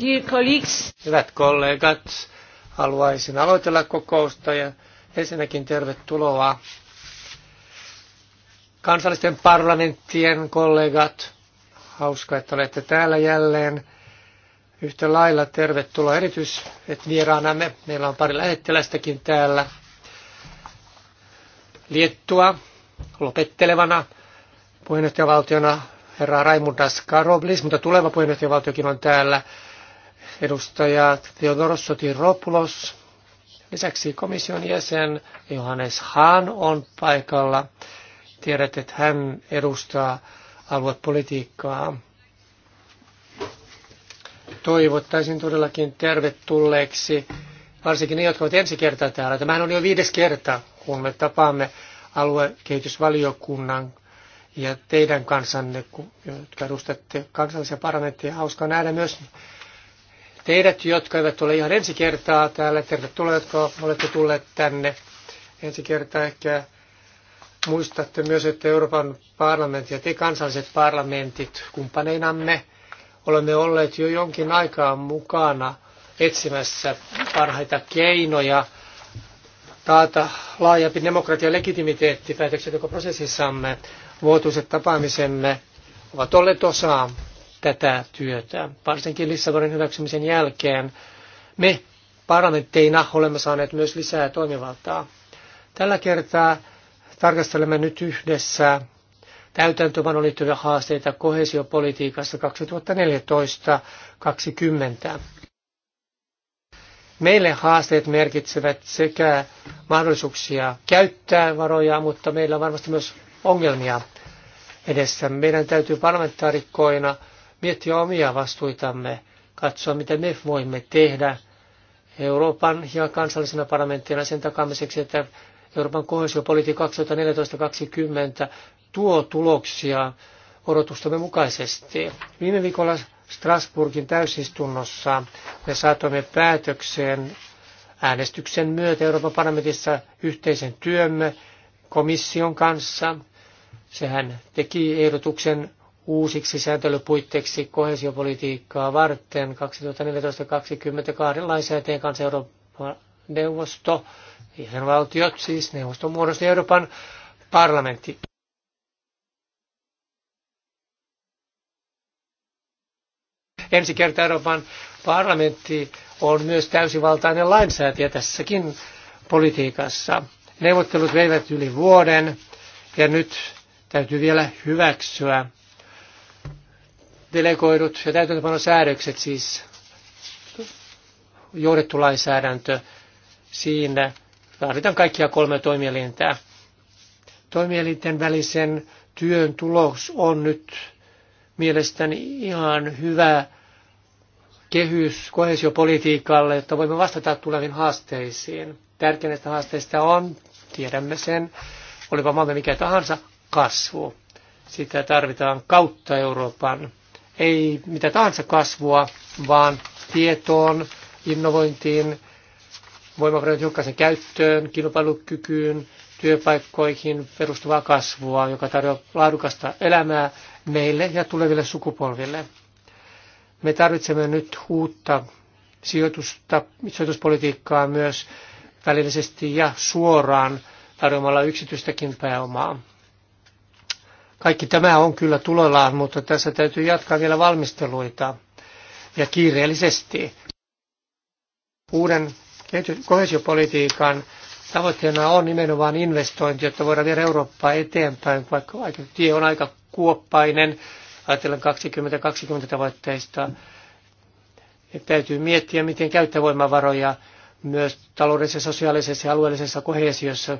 Dear colleagues. Hyvät kollegat, haluaisin aloitella kokousta ja ensinnäkin tervetuloa kansallisten parlamenttien kollegat. Hauska, että olette täällä jälleen. Yhtä lailla tervetuloa erityis, että vieraanamme. Meillä on pari lähettelästäkin täällä. Liettua lopettelevana puheenjohtajavaltiona herra Raimundas Karoblis, mutta tuleva puheenjohtajavaltiokin on täällä edustaja Theodoros Sotiropoulos. Lisäksi komission jäsen Johannes Hahn on paikalla. Tiedät, että hän edustaa aluepolitiikkaa. Toivottaisin todellakin tervetulleeksi, varsinkin ne, jotka ovat ensi kertaa täällä. Tämähän on jo viides kerta, kun me tapaamme aluekehitysvaliokunnan ja teidän kansanne, jotka edustatte kansallisia parlamentteja. Hauskaa nähdä myös Teidät, jotka eivät ole ihan ensi kertaa täällä, tervetuloa, jotka olette tulleet tänne. Ensi kertaa ehkä muistatte myös, että Euroopan parlamentti ja te kansalliset parlamentit kumppaneinamme olemme olleet jo jonkin aikaa mukana etsimässä parhaita keinoja taata laajempi demokratia legitimiteetti päätöksentekoprosessissamme. Vuotuiset tapaamisemme ovat olleet osa tätä työtä. Varsinkin Lissabonin hyväksymisen jälkeen me parlamentteina olemme saaneet myös lisää toimivaltaa. Tällä kertaa tarkastelemme nyt yhdessä täytäntöönpanoon liittyviä haasteita kohesiopolitiikassa 2014-2020. Meille haasteet merkitsevät sekä mahdollisuuksia käyttää varoja, mutta meillä on varmasti myös ongelmia edessä. Meidän täytyy parlamentaarikkoina miettiä omia vastuitamme, katsoa mitä me voimme tehdä Euroopan ja kansallisena parlamenttina sen takaamiseksi, että Euroopan kohesiopolitiikka 2014-2020 tuo tuloksia odotustamme mukaisesti. Viime viikolla Strasbourgin täysistunnossa me saatoimme päätökseen äänestyksen myötä Euroopan parlamentissa yhteisen työmme komission kanssa. Sehän teki ehdotuksen uusiksi sääntelypuitteiksi kohesiopolitiikkaa varten 2014-2022 lainsäätäjien kanssa Euroopan neuvosto, jäsenvaltiot siis neuvoston muodosti Euroopan parlamentti. Ensi kertaa Euroopan parlamentti on myös täysivaltainen lainsäätäjä tässäkin politiikassa. Neuvottelut veivät yli vuoden ja nyt täytyy vielä hyväksyä delegoidut ja täytäntöpanosäädökset, siis johdettu lainsäädäntö, siinä tarvitaan kaikkia kolme toimielintää. Toimielinten välisen työn tulos on nyt mielestäni ihan hyvä kehys kohesiopolitiikalle, jotta voimme vastata tuleviin haasteisiin. Tärkein haasteista on, tiedämme sen, olipa maamme mikä tahansa, kasvu. Sitä tarvitaan kautta Euroopan ei mitä tahansa kasvua, vaan tietoon, innovointiin, voimavarojen hiukkasen käyttöön, kilpailukykyyn, työpaikkoihin perustuvaa kasvua, joka tarjoaa laadukasta elämää meille ja tuleville sukupolville. Me tarvitsemme nyt uutta sijoitusta, sijoituspolitiikkaa myös välillisesti ja suoraan tarjoamalla yksityistäkin pääomaa. Kaikki tämä on kyllä tuloillaan, mutta tässä täytyy jatkaa vielä valmisteluita ja kiireellisesti. Uuden kohesiopolitiikan tavoitteena on nimenomaan investointi, jotta voidaan viedä Eurooppaa eteenpäin, vaikka tie on aika kuoppainen, ajatellen 2020 tavoitteista. Ja täytyy miettiä, miten käyttövoimavaroja myös taloudellisessa, sosiaalisessa ja alueellisessa kohesiossa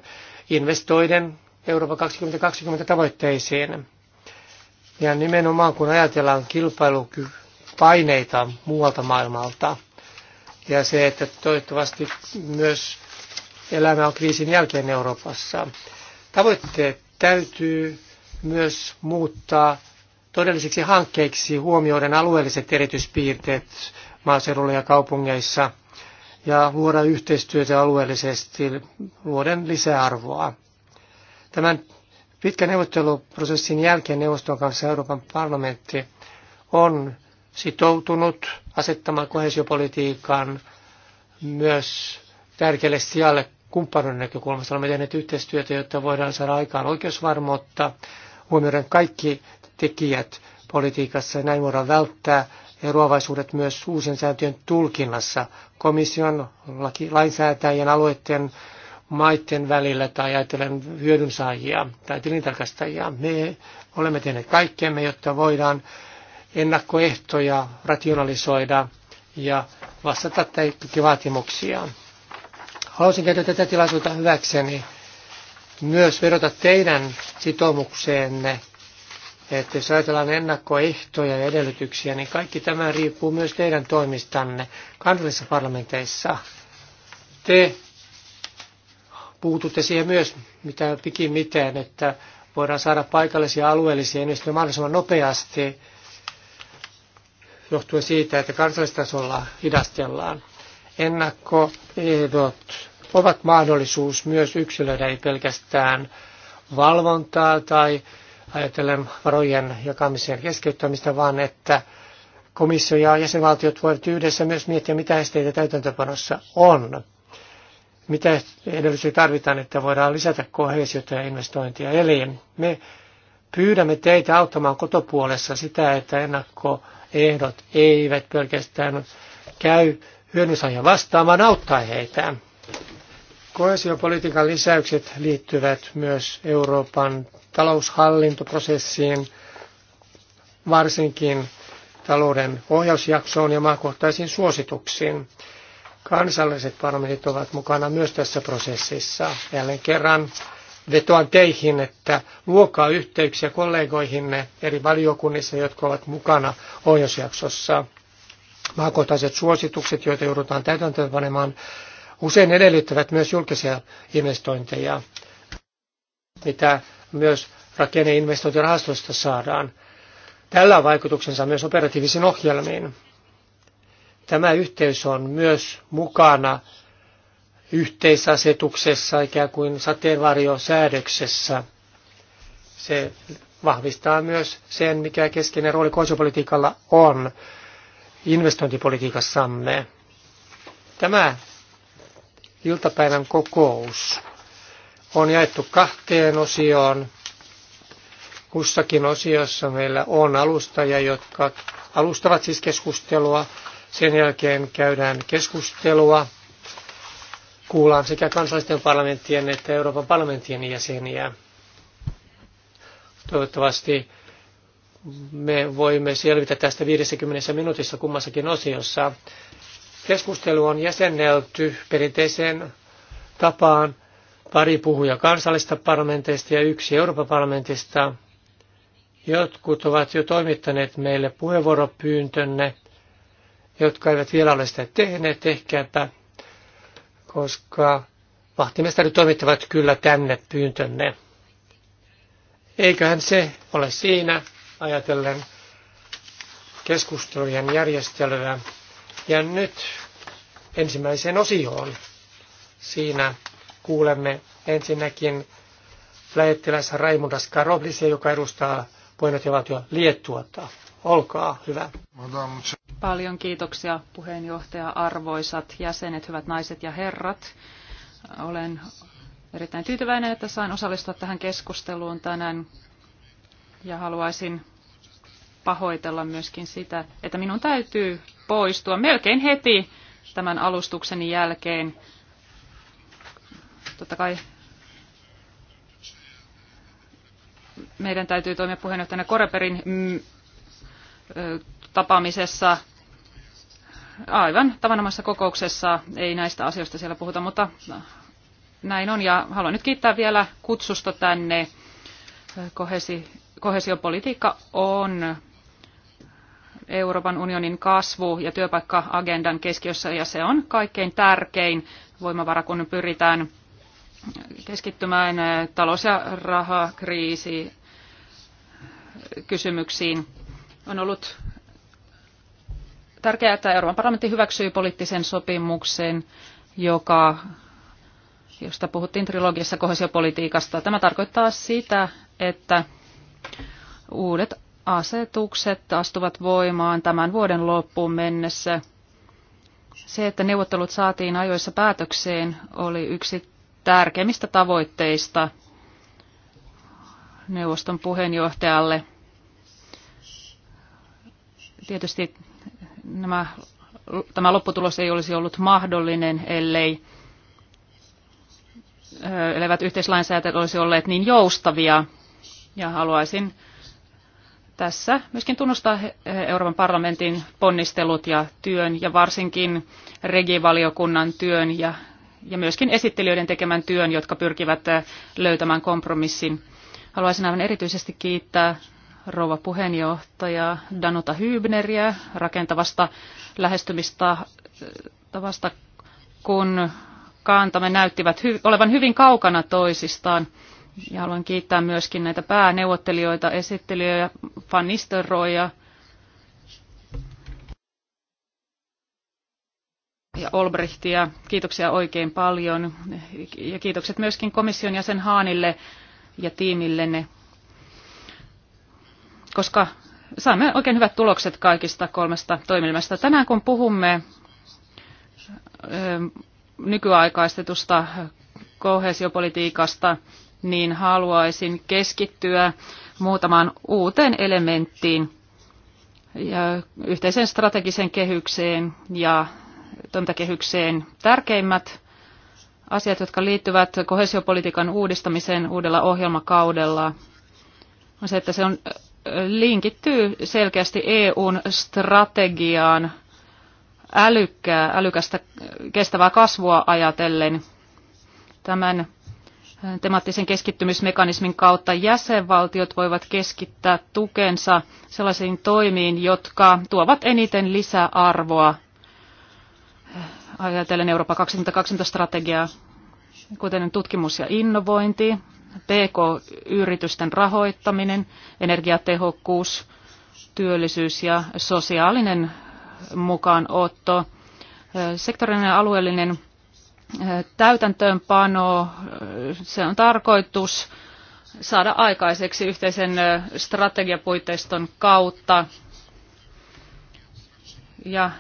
investoiden Euroopan 2020 tavoitteisiin. Ja nimenomaan kun ajatellaan kilpailupaineita muualta maailmalta ja se, että toivottavasti myös elämä on kriisin jälkeen Euroopassa. Tavoitteet täytyy myös muuttaa todellisiksi hankkeiksi huomioiden alueelliset erityispiirteet maaseudulla ja kaupungeissa ja luoda yhteistyötä alueellisesti luoden lisäarvoa. Tämän pitkän neuvotteluprosessin jälkeen neuvoston kanssa Euroopan parlamentti on sitoutunut asettamaan kohesiopolitiikan myös tärkeälle sijalle kumppanuuden näkökulmasta. Olemme tehneet yhteistyötä, jotta voidaan saada aikaan oikeusvarmuutta, huomioiden kaikki tekijät politiikassa ja näin voidaan välttää eroavaisuudet myös uusien sääntöjen tulkinnassa komission laki, lainsäätäjien alueiden maiden välillä tai ajatellen hyödynsaajia tai tilintarkastajia. Me olemme tehneet kaikkemme, jotta voidaan ennakkoehtoja rationalisoida ja vastata kaikki vaatimuksiaan. Haluaisin käyttää tätä tilaisuutta hyväkseni myös vedota teidän sitoumukseenne, että jos ajatellaan ennakkoehtoja ja edellytyksiä, niin kaikki tämä riippuu myös teidän toimistanne kansallisissa parlamenteissa. Te puututte siihen myös mitä pikimmiten, että voidaan saada paikallisia alueellisia investointeja mahdollisimman nopeasti johtuen siitä, että kansallistasolla hidastellaan. Ennakkoehdot ovat mahdollisuus myös yksilöidä, ei pelkästään valvontaa tai ajatellen varojen jakamisen keskeyttämistä, vaan että komissio ja jäsenvaltiot voivat yhdessä myös miettiä, mitä esteitä täytäntöpanossa on mitä edellisiä tarvitaan, että voidaan lisätä kohesiota ja investointia. Eli me pyydämme teitä auttamaan kotopuolessa sitä, että ennakkoehdot eivät pelkästään käy hyödynsaajia vastaan, vaan auttaa heitä. Kohesiopolitiikan lisäykset liittyvät myös Euroopan taloushallintoprosessiin, varsinkin talouden ohjausjaksoon ja maakohtaisiin suosituksiin. Kansalliset parlamentit ovat mukana myös tässä prosessissa. Jälleen kerran vetoan teihin, että luokaa yhteyksiä kollegoihinne eri valiokunnissa, jotka ovat mukana ohjausjaksossa. Maakohtaiset suositukset, joita joudutaan täytäntöönpanemaan, usein edellyttävät myös julkisia investointeja, mitä myös rakenneinvestointirahastoista saadaan. Tällä on vaikutuksensa myös operatiivisiin ohjelmiin. Tämä yhteys on myös mukana yhteisasetuksessa, ikään kuin sateenvarjosäädöksessä. Se vahvistaa myös sen, mikä keskeinen rooli konsopolitiikalla on investointipolitiikassamme. Tämä iltapäivän kokous on jaettu kahteen osioon. Kussakin osiossa meillä on alustajia, jotka alustavat siis keskustelua sen jälkeen käydään keskustelua. Kuullaan sekä kansallisten parlamenttien että Euroopan parlamenttien jäseniä. Toivottavasti me voimme selvitä tästä 50 minuutissa kummassakin osiossa. Keskustelu on jäsennelty perinteiseen tapaan pari puhuja kansallista parlamenteista ja yksi Euroopan parlamentista. Jotkut ovat jo toimittaneet meille puheenvuoropyyntönne jotka eivät vielä ole sitä tehneet, ehkäpä, koska vahtimestari toimittavat kyllä tänne pyyntönne. Eiköhän se ole siinä, ajatellen keskustelujen järjestelyä. Ja nyt ensimmäiseen osioon. Siinä kuulemme ensinnäkin lähettiläs Raimundas Karoblisia, joka edustaa puheenjohtajavaltio Liettuota. Olkaa hyvä. Paljon kiitoksia puheenjohtaja, arvoisat jäsenet, hyvät naiset ja herrat. Olen erittäin tyytyväinen, että sain osallistua tähän keskusteluun tänään ja haluaisin pahoitella myöskin sitä, että minun täytyy poistua melkein heti tämän alustukseni jälkeen. Totta kai meidän täytyy toimia puheenjohtajana Koreperin tapaamisessa, aivan tavanomaisessa kokouksessa, ei näistä asioista siellä puhuta, mutta näin on. Ja haluan nyt kiittää vielä kutsusta tänne. Kohesi, kohesiopolitiikka on Euroopan unionin kasvu- ja työpaikka-agendan keskiössä, ja se on kaikkein tärkein voimavara, kun pyritään keskittymään talous- ja rahakriisi kysymyksiin. On ollut tärkeää, että Euroopan parlamentti hyväksyi poliittisen sopimuksen, joka, josta puhuttiin trilogiassa kohesiopolitiikasta. Tämä tarkoittaa sitä, että uudet asetukset astuvat voimaan tämän vuoden loppuun mennessä. Se, että neuvottelut saatiin ajoissa päätökseen, oli yksi tärkeimmistä tavoitteista neuvoston puheenjohtajalle Tietysti nämä, tämä lopputulos ei olisi ollut mahdollinen, ellei elevät yhteislainsäätäjät olisi olleet niin joustavia. Ja haluaisin tässä myöskin tunnustaa Euroopan parlamentin ponnistelut ja työn ja varsinkin regivaliokunnan työn ja, ja myöskin esittelijöiden tekemän työn, jotka pyrkivät löytämään kompromissin. Haluaisin aivan erityisesti kiittää rouva puheenjohtaja Danuta Hybneriä rakentavasta lähestymistavasta, kun kaantamme näyttivät hy- olevan hyvin kaukana toisistaan. Ja haluan kiittää myöskin näitä pääneuvottelijoita, esittelijöitä, fanisteroja ja Olbrichtia. Kiitoksia oikein paljon ja kiitokset myöskin komission jäsen Haanille ja tiimillenne koska saamme oikein hyvät tulokset kaikista kolmesta toimilmasta. Tänään kun puhumme nykyaikaistetusta kohesiopolitiikasta, niin haluaisin keskittyä muutamaan uuteen elementtiin ja yhteisen strategisen kehykseen ja toimintakehykseen tärkeimmät asiat, jotka liittyvät kohesiopolitiikan uudistamiseen uudella ohjelmakaudella, on se, että se on linkittyy selkeästi EUn strategiaan älykkää, älykästä kestävää kasvua ajatellen. Tämän äh, temaattisen keskittymismekanismin kautta jäsenvaltiot voivat keskittää tukensa sellaisiin toimiin, jotka tuovat eniten lisäarvoa äh, ajatellen Eurooppa 2020 strategiaa, kuten tutkimus ja innovointi, PK-yritysten rahoittaminen, energiatehokkuus, työllisyys ja sosiaalinen mukaanotto, sektorinen ja alueellinen eh, täytäntöönpano, eh, se on tarkoitus saada aikaiseksi yhteisen eh, strategiapuitteiston kautta. Ja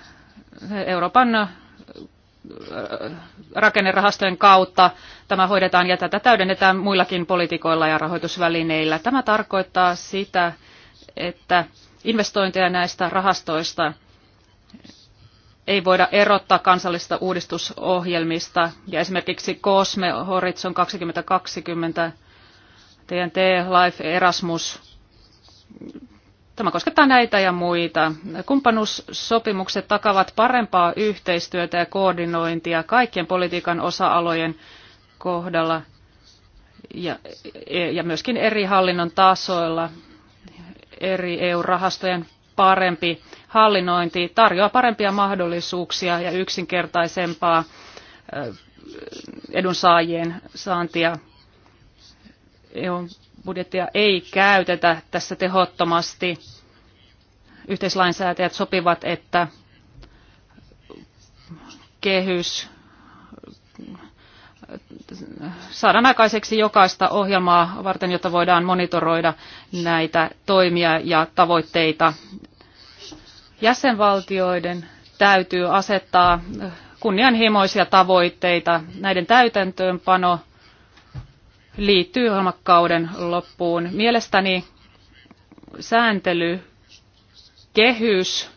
Euroopan Äh, rakennerahastojen kautta tämä hoidetaan ja tätä täydennetään muillakin politikoilla ja rahoitusvälineillä. Tämä tarkoittaa sitä, että investointeja näistä rahastoista ei voida erottaa kansallisista uudistusohjelmista. Ja esimerkiksi COSME, Horizon 2020, TNT, Life, Erasmus, Tämä koskettaa näitä ja muita. Kumppanuussopimukset takavat parempaa yhteistyötä ja koordinointia kaikkien politiikan osa-alojen kohdalla ja, ja myöskin eri hallinnon tasoilla. Eri EU-rahastojen parempi hallinnointi tarjoaa parempia mahdollisuuksia ja yksinkertaisempaa edunsaajien saantia EUn budjettia ei käytetä tässä tehottomasti. Yhteislainsäätäjät sopivat, että kehys saadaan aikaiseksi jokaista ohjelmaa varten, jotta voidaan monitoroida näitä toimia ja tavoitteita. Jäsenvaltioiden täytyy asettaa kunnianhimoisia tavoitteita. Näiden täytäntöönpano liittyy ohjelmakauden loppuun. Mielestäni sääntely, kehys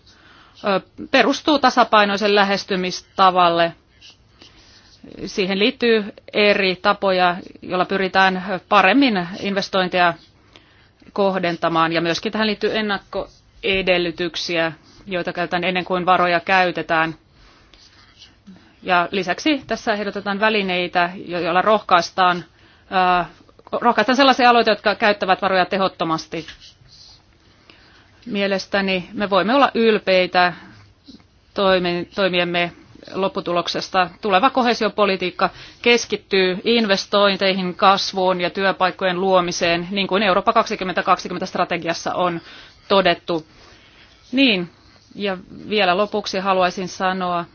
perustuu tasapainoisen lähestymistavalle. Siihen liittyy eri tapoja, joilla pyritään paremmin investointeja kohdentamaan. Ja myöskin tähän liittyy ennakkoedellytyksiä, joita käytetään ennen kuin varoja käytetään. Ja lisäksi tässä ehdotetaan välineitä, joilla rohkaistaan rohkaistan sellaisia aloita, jotka käyttävät varoja tehottomasti. Mielestäni me voimme olla ylpeitä toimiemme lopputuloksesta. Tuleva kohesiopolitiikka keskittyy investointeihin, kasvuun ja työpaikkojen luomiseen, niin kuin Eurooppa 2020-strategiassa on todettu. Niin, ja vielä lopuksi haluaisin sanoa,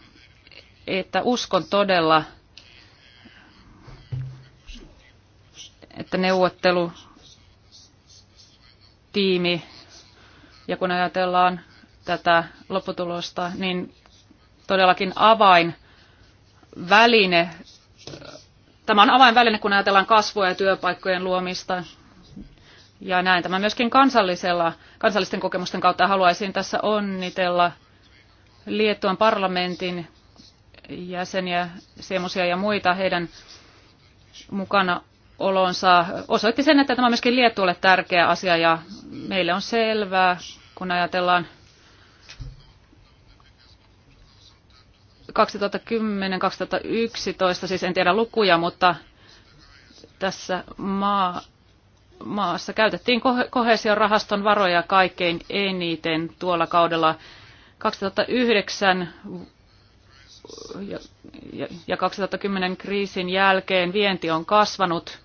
että uskon todella että neuvottelutiimi, ja kun ajatellaan tätä lopputulosta, niin todellakin avain väline, tämä on avainväline, kun ajatellaan kasvua ja työpaikkojen luomista, ja näin tämä myöskin kansallisella, kansallisten kokemusten kautta haluaisin tässä onnitella Liettuan parlamentin jäseniä, semmoisia ja muita heidän mukana olonsa osoitti sen, että tämä on myöskin Liettualle tärkeä asia ja meille on selvää, kun ajatellaan 2010-2011, siis en tiedä lukuja, mutta tässä maa, maassa käytettiin rahaston varoja kaikkein eniten tuolla kaudella 2009 ja, ja 2010 kriisin jälkeen vienti on kasvanut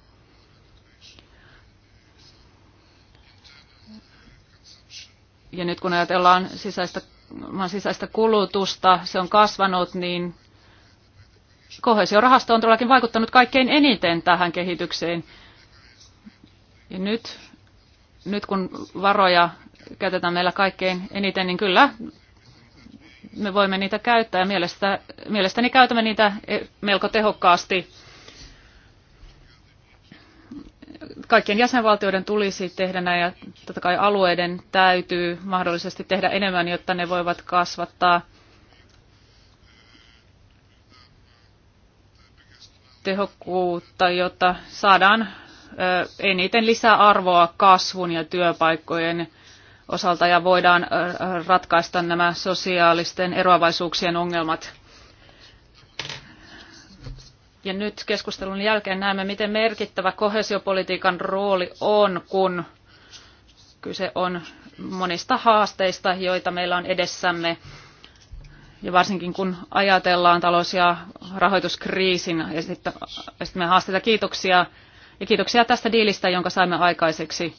Ja nyt kun ajatellaan sisäistä, maan sisäistä kulutusta, se on kasvanut, niin kohesiorahasto on todellakin vaikuttanut kaikkein eniten tähän kehitykseen. Ja nyt, nyt kun varoja käytetään meillä kaikkein eniten, niin kyllä me voimme niitä käyttää ja mielestä, mielestäni käytämme niitä melko tehokkaasti kaikkien jäsenvaltioiden tulisi tehdä näin ja totta kai alueiden täytyy mahdollisesti tehdä enemmän, jotta ne voivat kasvattaa tehokkuutta, jotta saadaan eniten lisää arvoa, kasvun ja työpaikkojen osalta ja voidaan ratkaista nämä sosiaalisten eroavaisuuksien ongelmat. Ja nyt keskustelun jälkeen näemme, miten merkittävä kohesiopolitiikan rooli on, kun kyse on monista haasteista, joita meillä on edessämme. Ja varsinkin kun ajatellaan talous- ja rahoituskriisin esittämiä haasteita, kiitoksia. Ja kiitoksia tästä diilistä, jonka saimme aikaiseksi.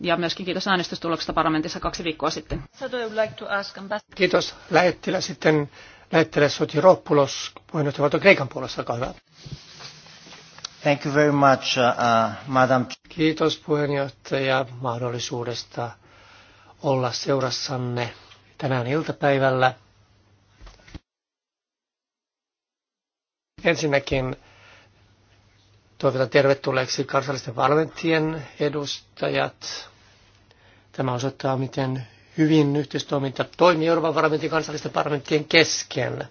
Ja myöskin kiitos äänestystuloksesta parlamentissa kaksi viikkoa sitten. Kiitos lähettilä sitten lähettiläs Sotiropoulos, puheenjohtajavaltio Kreikan puolesta, olkaa hyvä. Thank you very much, uh, uh Madam. Kiitos puheenjohtaja mahdollisuudesta olla seurassanne tänään iltapäivällä. Ensinnäkin toivotan tervetulleeksi kansallisten valmentien edustajat. Tämä osoittaa, miten hyvin yhteistoiminta toimii Euroopan parlamentin kansallisten parlamenttien kesken.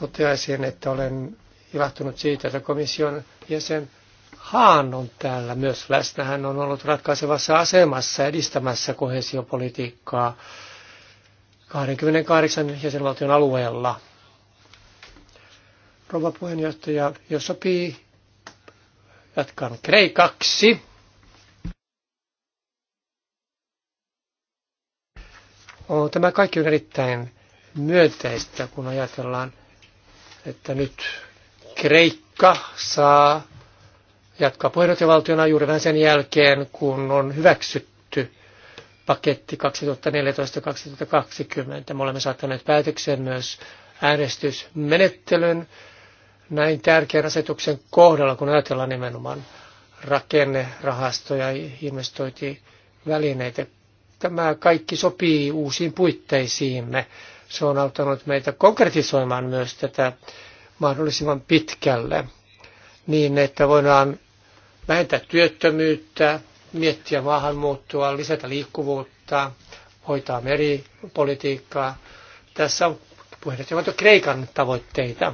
Toteaisin, että olen ilahtunut siitä, että komission jäsen Haan on täällä myös läsnä. Hän on ollut ratkaisevassa asemassa edistämässä kohesiopolitiikkaa 28 jäsenvaltion alueella. Rouva puheenjohtaja, jos sopii, jatkan kreikaksi. On Tämä kaikki on erittäin myönteistä, kun ajatellaan, että nyt Kreikka saa jatkaa puheenjohtajavaltiona juuri vähän sen jälkeen, kun on hyväksytty paketti 2014-2020. Me olemme saattaneet päätökseen myös äänestysmenettelyn näin tärkeän asetuksen kohdalla, kun ajatellaan nimenomaan rakennerahastoja, ja investointivälineitä. Tämä kaikki sopii uusiin puitteisiimme. Se on auttanut meitä konkretisoimaan myös tätä mahdollisimman pitkälle, niin että voidaan vähentää työttömyyttä, miettiä maahanmuuttoa, lisätä liikkuvuutta, hoitaa meripolitiikkaa. Tässä on puheenjohtajavaltio Kreikan tavoitteita.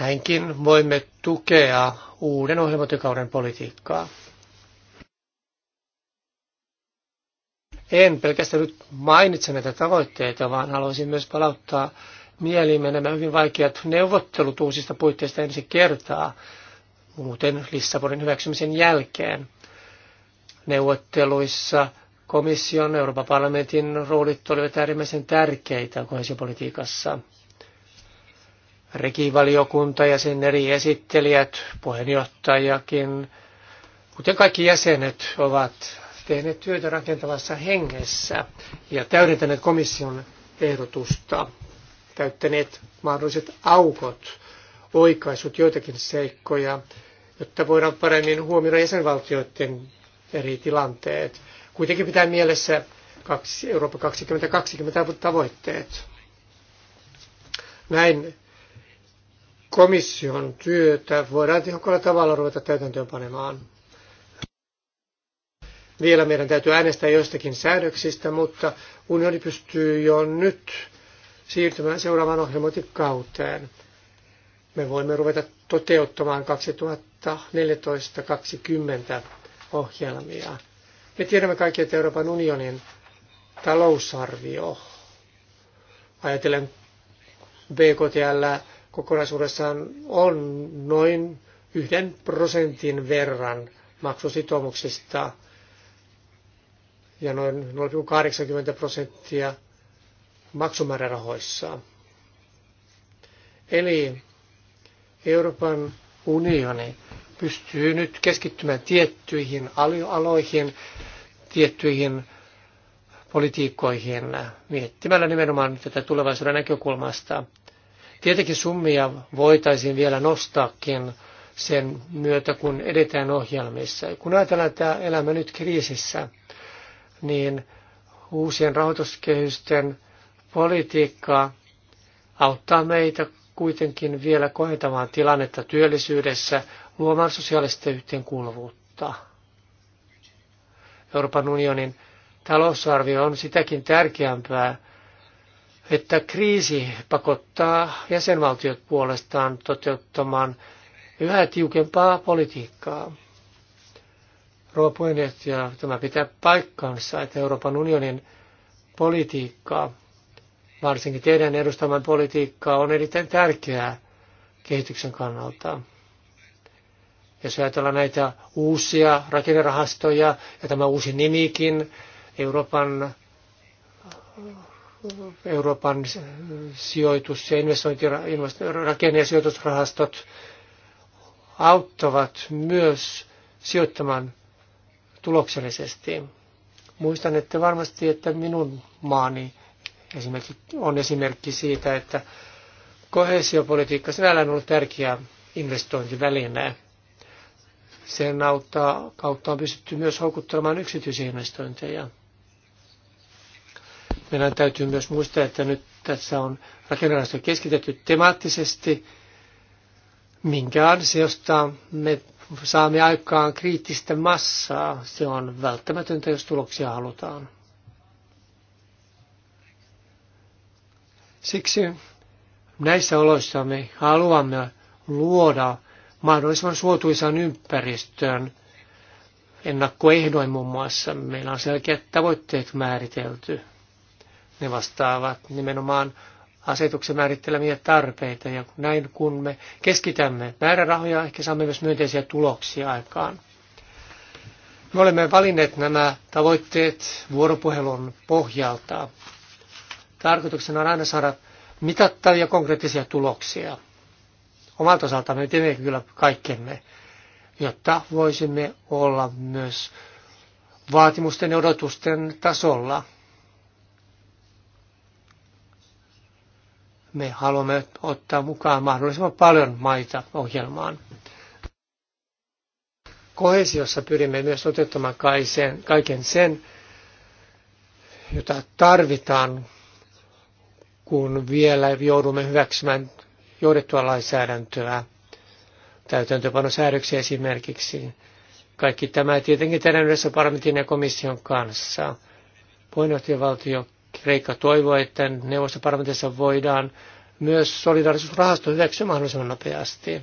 Näinkin voimme tukea uuden ohjelmatykauden politiikkaa. En pelkästään nyt mainitse näitä tavoitteita, vaan haluaisin myös palauttaa mieliimme nämä hyvin vaikeat neuvottelut uusista puitteista ensi kertaa, muuten Lissabonin hyväksymisen jälkeen. Neuvotteluissa komission, Euroopan parlamentin roolit olivat äärimmäisen tärkeitä kohesiopolitiikassa. Rekivaliokunta ja sen eri esittelijät, puheenjohtajakin, kuten kaikki jäsenet, ovat tehneet työtä rakentavassa hengessä ja täydentäneet komission ehdotusta, täyttäneet mahdolliset aukot, oikaisut joitakin seikkoja, jotta voidaan paremmin huomioida jäsenvaltioiden eri tilanteet. Kuitenkin pitää mielessä Eurooppa 2020 tavoitteet. Näin komission työtä voidaan tehokkaalla tavalla ruveta täytäntöönpanemaan. panemaan. Vielä meidän täytyy äänestää joistakin säädöksistä, mutta unioni pystyy jo nyt siirtymään seuraavaan ohjelmointikauteen. Me voimme ruveta toteuttamaan 2014-2020 ohjelmia. Me tiedämme kaikki, että Euroopan unionin talousarvio, ajatellen BKTL kokonaisuudessaan on noin yhden prosentin verran maksusitoumuksista ja noin 0,80 prosenttia maksumäärärahoissaan. Eli Euroopan unioni pystyy nyt keskittymään tiettyihin aloihin, tiettyihin politiikkoihin miettimällä nimenomaan tätä tulevaisuuden näkökulmasta. Tietenkin summia voitaisiin vielä nostaakin sen myötä, kun edetään ohjelmissa. Kun ajatellaan, että elämme nyt kriisissä, niin uusien rahoituskehysten politiikka auttaa meitä kuitenkin vielä kohentamaan tilannetta työllisyydessä, luomaan sosiaalista yhteenkuuluvuutta. Euroopan unionin talousarvio on sitäkin tärkeämpää, että kriisi pakottaa jäsenvaltiot puolestaan toteuttamaan yhä tiukempaa politiikkaa rouva puheenjohtaja, tämä pitää paikkansa, että Euroopan unionin politiikkaa, varsinkin teidän edustaman politiikkaa, on erittäin tärkeää kehityksen kannalta. Jos ajatellaan näitä uusia rakennerahastoja ja tämä uusi nimikin, Euroopan, Euroopan sijoitus- ja rakenne- ja sijoitusrahastot auttavat myös sijoittamaan tuloksellisesti. Muistan, että varmasti, että minun maani esimerkiksi on esimerkki siitä, että kohesiopolitiikka sinällään on ollut tärkeä investointiväline. Sen auttaa, kautta on pystytty myös houkuttelemaan yksityisiä investointeja. Meidän täytyy myös muistaa, että nyt tässä on rakennerahasto keskitetty temaattisesti, minkä ansiosta me saamme aikaan kriittistä massaa. Se on välttämätöntä, jos tuloksia halutaan. Siksi näissä oloissa me haluamme luoda mahdollisimman suotuisan ympäristön ennakkoehdoin muun muassa. Meillä on selkeät tavoitteet määritelty. Ne vastaavat nimenomaan asetuksen määrittelemiä tarpeita. Ja näin kun me keskitämme määrärahoja, ehkä saamme myös myönteisiä tuloksia aikaan. Me olemme valinneet nämä tavoitteet vuoropuhelun pohjalta. Tarkoituksena on aina saada mitattavia konkreettisia tuloksia. Omalta osalta me teemme kyllä kaikkemme, jotta voisimme olla myös vaatimusten ja odotusten tasolla – me haluamme ottaa mukaan mahdollisimman paljon maita ohjelmaan. Kohesiossa pyrimme myös toteuttamaan kaiken sen, jota tarvitaan, kun vielä joudumme hyväksymään johdettua lainsäädäntöä, täytäntöpanosäädöksiä esimerkiksi. Kaikki tämä tietenkin Tänään yhdessä parlamentin ja komission kanssa. Puheenjohtajavaltio Kreikka toivoo, että neuvostoparlamentissa voidaan myös solidarisuusrahasto hyväksyä mahdollisimman nopeasti.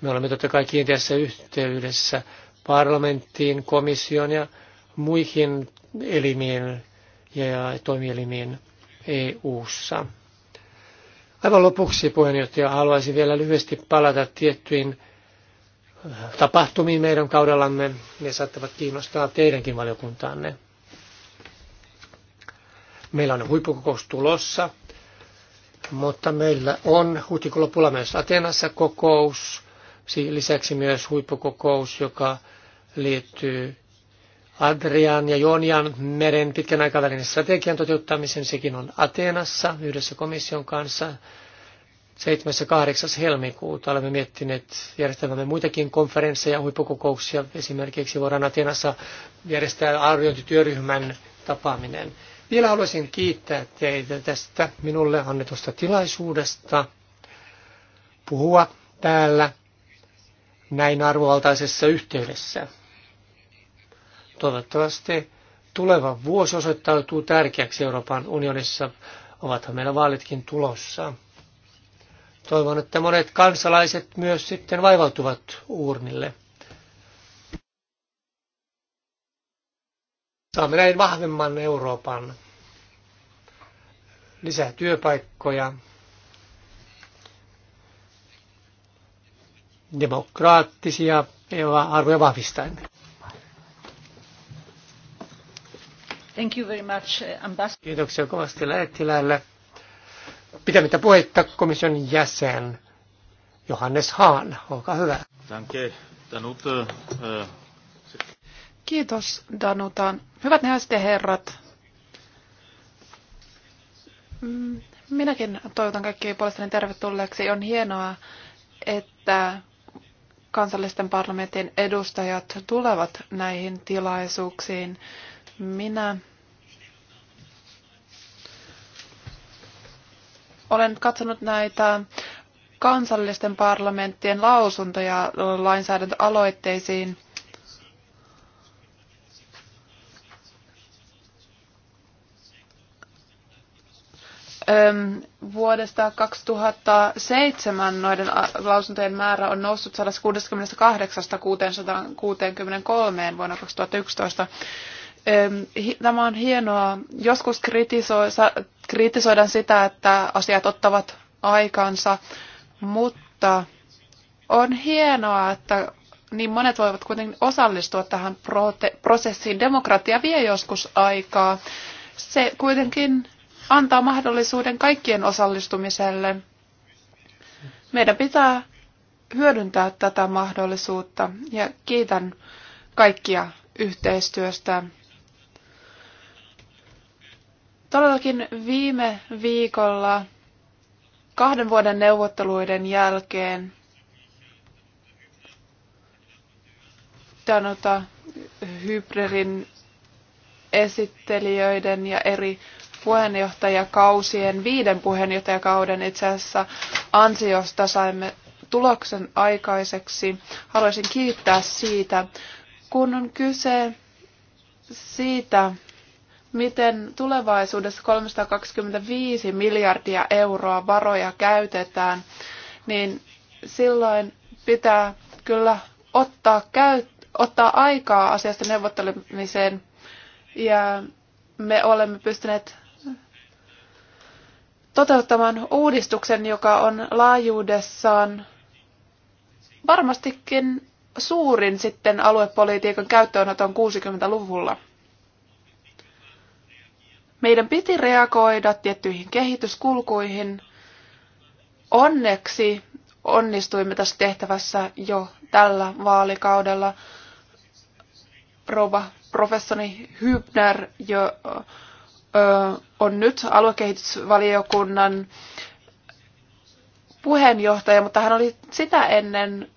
Me olemme totta kai kiinteässä yhteydessä parlamenttiin, komission ja muihin elimiin ja toimielimiin EU-ssa. Aivan lopuksi, puheenjohtaja, haluaisin vielä lyhyesti palata tiettyihin äh, tapahtumiin meidän kaudellamme. Ne saattavat kiinnostaa teidänkin valiokuntaanne. Meillä on huippukokous tulossa, mutta meillä on huhtikuun lopulla myös Atenassa kokous, lisäksi myös huippukokous, joka liittyy Adrian ja Joonian meren pitkän aikavälin strategian toteuttamisen. Sekin on Ateenassa yhdessä komission kanssa 7. ja 8. helmikuuta. Olemme miettineet järjestämämme muitakin konferensseja ja huippukokouksia. Esimerkiksi voidaan Ateenassa järjestää arviointityöryhmän tapaaminen. Vielä haluaisin kiittää teitä tästä minulle annetusta tilaisuudesta puhua täällä näin arvovaltaisessa yhteydessä. Toivottavasti tuleva vuosi osoittautuu tärkeäksi Euroopan unionissa, ovathan meillä vaalitkin tulossa. Toivon, että monet kansalaiset myös sitten vaivautuvat uurnille. Saamme näin vahvemman Euroopan, lisää työpaikkoja, demokraattisia arvoja vahvistaen. Thank you very much, eh, ambassador. Kiitoksia kovasti lähettilälle. Pitämättä puhetta komission jäsen Johannes Haan, olkaa hyvä. Danke, Danute. Eh, Kiitos Danutan. Hyvät naiset ja herrat, minäkin toivotan kaikki puolestani tervetulleeksi. On hienoa, että kansallisten parlamentin edustajat tulevat näihin tilaisuuksiin. Minä olen katsonut näitä kansallisten parlamenttien lausuntoja lainsäädäntöaloitteisiin – vuodesta 2007 noiden lausuntojen määrä on noussut 168-663 vuonna 2011. Tämä on hienoa. Joskus kritisoidaan sitä, että asiat ottavat aikansa, mutta on hienoa, että niin monet voivat kuitenkin osallistua tähän prosessiin. Demokratia vie joskus aikaa. Se kuitenkin antaa mahdollisuuden kaikkien osallistumiselle. Meidän pitää hyödyntää tätä mahdollisuutta ja kiitän kaikkia yhteistyöstä. Todellakin viime viikolla kahden vuoden neuvotteluiden jälkeen Danuta Hybrerin esittelijöiden ja eri puheenjohtajakausien, viiden puheenjohtajakauden itse asiassa ansiosta saimme tuloksen aikaiseksi. Haluaisin kiittää siitä, kun on kyse siitä, miten tulevaisuudessa 325 miljardia euroa varoja käytetään, niin silloin pitää kyllä ottaa, käy, ottaa aikaa asiasta neuvottelemiseen. Ja me olemme pystyneet toteuttamaan uudistuksen, joka on laajuudessaan varmastikin suurin sitten aluepolitiikan käyttöönoton 60-luvulla. Meidän piti reagoida tiettyihin kehityskulkuihin. Onneksi onnistuimme tässä tehtävässä jo tällä vaalikaudella. Rova professori Hübner jo on nyt aluekehitysvaliokunnan puheenjohtaja, mutta hän oli sitä ennen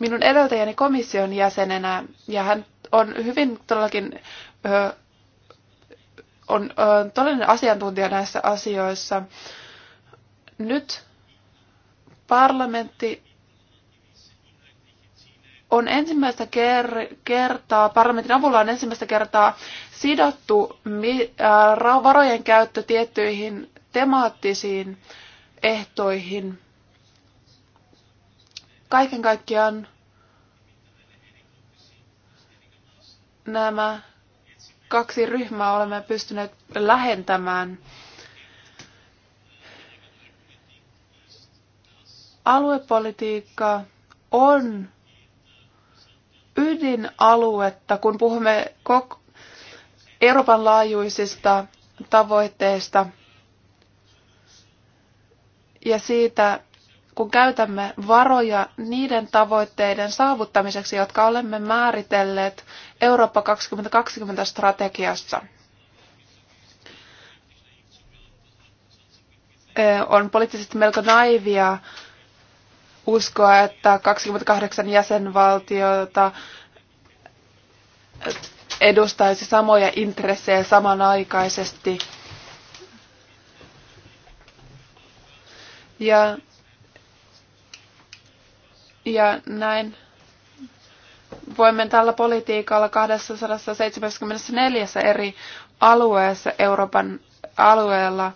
minun edeltäjäni komission jäsenenä ja hän on hyvin todellakin on todellinen asiantuntija näissä asioissa. Nyt parlamentti on ensimmäistä ker- kertaa, parlamentin avulla on ensimmäistä kertaa sidottu mi- äh, varojen käyttö tiettyihin temaattisiin ehtoihin. Kaiken kaikkiaan nämä kaksi ryhmää olemme pystyneet lähentämään. Aluepolitiikka on ydinaluetta, kun puhumme Euroopan laajuisista tavoitteista ja siitä, kun käytämme varoja niiden tavoitteiden saavuttamiseksi, jotka olemme määritelleet Eurooppa 2020 strategiassa. On poliittisesti melko naivia uskoa, että 28 jäsenvaltiota edustaisi samoja intressejä samanaikaisesti. Ja, ja näin voimme tällä politiikalla 274 eri alueessa Euroopan alueella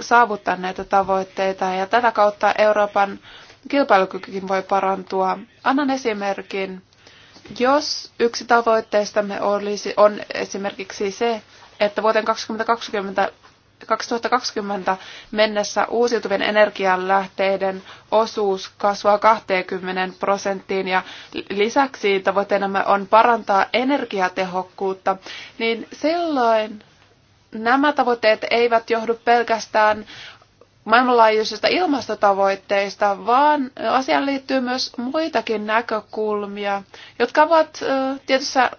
saavuttaa näitä tavoitteita ja tätä kautta Euroopan kilpailukykykin voi parantua. Annan esimerkin. Jos yksi tavoitteistamme olisi, on esimerkiksi se, että vuoteen 2020, 2020 mennessä uusiutuvien energianlähteiden osuus kasvaa 20 prosenttiin ja lisäksi tavoitteenamme on parantaa energiatehokkuutta, niin silloin nämä tavoitteet eivät johdu pelkästään maailmanlaajuisista ilmastotavoitteista, vaan asiaan liittyy myös muitakin näkökulmia, jotka ovat tietyssä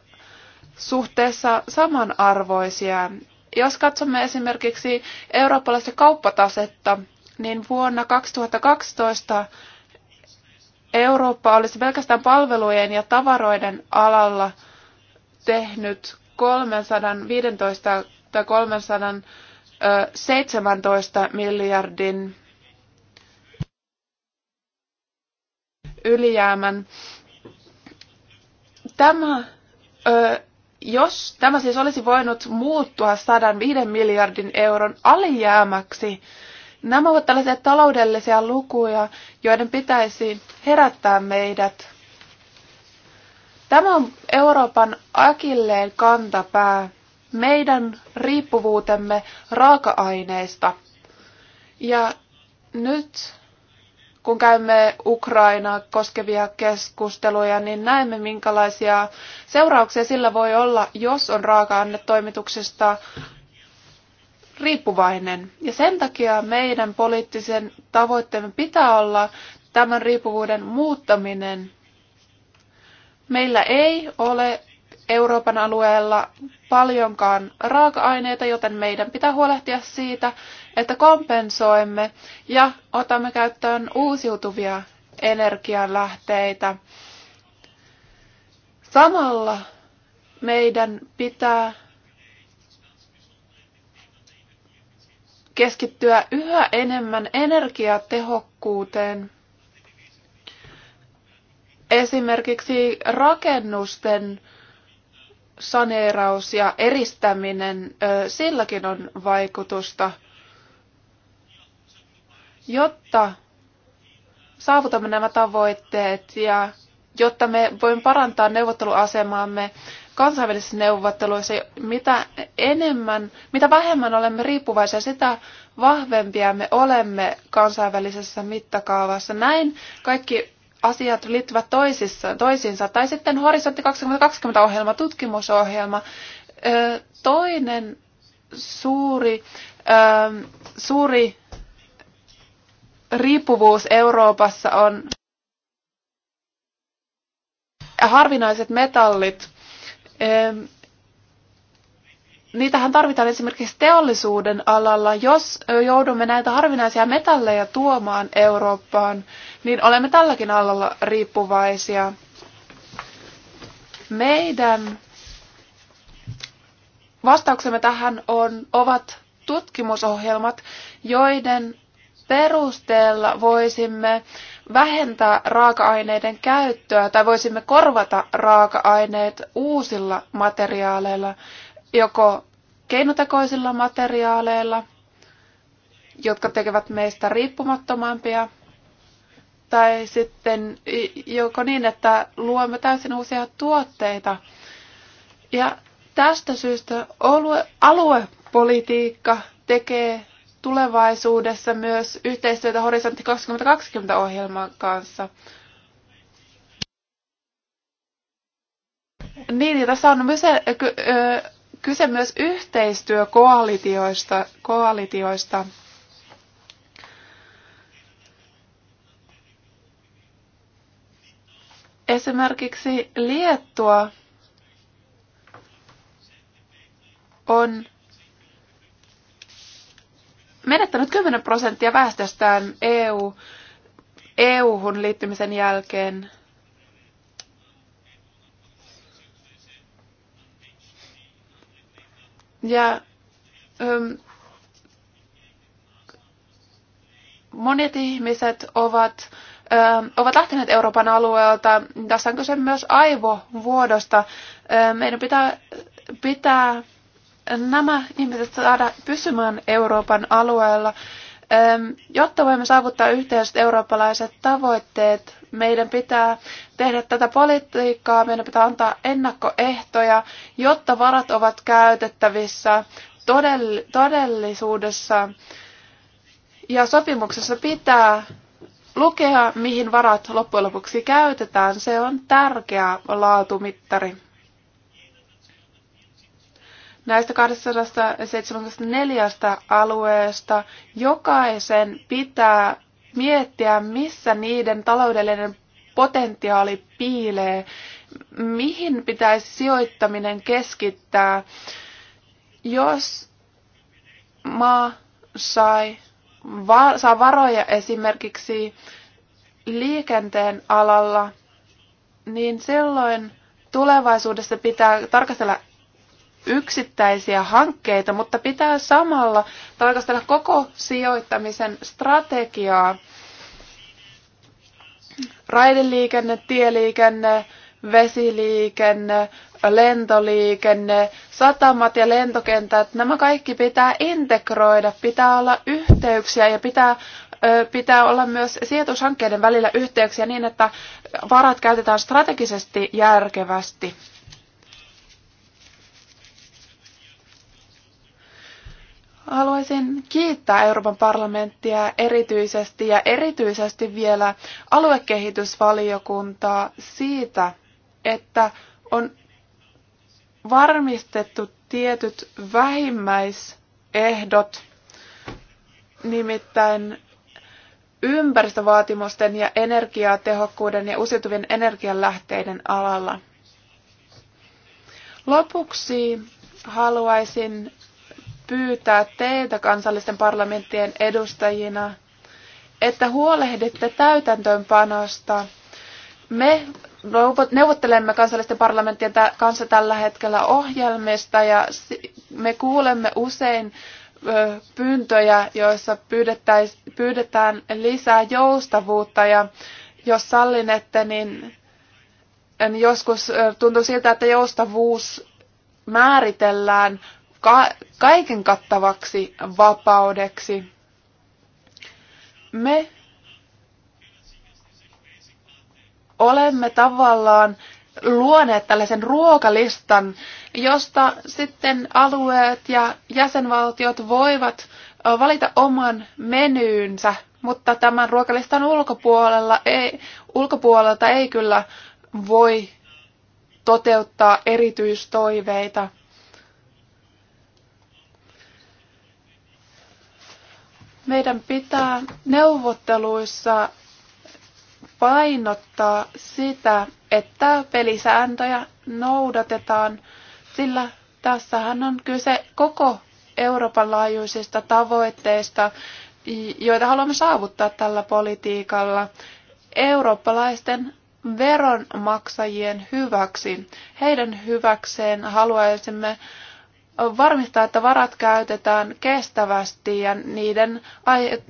suhteessa samanarvoisia. Jos katsomme esimerkiksi eurooppalaista kauppatasetta, niin vuonna 2012 Eurooppa olisi pelkästään palvelujen ja tavaroiden alalla tehnyt 315 tai 300 17 miljardin ylijäämän. Tämä, jos tämä siis olisi voinut muuttua 105 miljardin euron alijäämäksi, nämä ovat tällaisia taloudellisia lukuja, joiden pitäisi herättää meidät. Tämä on Euroopan akilleen kantapää meidän riippuvuutemme raaka-aineista. Ja nyt kun käymme Ukrainaa koskevia keskusteluja, niin näemme minkälaisia seurauksia sillä voi olla, jos on raaka-ainetoimituksesta riippuvainen. Ja sen takia meidän poliittisen tavoitteemme pitää olla tämän riippuvuuden muuttaminen. Meillä ei ole Euroopan alueella paljonkaan raaka-aineita, joten meidän pitää huolehtia siitä, että kompensoimme ja otamme käyttöön uusiutuvia energianlähteitä. Samalla meidän pitää keskittyä yhä enemmän energiatehokkuuteen. Esimerkiksi rakennusten saneeraus ja eristäminen, silläkin on vaikutusta, jotta saavutamme nämä tavoitteet ja jotta me voimme parantaa neuvotteluasemaamme kansainvälisissä neuvotteluissa, mitä enemmän, mitä vähemmän olemme riippuvaisia, sitä vahvempia me olemme kansainvälisessä mittakaavassa. Näin kaikki asiat liittyvät toisissa, toisiinsa. Tai sitten Horisontti 2020-ohjelma, tutkimusohjelma. Toinen suuri, suuri riippuvuus Euroopassa on harvinaiset metallit niitähän tarvitaan esimerkiksi teollisuuden alalla. Jos joudumme näitä harvinaisia metalleja tuomaan Eurooppaan, niin olemme tälläkin alalla riippuvaisia. Meidän vastauksemme tähän on, ovat tutkimusohjelmat, joiden perusteella voisimme vähentää raaka-aineiden käyttöä tai voisimme korvata raaka-aineet uusilla materiaaleilla joko keinotekoisilla materiaaleilla, jotka tekevät meistä riippumattomampia, tai sitten joko niin, että luomme täysin uusia tuotteita. Ja tästä syystä alue, aluepolitiikka tekee tulevaisuudessa myös yhteistyötä Horisontti 2020-ohjelman kanssa. Niin, ja tässä on myös kyse myös yhteistyökoalitioista. Koalitioista. Esimerkiksi Liettua on menettänyt 10 prosenttia väestöstään EU, EU-hun liittymisen jälkeen. Ja öm, monet ihmiset ovat, öm, ovat lähteneet Euroopan alueelta. Tässä on kyse myös aivovuodosta. Öm, meidän pitää, pitää nämä ihmiset saada pysymään Euroopan alueella. Jotta voimme saavuttaa yhteiset eurooppalaiset tavoitteet, meidän pitää tehdä tätä politiikkaa, meidän pitää antaa ennakkoehtoja, jotta varat ovat käytettävissä todellisuudessa. Ja sopimuksessa pitää lukea, mihin varat loppujen lopuksi käytetään. Se on tärkeä laatumittari. Näistä 274 alueesta jokaisen pitää miettiä, missä niiden taloudellinen potentiaali piilee, mihin pitäisi sijoittaminen keskittää. Jos maa sai, va, saa varoja esimerkiksi liikenteen alalla, niin silloin tulevaisuudessa pitää tarkastella yksittäisiä hankkeita, mutta pitää samalla tarkastella koko sijoittamisen strategiaa. Raideliikenne, tieliikenne, vesiliikenne, lentoliikenne, satamat ja lentokentät, nämä kaikki pitää integroida, pitää olla yhteyksiä ja pitää, pitää olla myös sijoitushankkeiden välillä yhteyksiä niin, että varat käytetään strategisesti järkevästi. Haluaisin kiittää Euroopan parlamenttia erityisesti ja erityisesti vielä aluekehitysvaliokuntaa siitä, että on varmistettu tietyt vähimmäisehdot, nimittäin ympäristövaatimusten ja energiatehokkuuden ja uusiutuvien energianlähteiden alalla. Lopuksi haluaisin pyytää teitä kansallisten parlamenttien edustajina, että huolehditte täytäntöönpanosta. Me neuvottelemme kansallisten parlamenttien kanssa tällä hetkellä ohjelmista ja me kuulemme usein pyyntöjä, joissa pyydetään lisää joustavuutta ja jos sallinette, niin, niin joskus tuntuu siltä, että joustavuus määritellään ka- kaiken kattavaksi vapaudeksi. Me olemme tavallaan luoneet tällaisen ruokalistan, josta sitten alueet ja jäsenvaltiot voivat valita oman menyynsä, mutta tämän ruokalistan ulkopuolella ei, ulkopuolelta ei kyllä voi toteuttaa erityistoiveita. Meidän pitää neuvotteluissa painottaa sitä, että pelisääntöjä noudatetaan, sillä tässähän on kyse koko Euroopan laajuisista tavoitteista, joita haluamme saavuttaa tällä politiikalla eurooppalaisten veronmaksajien hyväksi. Heidän hyväkseen haluaisimme varmistaa, että varat käytetään kestävästi ja niiden,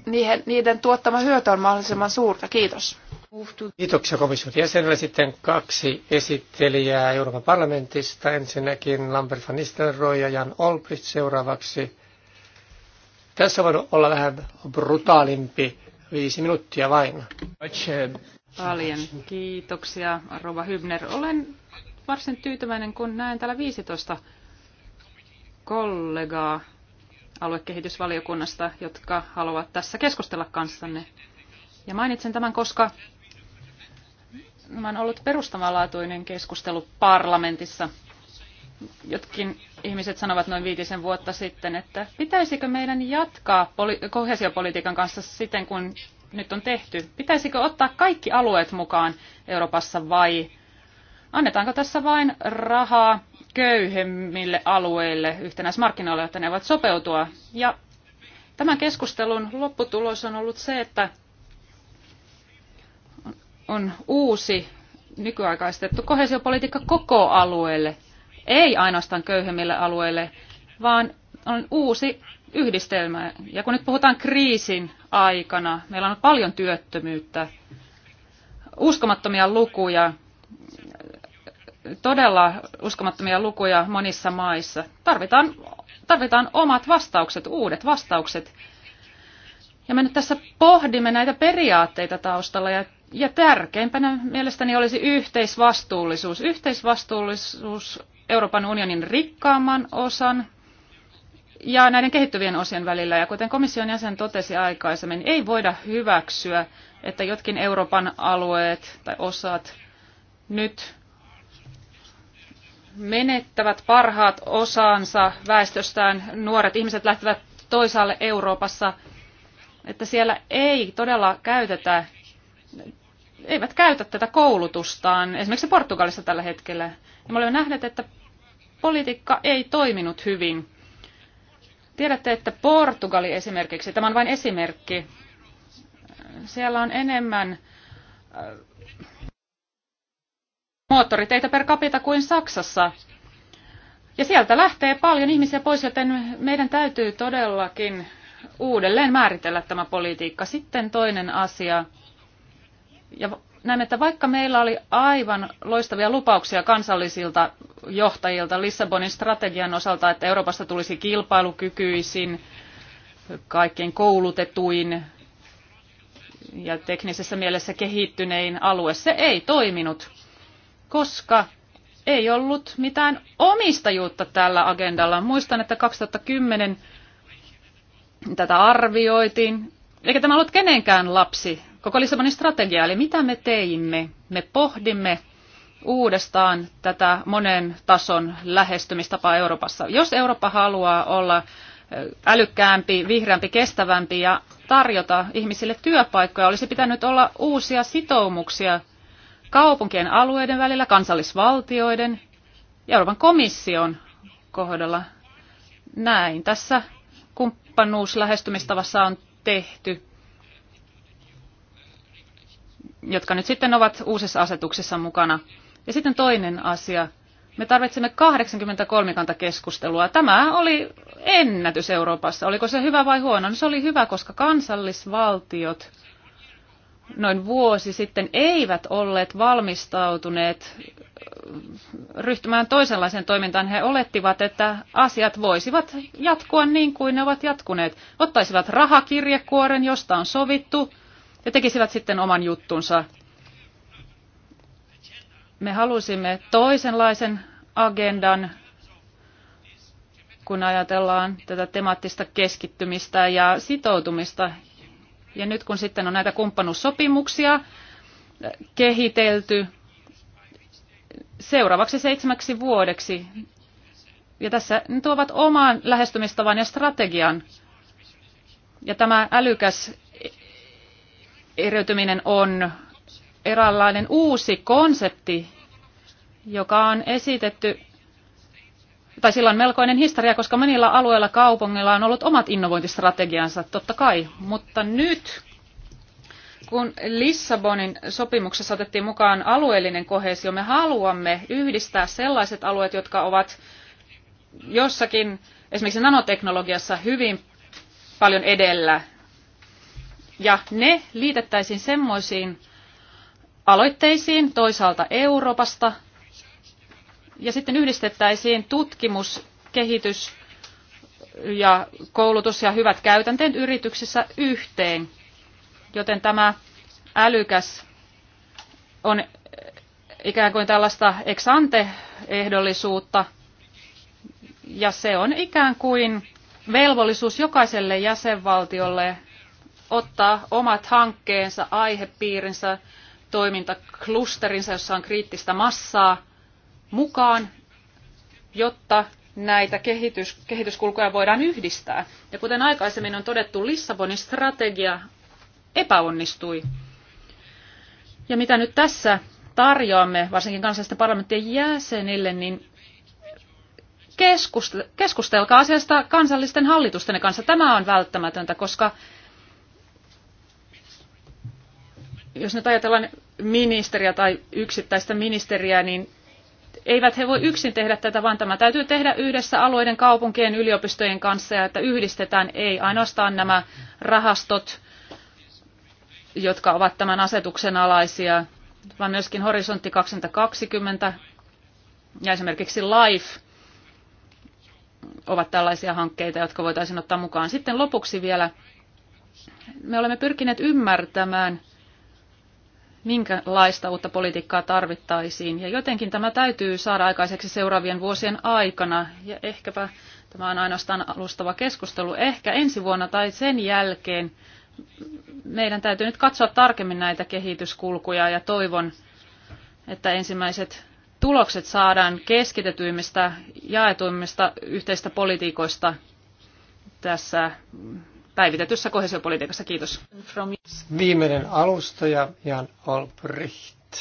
niiden, niiden tuottama hyöty on mahdollisimman suurta. Kiitos. Kiitoksia komission jäsenelle. Sitten kaksi esittelijää Euroopan parlamentista. Ensinnäkin Lambert van Nistelrooy ja Jan Olbrich seuraavaksi. Tässä voinut olla vähän brutaalimpi. Viisi minuuttia vain. Paljon kiitoksia, Rova Hybner. Olen varsin tyytyväinen, kun näen täällä 15 kollegaa aluekehitysvaliokunnasta, jotka haluavat tässä keskustella kanssanne. Ja mainitsen tämän, koska olen ollut perustavanlaatuinen keskustelu parlamentissa. Jotkin ihmiset sanovat noin viitisen vuotta sitten, että pitäisikö meidän jatkaa poli- kohesiopolitiikan kanssa siten, kun nyt on tehty. Pitäisikö ottaa kaikki alueet mukaan Euroopassa vai annetaanko tässä vain rahaa köyhemmille alueille yhtenäismarkkinoille, jotta ne voivat sopeutua. Ja tämän keskustelun lopputulos on ollut se, että on uusi nykyaikaistettu kohesiopolitiikka koko alueelle, ei ainoastaan köyhemmille alueille, vaan on uusi yhdistelmä. Ja kun nyt puhutaan kriisin aikana, meillä on paljon työttömyyttä, uskomattomia lukuja, todella uskomattomia lukuja monissa maissa. Tarvitaan, tarvitaan omat vastaukset, uudet vastaukset. Ja me nyt tässä pohdimme näitä periaatteita taustalla ja, ja tärkeimpänä mielestäni olisi yhteisvastuullisuus. Yhteisvastuullisuus Euroopan unionin rikkaamman osan ja näiden kehittyvien osien välillä. Ja kuten komission jäsen totesi aikaisemmin, ei voida hyväksyä, että jotkin Euroopan alueet tai osat nyt menettävät parhaat osansa väestöstään. Nuoret ihmiset lähtevät toisaalle Euroopassa, että siellä ei todella käytetä, eivät käytä tätä koulutustaan, esimerkiksi Portugalissa tällä hetkellä. Ja me olemme nähneet, että politiikka ei toiminut hyvin. Tiedätte, että Portugali esimerkiksi, tämä on vain esimerkki, siellä on enemmän moottoriteitä per capita kuin Saksassa. Ja sieltä lähtee paljon ihmisiä pois, joten meidän täytyy todellakin uudelleen määritellä tämä politiikka. Sitten toinen asia. Ja näin, että vaikka meillä oli aivan loistavia lupauksia kansallisilta johtajilta Lissabonin strategian osalta, että Euroopasta tulisi kilpailukykyisin, kaikkein koulutetuin ja teknisessä mielessä kehittynein alue, se ei toiminut koska ei ollut mitään omistajuutta tällä agendalla. Muistan, että 2010 tätä arvioitiin, eikä tämä ollut kenenkään lapsi. Koko semmoinen strategia, eli mitä me teimme? Me pohdimme uudestaan tätä monen tason lähestymistapaa Euroopassa. Jos Eurooppa haluaa olla älykkäämpi, vihreämpi, kestävämpi ja tarjota ihmisille työpaikkoja, olisi pitänyt olla uusia sitoumuksia kaupunkien alueiden välillä, kansallisvaltioiden ja Euroopan komission kohdalla. Näin tässä kumppanuuslähestymistavassa on tehty, jotka nyt sitten ovat uusissa asetuksissa mukana. Ja sitten toinen asia. Me tarvitsemme 83 kanta keskustelua. Tämä oli ennätys Euroopassa. Oliko se hyvä vai huono? No, se oli hyvä, koska kansallisvaltiot noin vuosi sitten eivät olleet valmistautuneet ryhtymään toisenlaiseen toimintaan. He olettivat, että asiat voisivat jatkua niin kuin ne ovat jatkuneet. Ottaisivat rahakirjekuoren, josta on sovittu, ja tekisivät sitten oman juttunsa. Me halusimme toisenlaisen agendan, kun ajatellaan tätä temaattista keskittymistä ja sitoutumista, ja nyt kun sitten on näitä kumppanuussopimuksia eh, kehitelty seuraavaksi seitsemäksi vuodeksi, ja tässä ne tuovat oman lähestymistavan ja strategian. Ja tämä älykäs eriytyminen on eräänlainen uusi konsepti, joka on esitetty tai sillä on melkoinen historia, koska monilla alueilla kaupungilla on ollut omat innovointistrategiansa, totta kai. Mutta nyt, kun Lissabonin sopimuksessa otettiin mukaan alueellinen kohesio, me haluamme yhdistää sellaiset alueet, jotka ovat jossakin, esimerkiksi nanoteknologiassa, hyvin paljon edellä. Ja ne liitettäisiin semmoisiin aloitteisiin toisaalta Euroopasta, ja sitten yhdistettäisiin tutkimus, kehitys ja koulutus ja hyvät käytänteet yrityksissä yhteen. Joten tämä älykäs on ikään kuin tällaista ex ante ehdollisuutta ja se on ikään kuin velvollisuus jokaiselle jäsenvaltiolle ottaa omat hankkeensa, aihepiirinsä, toimintaklusterinsa, jossa on kriittistä massaa – mukaan, jotta näitä kehitys, kehityskulkuja voidaan yhdistää. Ja kuten aikaisemmin on todettu, Lissabonin strategia epäonnistui. Ja mitä nyt tässä tarjoamme, varsinkin kansallisten parlamenttien jäsenille, niin keskustelkaa asiasta kansallisten hallitusten kanssa. Tämä on välttämätöntä, koska jos nyt ajatellaan ministeriä tai yksittäistä ministeriä, niin eivät he voi yksin tehdä tätä, vaan tämä täytyy tehdä yhdessä alueiden kaupunkien yliopistojen kanssa ja että yhdistetään ei ainoastaan nämä rahastot, jotka ovat tämän asetuksen alaisia, vaan myöskin Horisontti 2020 ja esimerkiksi LIFE ovat tällaisia hankkeita, jotka voitaisiin ottaa mukaan. Sitten lopuksi vielä, me olemme pyrkineet ymmärtämään minkälaista uutta politiikkaa tarvittaisiin. Ja jotenkin tämä täytyy saada aikaiseksi seuraavien vuosien aikana. Ja ehkäpä tämä on ainoastaan alustava keskustelu. Ehkä ensi vuonna tai sen jälkeen meidän täytyy nyt katsoa tarkemmin näitä kehityskulkuja ja toivon, että ensimmäiset tulokset saadaan keskitetyimmistä, jaetuimmista yhteistä politiikoista tässä päivitetyssä kohesiopolitiikassa. Kiitos. Viimeinen alustaja Jan Albrecht,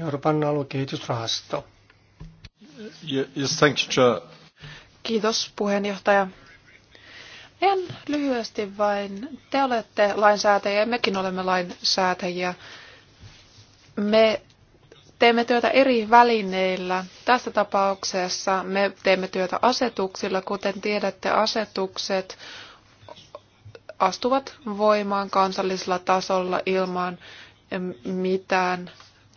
Euroopan aluekehitysrahasto. Yes, thank you, Kiitos puheenjohtaja. En lyhyesti vain. Te olette lainsäätäjiä ja mekin olemme lainsäätäjiä. Me teemme työtä eri välineillä. Tässä tapauksessa me teemme työtä asetuksilla. Kuten tiedätte, asetukset astuvat voimaan kansallisella tasolla ilman mitään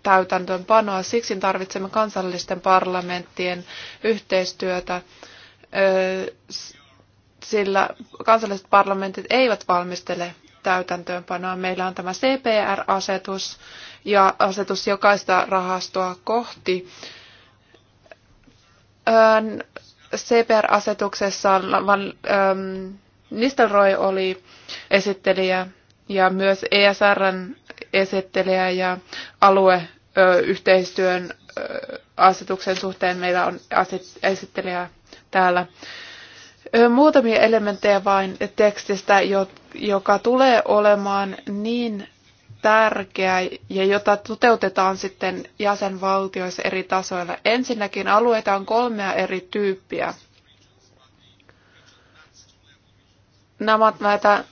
täytäntöönpanoa. Siksi tarvitsemme kansallisten parlamenttien yhteistyötä, sillä kansalliset parlamentit eivät valmistele täytäntöönpanoa. Meillä on tämä CPR-asetus ja asetus jokaista rahastoa kohti. CPR-asetuksessa Nistelrooy oli esittelijä ja myös ESRn esittelijä ja alueyhteistyön asetuksen suhteen meillä on esittelijä täällä. Muutamia elementtejä vain tekstistä, joka tulee olemaan niin tärkeä ja jota toteutetaan sitten jäsenvaltioissa eri tasoilla. Ensinnäkin alueita on kolmea eri tyyppiä. Nämä ovat näitä,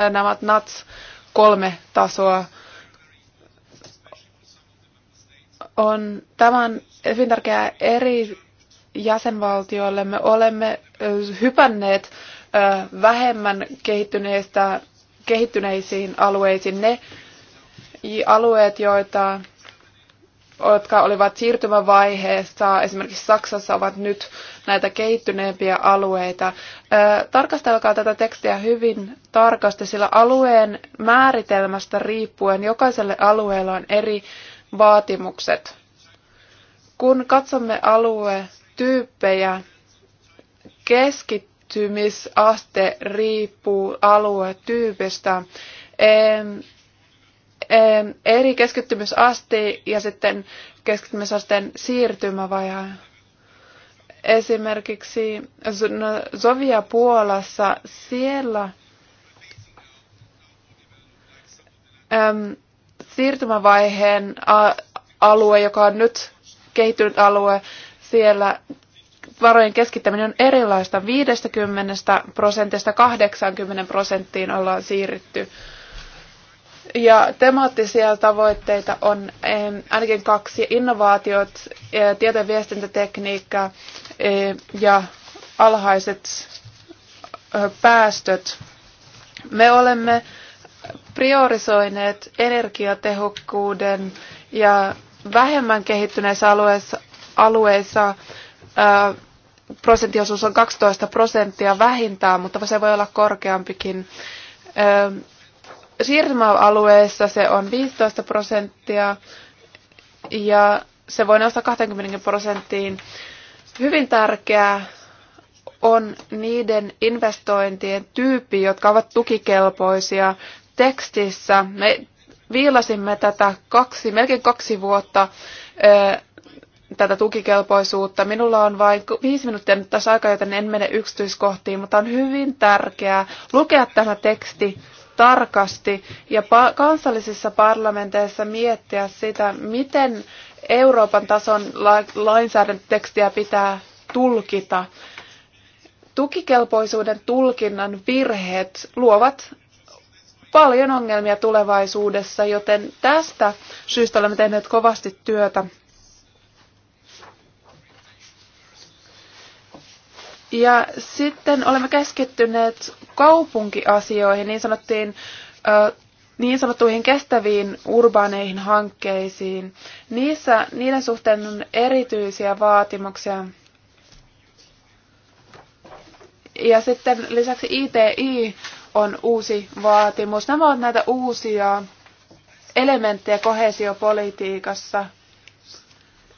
äh, nämä NATS kolme tasoa. On tämän hyvin tärkeää eri jäsenvaltioille. Me olemme hypänneet vähemmän kehittyneistä, kehittyneisiin alueisiin. Ne alueet, joita jotka olivat siirtymävaiheessa, esimerkiksi Saksassa ovat nyt näitä kehittyneempiä alueita. Tarkastelkaa tätä tekstiä hyvin tarkasti, sillä alueen määritelmästä riippuen jokaiselle alueella on eri vaatimukset. Kun katsomme aluetyyppejä, keskittymisaste riippuu aluetyypistä eri keskittymisaste ja sitten keskittymisasteen siirtymävaihe. Esimerkiksi Sovia no, Puolassa siellä äm, siirtymävaiheen alue, joka on nyt kehittynyt alue, siellä varojen keskittäminen on erilaista. 50 prosentista 80 prosenttiin ollaan siirrytty ja temaattisia tavoitteita on ainakin kaksi. Innovaatiot, e, tieto- ja viestintätekniikka e, ja alhaiset päästöt. Me olemme priorisoineet energiatehokkuuden ja vähemmän kehittyneissä alueissa, alueissa prosenttiosuus on 12 prosenttia vähintään, mutta se voi olla korkeampikin. Ää, siirtymäalueessa se on 15 prosenttia ja se voi nousta 20 prosenttiin. Hyvin tärkeää on niiden investointien tyyppi, jotka ovat tukikelpoisia tekstissä. Me viilasimme tätä kaksi, melkein kaksi vuotta tätä tukikelpoisuutta. Minulla on vain viisi minuuttia nyt tässä aikaa, joten en mene yksityiskohtiin, mutta on hyvin tärkeää lukea tämä teksti tarkasti ja kansallisissa parlamenteissa miettiä sitä, miten Euroopan tason la- lainsäädäntötekstiä pitää tulkita. Tukikelpoisuuden tulkinnan virheet luovat paljon ongelmia tulevaisuudessa, joten tästä syystä olemme tehneet kovasti työtä Ja sitten olemme keskittyneet kaupunkiasioihin, niin, sanottiin, niin sanottuihin kestäviin urbaaneihin hankkeisiin. Niissä, niiden suhteen on erityisiä vaatimuksia. Ja sitten lisäksi ITI on uusi vaatimus. Nämä ovat näitä uusia elementtejä kohesiopolitiikassa.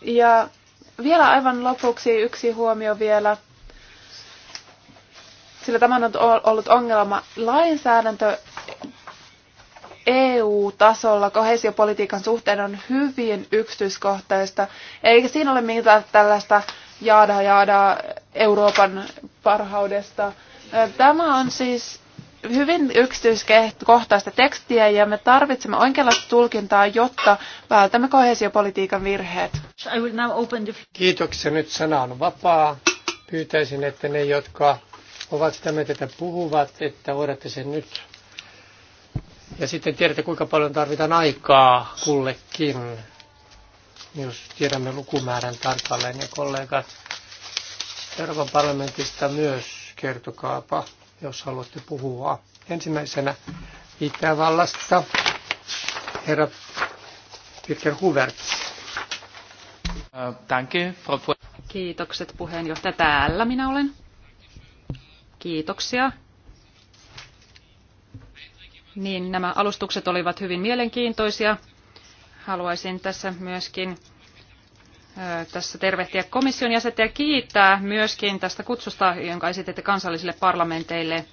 Ja vielä aivan lopuksi yksi huomio vielä – sillä tämä on ollut ongelma. Lainsäädäntö EU-tasolla kohesiopolitiikan suhteen on hyvin yksityiskohtaista, eikä siinä ole mitään tällaista jaada jaada Euroopan parhaudesta. Tämä on siis hyvin yksityiskohtaista tekstiä ja me tarvitsemme oikeanlaista tulkintaa, jotta vältämme kohesiopolitiikan virheet. Kiitoksia. Nyt sana on vapaa. Pyytäisin, että ne, jotka ovat sitä mieltä, että puhuvat, että hoidatte sen nyt. Ja sitten tiedätte, kuinka paljon tarvitaan aikaa kullekin, jos tiedämme lukumäärän tarkalleen. Ja niin kollegat Euroopan parlamentista myös kertokaapa, jos haluatte puhua. Ensimmäisenä Itävallasta herra Peter Huverts. Kiitokset puheenjohtaja. Täällä minä olen. Kiitoksia. Niin, nämä alustukset olivat hyvin mielenkiintoisia. Haluaisin tässä myöskin tässä tervehtiä komission jäsentä ja kiittää myöskin tästä kutsusta, jonka esititte kansallisille parlamenteille.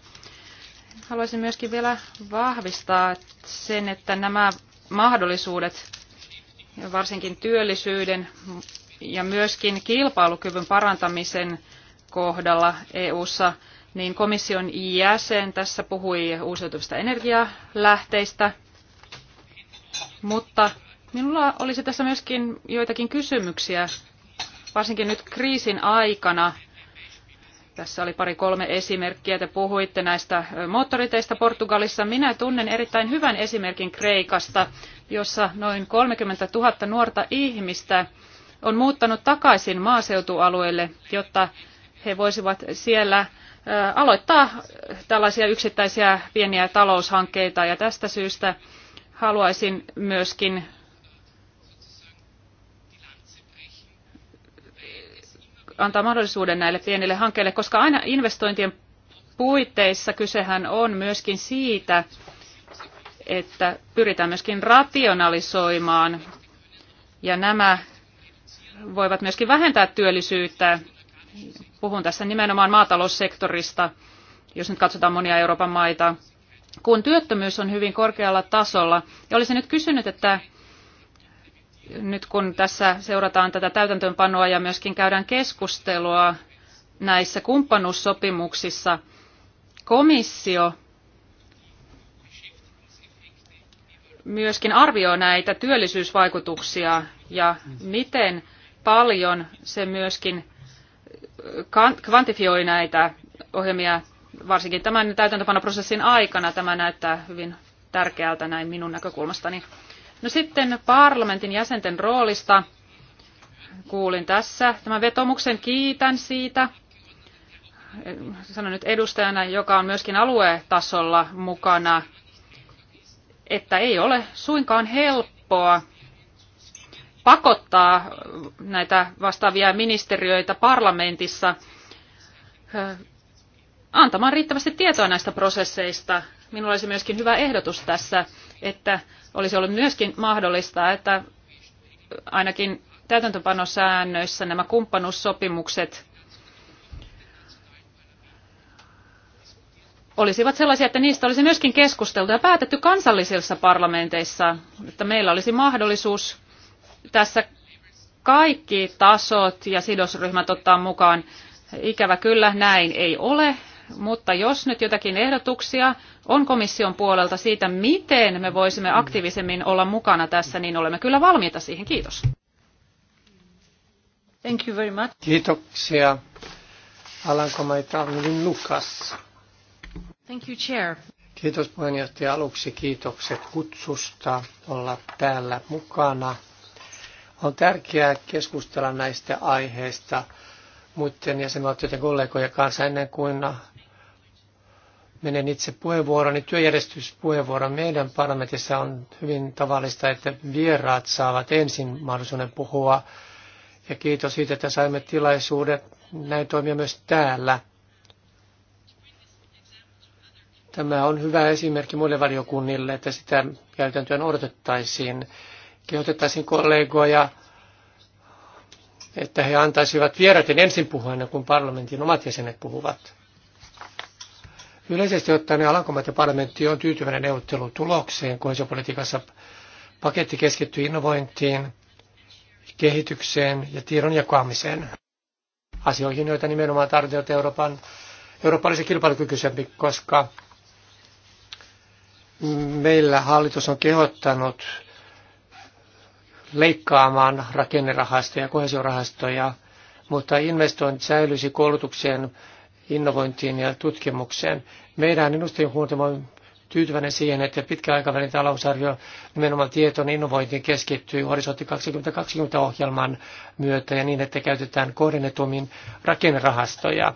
Haluaisin myöskin vielä vahvistaa sen, että nämä mahdollisuudet, varsinkin työllisyyden ja myöskin kilpailukyvyn parantamisen kohdalla EU:ssa ssa niin komission jäsen tässä puhui uusiutuvista energialähteistä, mutta minulla olisi tässä myöskin joitakin kysymyksiä, varsinkin nyt kriisin aikana. Tässä oli pari kolme esimerkkiä, te puhuitte näistä moottoriteistä Portugalissa. Minä tunnen erittäin hyvän esimerkin Kreikasta, jossa noin 30 000 nuorta ihmistä on muuttanut takaisin maaseutualueelle, jotta he voisivat siellä aloittaa tällaisia yksittäisiä pieniä taloushankkeita ja tästä syystä haluaisin myöskin antaa mahdollisuuden näille pienille hankkeille, koska aina investointien puitteissa kysehän on myöskin siitä, että pyritään myöskin rationalisoimaan ja nämä voivat myöskin vähentää työllisyyttä puhun tässä nimenomaan maataloussektorista, jos nyt katsotaan monia Euroopan maita, kun työttömyys on hyvin korkealla tasolla. Ja olisin nyt kysynyt, että nyt kun tässä seurataan tätä täytäntöönpanoa ja myöskin käydään keskustelua näissä kumppanuussopimuksissa, komissio myöskin arvioi näitä työllisyysvaikutuksia ja miten paljon se myöskin kvantifioi näitä ohjelmia, varsinkin tämän täytäntöpanoprosessin aikana. Tämä näyttää hyvin tärkeältä näin minun näkökulmastani. No sitten parlamentin jäsenten roolista kuulin tässä. Tämän vetomuksen kiitän siitä. Sanon nyt edustajana, joka on myöskin aluetasolla mukana, että ei ole suinkaan helppoa pakottaa näitä vastaavia ministeriöitä parlamentissa antamaan riittävästi tietoa näistä prosesseista. Minulla olisi myöskin hyvä ehdotus tässä, että olisi ollut myöskin mahdollista, että ainakin täytäntöpanosäännöissä nämä kumppanuussopimukset olisivat sellaisia, että niistä olisi myöskin keskusteltu ja päätetty kansallisissa parlamenteissa, että meillä olisi mahdollisuus tässä kaikki tasot ja sidosryhmät ottaa mukaan. Ikävä kyllä näin ei ole, mutta jos nyt jotakin ehdotuksia on komission puolelta siitä, miten me voisimme aktiivisemmin olla mukana tässä, niin olemme kyllä valmiita siihen. Kiitos. Thank you very much. Kiitoksia. Alankomaita hyvin Lukas. Thank you, Chair. Kiitos puheenjohtaja aluksi. Kiitokset kutsusta olla täällä mukana. On tärkeää keskustella näistä aiheista muiden jäsenvaltioiden kollegojen kanssa ennen kuin menen itse niin työjärjestyspuheenvuoro. Meidän parlamentissa on hyvin tavallista, että vieraat saavat ensin mahdollisuuden puhua. Ja kiitos siitä, että saimme tilaisuuden näin toimia myös täällä. Tämä on hyvä esimerkki muille valiokunnille, että sitä käytäntöön odotettaisiin kehotettaisiin kollegoja, että he antaisivat vieraiden ensin puhua ennen kuin parlamentin omat jäsenet puhuvat. Yleisesti ottaen niin Alankomaiden parlamentti on tyytyväinen neuvottelutulokseen, politiikassa paketti keskittyy innovointiin, kehitykseen ja tiedon jakamiseen. Asioihin, joita nimenomaan tarvitaan, Euroopan, Eurooppa olisi kilpailukykyisempi, koska meillä hallitus on kehottanut leikkaamaan rakennerahastoja ja kohesiorahastoja, mutta investointi säilyisi koulutukseen, innovointiin ja tutkimukseen. Meidän edustajien on tyytyväinen siihen, että pitkäaikavälin talousarvio nimenomaan tietoon innovointiin keskittyy horisontti 2020 ohjelman myötä ja niin, että käytetään kohdennetummin rakennerahastoja.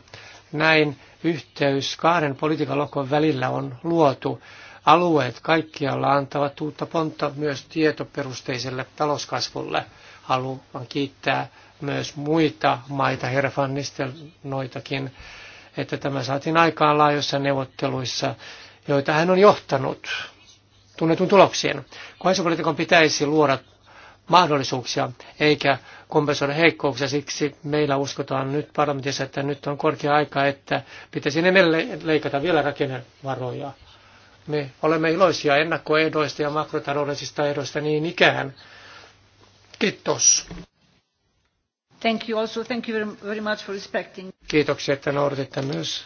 Näin yhteys kahden politiikan lohkon välillä on luotu alueet kaikkialla antavat uutta pontta myös tietoperusteiselle talouskasvulle. Haluan kiittää myös muita maita, herra Van noitakin, että tämä saatiin aikaan laajoissa neuvotteluissa, joita hän on johtanut tunnetun tuloksien. Kohesiopolitiikan pitäisi luoda mahdollisuuksia eikä kompensoida heikkouksia. Siksi meillä uskotaan nyt parlamentissa, että nyt on korkea aika, että pitäisi enemmän leikata vielä rakennevaroja. Me olemme iloisia ennakkoehdoista ja makrotaloudellisista ehdoista niin ikään. Kiitos. Thank you also. Thank you very much for respecting. Kiitoksia, että noudatitte myös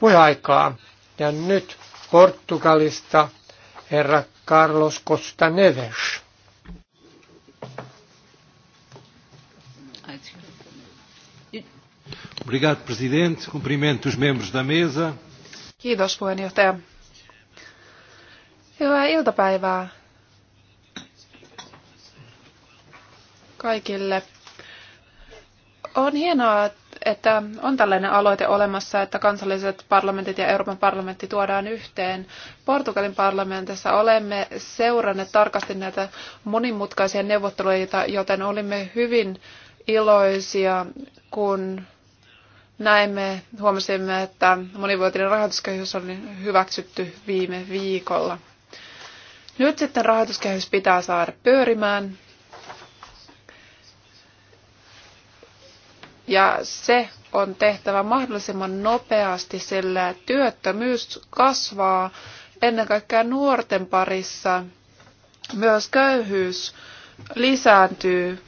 puheaikaa. Ja nyt Portugalista herra Carlos Costa Neves. Obrigado, Presidente. Cumprimento os membros da mesa. Kiitos puheenjohtaja. Hyvää iltapäivää kaikille. On hienoa, että on tällainen aloite olemassa, että kansalliset parlamentit ja Euroopan parlamentti tuodaan yhteen. Portugalin parlamentissa olemme seuranneet tarkasti näitä monimutkaisia neuvotteluita, joten olimme hyvin iloisia, kun näimme, huomasimme, että monivuotinen rahoituskehys oli hyväksytty viime viikolla. Nyt sitten rahoituskehys pitää saada pyörimään. Ja se on tehtävä mahdollisimman nopeasti, sillä työttömyys kasvaa ennen kaikkea nuorten parissa. Myös köyhyys lisääntyy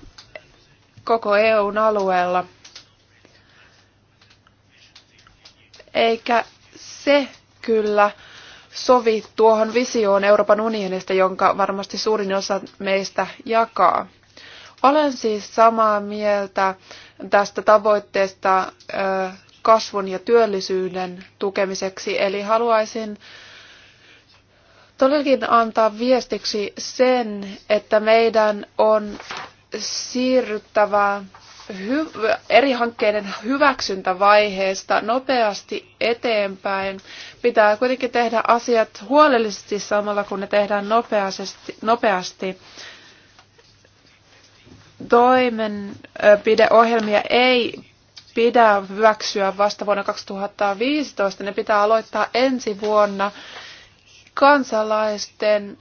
koko EUn alueella. Eikä se kyllä sovi tuohon visioon Euroopan unionista, jonka varmasti suurin osa meistä jakaa. Olen siis samaa mieltä tästä tavoitteesta kasvun ja työllisyyden tukemiseksi, eli haluaisin todellakin antaa viestiksi sen, että meidän on siirryttävä hy- eri hankkeiden hyväksyntävaiheesta nopeasti eteenpäin. Pitää kuitenkin tehdä asiat huolellisesti samalla, kun ne tehdään nopeasti. nopeasti. Toimenpideohjelmia ei pidä hyväksyä vasta vuonna 2015. Ne pitää aloittaa ensi vuonna. Kansalaisten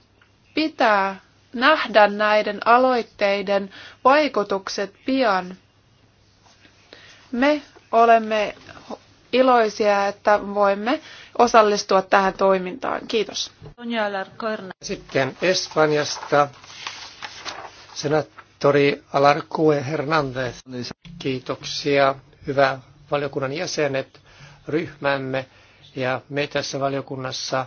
pitää nähdä näiden aloitteiden vaikutukset pian. Me olemme iloisia, että voimme osallistua tähän toimintaan. Kiitos. Sitten Espanjasta senaattori Alarcue Hernández. Kiitoksia, hyvä valiokunnan jäsenet, ryhmämme ja me tässä valiokunnassa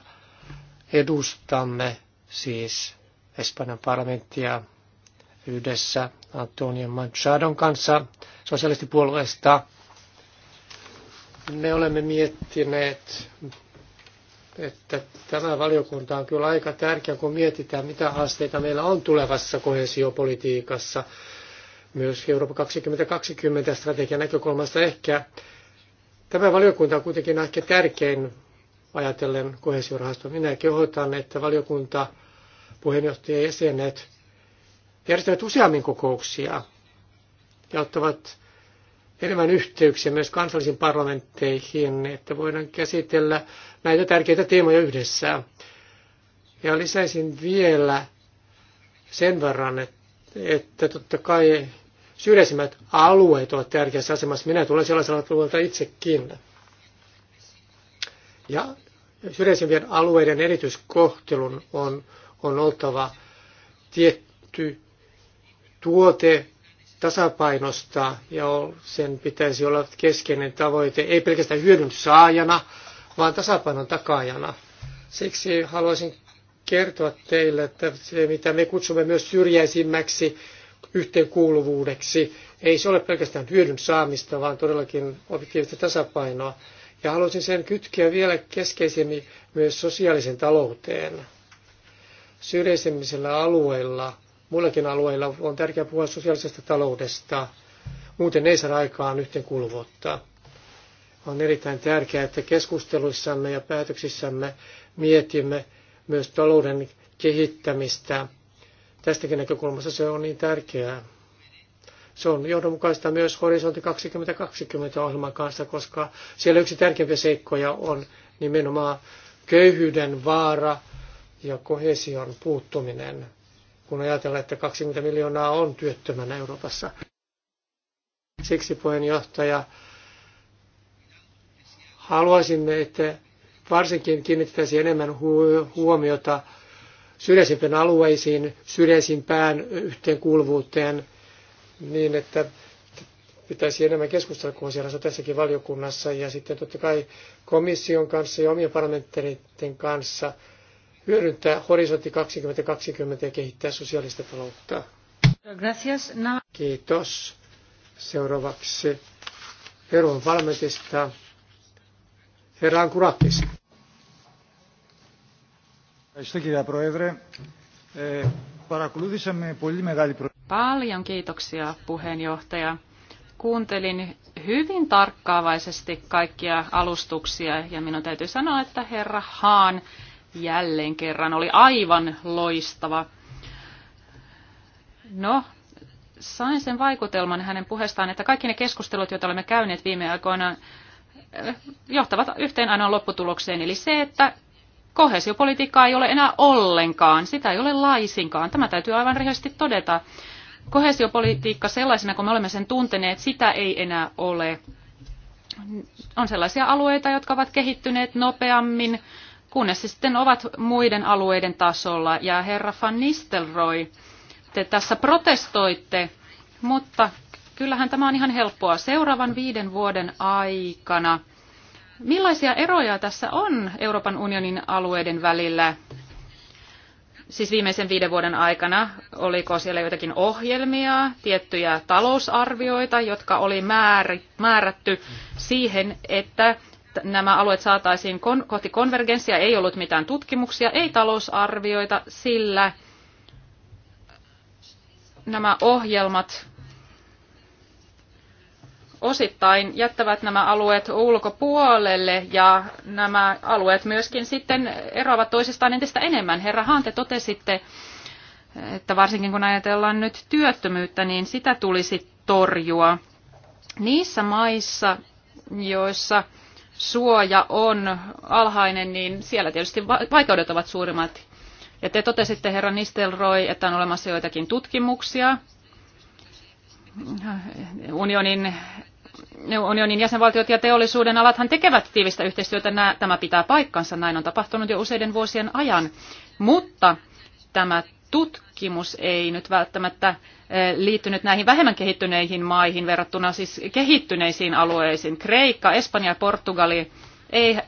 edustamme siis Espanjan parlamenttia yhdessä Antonio Machadon kanssa sosialistipuolueesta. Me olemme miettineet, että tämä valiokunta on kyllä aika tärkeä, kun mietitään, mitä haasteita meillä on tulevassa kohesiopolitiikassa. Myös Euroopan 2020 strategian näkökulmasta ehkä. Tämä valiokunta on kuitenkin ehkä tärkein ajatellen kohesiorahasto. Minä kehotan, että valiokunta, puheenjohtaja ja jäsenet järjestävät useammin kokouksia ja ottavat enemmän yhteyksiä myös kansallisiin parlamentteihin, että voidaan käsitellä näitä tärkeitä teemoja yhdessä. Ja lisäisin vielä sen verran, että totta kai syrjäisimmät alueet ovat tärkeässä asemassa. Minä tulen sellaisella alueelta itsekin. Ja syrjäisimpien alueiden erityiskohtelun on, on oltava tietty tuote tasapainosta ja sen pitäisi olla keskeinen tavoite, ei pelkästään hyödyn saajana, vaan tasapainon takaajana. Siksi haluaisin kertoa teille, että se mitä me kutsumme myös syrjäisimmäksi yhteenkuuluvuudeksi, ei se ole pelkästään hyödyn saamista, vaan todellakin objektiivista tasapainoa. Ja haluaisin sen kytkeä vielä keskeisemmin myös sosiaalisen talouteen. Syrjäisemmillä alueilla muillakin alueilla on tärkeää puhua sosiaalisesta taloudesta. Muuten ei saada aikaan yhteenkuuluvuutta. On erittäin tärkeää, että keskusteluissamme ja päätöksissämme mietimme myös talouden kehittämistä. Tästäkin näkökulmasta se on niin tärkeää. Se on johdonmukaista myös Horisontti 2020 ohjelman kanssa, koska siellä yksi tärkeimpiä seikkoja on nimenomaan köyhyyden vaara ja kohesion puuttuminen kun ajatellaan, että 20 miljoonaa on työttömänä Euroopassa. Siksi puheenjohtaja, haluaisimme, että varsinkin kiinnittäisiin enemmän huomiota syrjäisimpien alueisiin, syrjäisimpään yhteenkuuluvuuteen, niin että pitäisi enemmän keskustella kuin siellä tässäkin valiokunnassa ja sitten totta kai komission kanssa ja omien parlamenttien kanssa – hyödyntää horisontti 2020 ja kehittää sosiaalista taloutta. Gracias. Kiitos. Seuraavaksi Euroopan parlamentista herra Ankurakis. Paljon kiitoksia puheenjohtaja. Kuuntelin hyvin tarkkaavaisesti kaikkia alustuksia ja minun täytyy sanoa, että herra Haan jälleen kerran oli aivan loistava. No, sain sen vaikutelman hänen puheestaan, että kaikki ne keskustelut, joita olemme käyneet viime aikoina, eh, johtavat yhteen ainoan lopputulokseen, eli se, että kohesiopolitiikkaa ei ole enää ollenkaan, sitä ei ole laisinkaan. Tämä täytyy aivan rehellisesti todeta. Kohesiopolitiikka sellaisena, kun me olemme sen tunteneet, sitä ei enää ole. On sellaisia alueita, jotka ovat kehittyneet nopeammin kunnes se sitten ovat muiden alueiden tasolla. Ja herra Van Nistelrooy, te tässä protestoitte, mutta kyllähän tämä on ihan helppoa. Seuraavan viiden vuoden aikana, millaisia eroja tässä on Euroopan unionin alueiden välillä? Siis viimeisen viiden vuoden aikana, oliko siellä jotakin ohjelmia, tiettyjä talousarvioita, jotka oli määrätty siihen, että nämä alueet saataisiin kon- kohti konvergenssia. Ei ollut mitään tutkimuksia, ei talousarvioita, sillä nämä ohjelmat osittain jättävät nämä alueet ulkopuolelle ja nämä alueet myöskin sitten eroavat toisistaan entistä enemmän. Herra Hante, totesitte, että varsinkin kun ajatellaan nyt työttömyyttä, niin sitä tulisi torjua niissä maissa, joissa suoja on alhainen, niin siellä tietysti vaikeudet ovat suurimmat. Ja te totesitte, herra Nistelrooy, että on olemassa joitakin tutkimuksia unionin unionin jäsenvaltiot ja teollisuuden alathan tekevät tiivistä yhteistyötä. tämä pitää paikkansa, näin on tapahtunut jo useiden vuosien ajan. Mutta tämä tutkimus ei nyt välttämättä liittynyt näihin vähemmän kehittyneihin maihin verrattuna siis kehittyneisiin alueisiin. Kreikka, Espanja ja Portugali,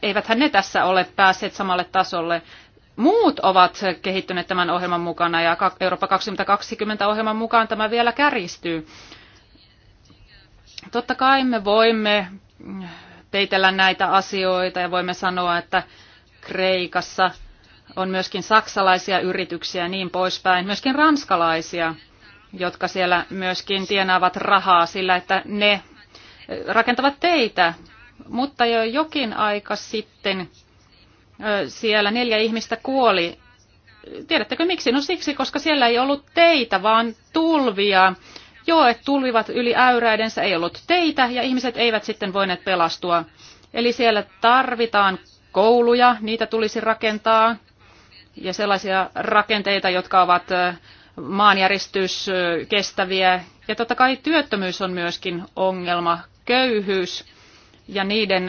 eiväthän ne tässä ole päässeet samalle tasolle. Muut ovat kehittyneet tämän ohjelman mukana ja Eurooppa 2020 ohjelman mukaan tämä vielä kärjistyy. Totta kai me voimme peitellä näitä asioita ja voimme sanoa, että Kreikassa on myöskin saksalaisia yrityksiä ja niin poispäin, myöskin ranskalaisia – jotka siellä myöskin tienaavat rahaa sillä, että ne eh, rakentavat teitä. Mutta jo jokin aika sitten eh, siellä neljä ihmistä kuoli. Tiedättekö miksi? No siksi, koska siellä ei ollut teitä, vaan tulvia. Joet tulvivat yli äyräidensä, ei ollut teitä ja ihmiset eivät sitten voineet pelastua. Eli siellä tarvitaan kouluja, niitä tulisi rakentaa, ja sellaisia rakenteita, jotka ovat eh, maanjäristys kestäviä. Ja totta kai työttömyys on myöskin ongelma, köyhyys ja niiden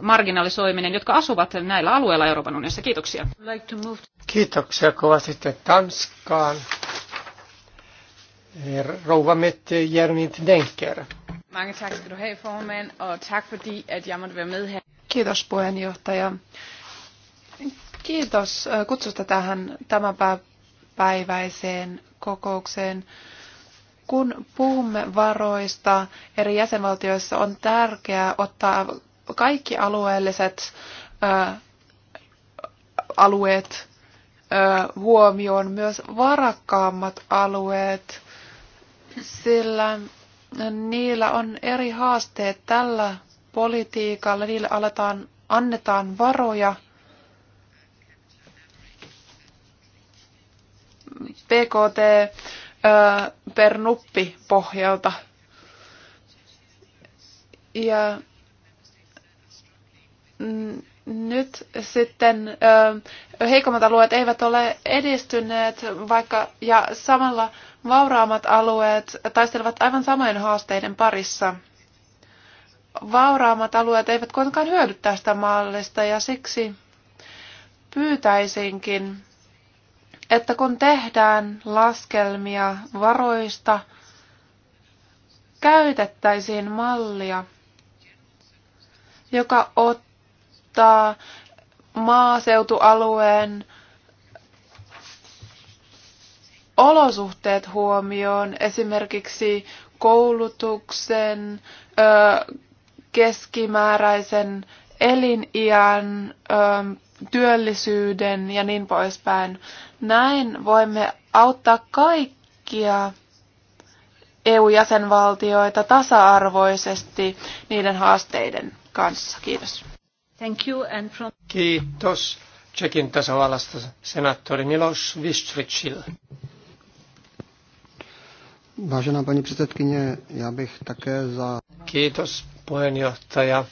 marginalisoiminen, jotka asuvat näillä alueilla Euroopan unionissa. Kiitoksia. Kiitoksia kovasti Tanskaan. Rouva Mette Jermint Denker. Mange tak skal du have, formand, og tak fordi, at jeg måtte være med her. Kiitos puheenjohtaja. Kiitos kutsusta tähän tämän päiväiseen kokoukseen. Kun puhumme varoista eri jäsenvaltioissa, on tärkeää ottaa kaikki alueelliset ää, alueet ää, huomioon, myös varakkaammat alueet, sillä niillä on eri haasteet tällä politiikalla. Niille aletaan, annetaan varoja PKT per nuppi pohjalta. Ja nyt sitten heikommat alueet eivät ole edistyneet, vaikka ja samalla vauraamat alueet taistelevat aivan samojen haasteiden parissa. vauraamat alueet eivät kuitenkaan hyödy tästä mallista ja siksi pyytäisinkin että kun tehdään laskelmia varoista, käytettäisiin mallia, joka ottaa maaseutualueen olosuhteet huomioon, esimerkiksi koulutuksen, keskimääräisen eliniän, työllisyyden ja niin poispäin. Näin voimme auttaa kaikkia EU-jäsenvaltioita tasa-arvoisesti niiden haasteiden kanssa. Kiitos. Thank you and from... Kiitos. Tsekin tasavallasta senaattori Milos Vistvichil. Vážená paní předsedkyně, já bych také za... Kiitos puheenjohtaja.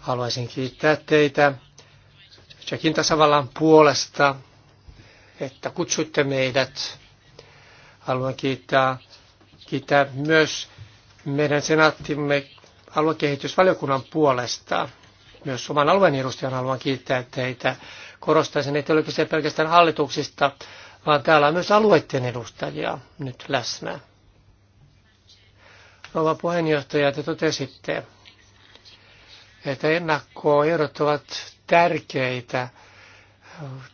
Haluaisin kiittää teitä Tsekin tasavallan puolesta, että kutsuitte meidät. Haluan kiittää, kiittää myös meidän senaattimme aluekehitysvaliokunnan puolesta. Myös oman alueen edustajan haluan kiittää teitä. Korostaisin, että ei ole kyse pelkästään hallituksista, vaan täällä on myös alueiden edustajia nyt läsnä. Rouva puheenjohtaja, te totesitte, että ennakkoehdot ovat tärkeitä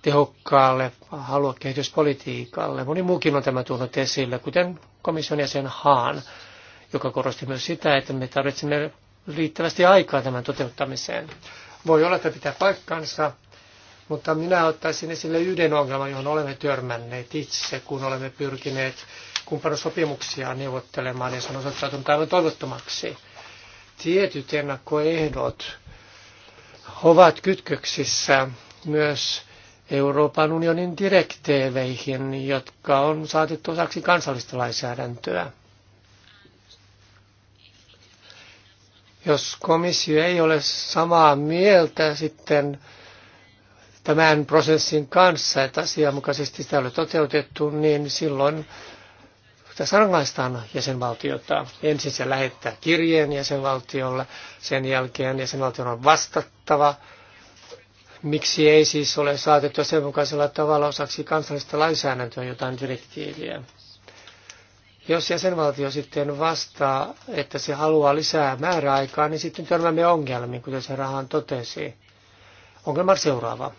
tehokkaalle haluakehityspolitiikalle. Moni muukin on tämä tuonut esille, kuten komission jäsen Haan, joka korosti myös sitä, että me tarvitsemme riittävästi aikaa tämän toteuttamiseen. Voi olla, että pitää paikkansa, mutta minä ottaisin esille yhden ongelman, johon olemme törmänneet itse, kun olemme pyrkineet kumppanusopimuksia neuvottelemaan ja se on osoittautunut aivan toivottomaksi. Tietyt ennakkoehdot ovat kytköksissä myös Euroopan unionin direktiiveihin, jotka on saatettu osaksi kansallista lainsäädäntöä. Jos komissio ei ole samaa mieltä sitten tämän prosessin kanssa, että asianmukaisesti sitä ei ole toteutettu, niin silloin tässä rangaistaan jäsenvaltiota. Ensin se lähettää kirjeen jäsenvaltiolle, sen jälkeen jäsenvaltion on vastattava. Miksi ei siis ole saatettu sen mukaisella tavalla osaksi kansallista lainsäädäntöä jotain direktiiviä? Jos jäsenvaltio sitten vastaa, että se haluaa lisää määräaikaa, niin sitten törmäämme ongelmiin, kuten se rahan totesi. Ongelma on seuraava.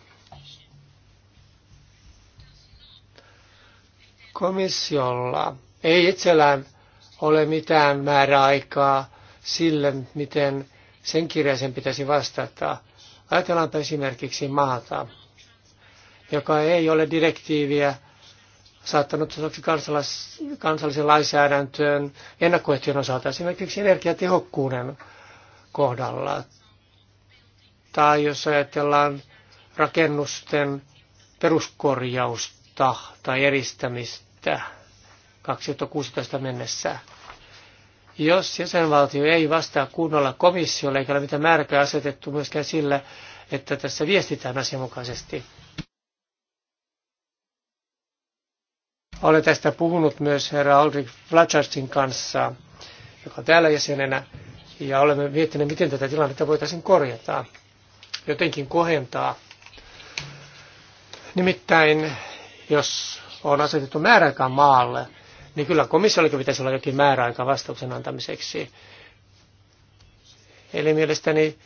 Komissiolla ei itsellään ole mitään määräaikaa sille, miten sen kirjaisen pitäisi vastata. Ajatellaanpa esimerkiksi maata, joka ei ole direktiiviä saattanut osaksi kansalais- kansallisen lainsäädäntöön ennakkoehtojen osalta, esimerkiksi energiatehokkuuden kohdalla. Tai jos ajatellaan rakennusten peruskorjausta tai eristämistä 2016 mennessä. Jos jäsenvaltio ei vastaa kunnolla komissiolle, eikä ole mitään määräkään asetettu myöskään sillä, että tässä viestitään asianmukaisesti. Olen tästä puhunut myös herra Aldrich Flatchardsin kanssa, joka on täällä jäsenenä, ja olemme miettineet, miten tätä tilannetta voitaisiin korjata, jotenkin kohentaa. Nimittäin, jos on asetettu määräkään maalle, niin kyllä komissiollakin pitäisi olla jokin määräaika vastauksen antamiseksi. Eli mielestäni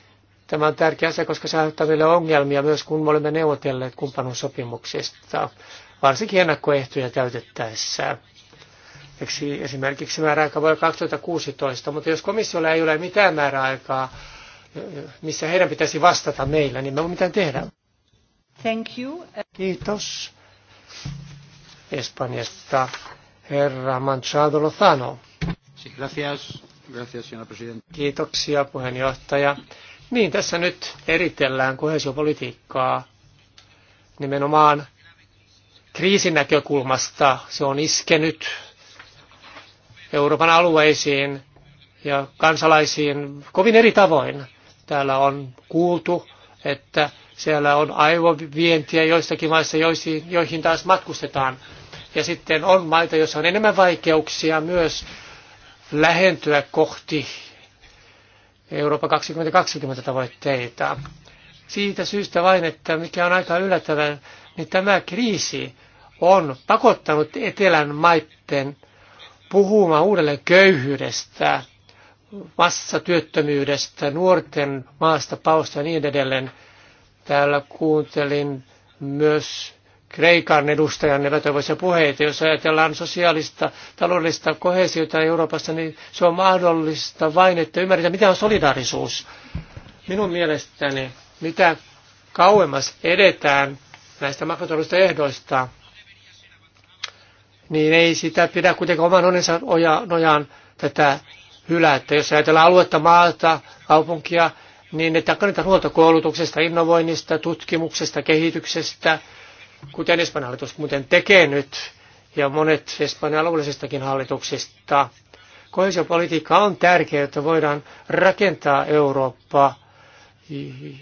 tämä on tärkeä asia, koska se aiheuttaa meille ongelmia myös, kun me olemme neuvotelleet kumppanuussopimuksista, varsinkin ennakkoehtoja täytettäessä. Esimerkiksi määräaika voi olla 2016, mutta jos komissiolla ei ole mitään määräaikaa, missä heidän pitäisi vastata meillä, niin me ei mitään tehdä. Thank you. Kiitos Espanjasta herra Manchado Lozano. Gracias. Gracias, Kiitoksia, puheenjohtaja. Niin, tässä nyt eritellään kohesiopolitiikkaa nimenomaan kriisin näkökulmasta. Se on iskenyt Euroopan alueisiin ja kansalaisiin kovin eri tavoin. Täällä on kuultu, että siellä on aivovientiä joistakin maissa, joihin taas matkustetaan ja sitten on maita, joissa on enemmän vaikeuksia myös lähentyä kohti Eurooppa 2020 tavoitteita. Siitä syystä vain, että mikä on aika yllättävää, niin tämä kriisi on pakottanut etelän maitten puhumaan uudelleen köyhyydestä, massatyöttömyydestä, nuorten maasta pausta ja niin edelleen. Täällä kuuntelin myös Kreikan edustajan epätoivoisia puheita. Jos ajatellaan sosiaalista, taloudellista kohesiota Euroopassa, niin se on mahdollista vain, että ymmärretään, mitä on solidaarisuus. Minun mielestäni, mitä kauemmas edetään näistä makrotaloudellisista ehdoista, niin ei sitä pidä kuitenkaan oman onnensa nojaan tätä hylätä. Jos ajatellaan aluetta, maata, kaupunkia, niin ne kannetaan huolta koulutuksesta, innovoinnista, tutkimuksesta, kehityksestä – kuten Espanjan hallitus muuten tekee nyt, ja monet Espanjan alueellisistakin hallituksista. Kohesiopolitiikka on tärkeää, että voidaan rakentaa Eurooppaa.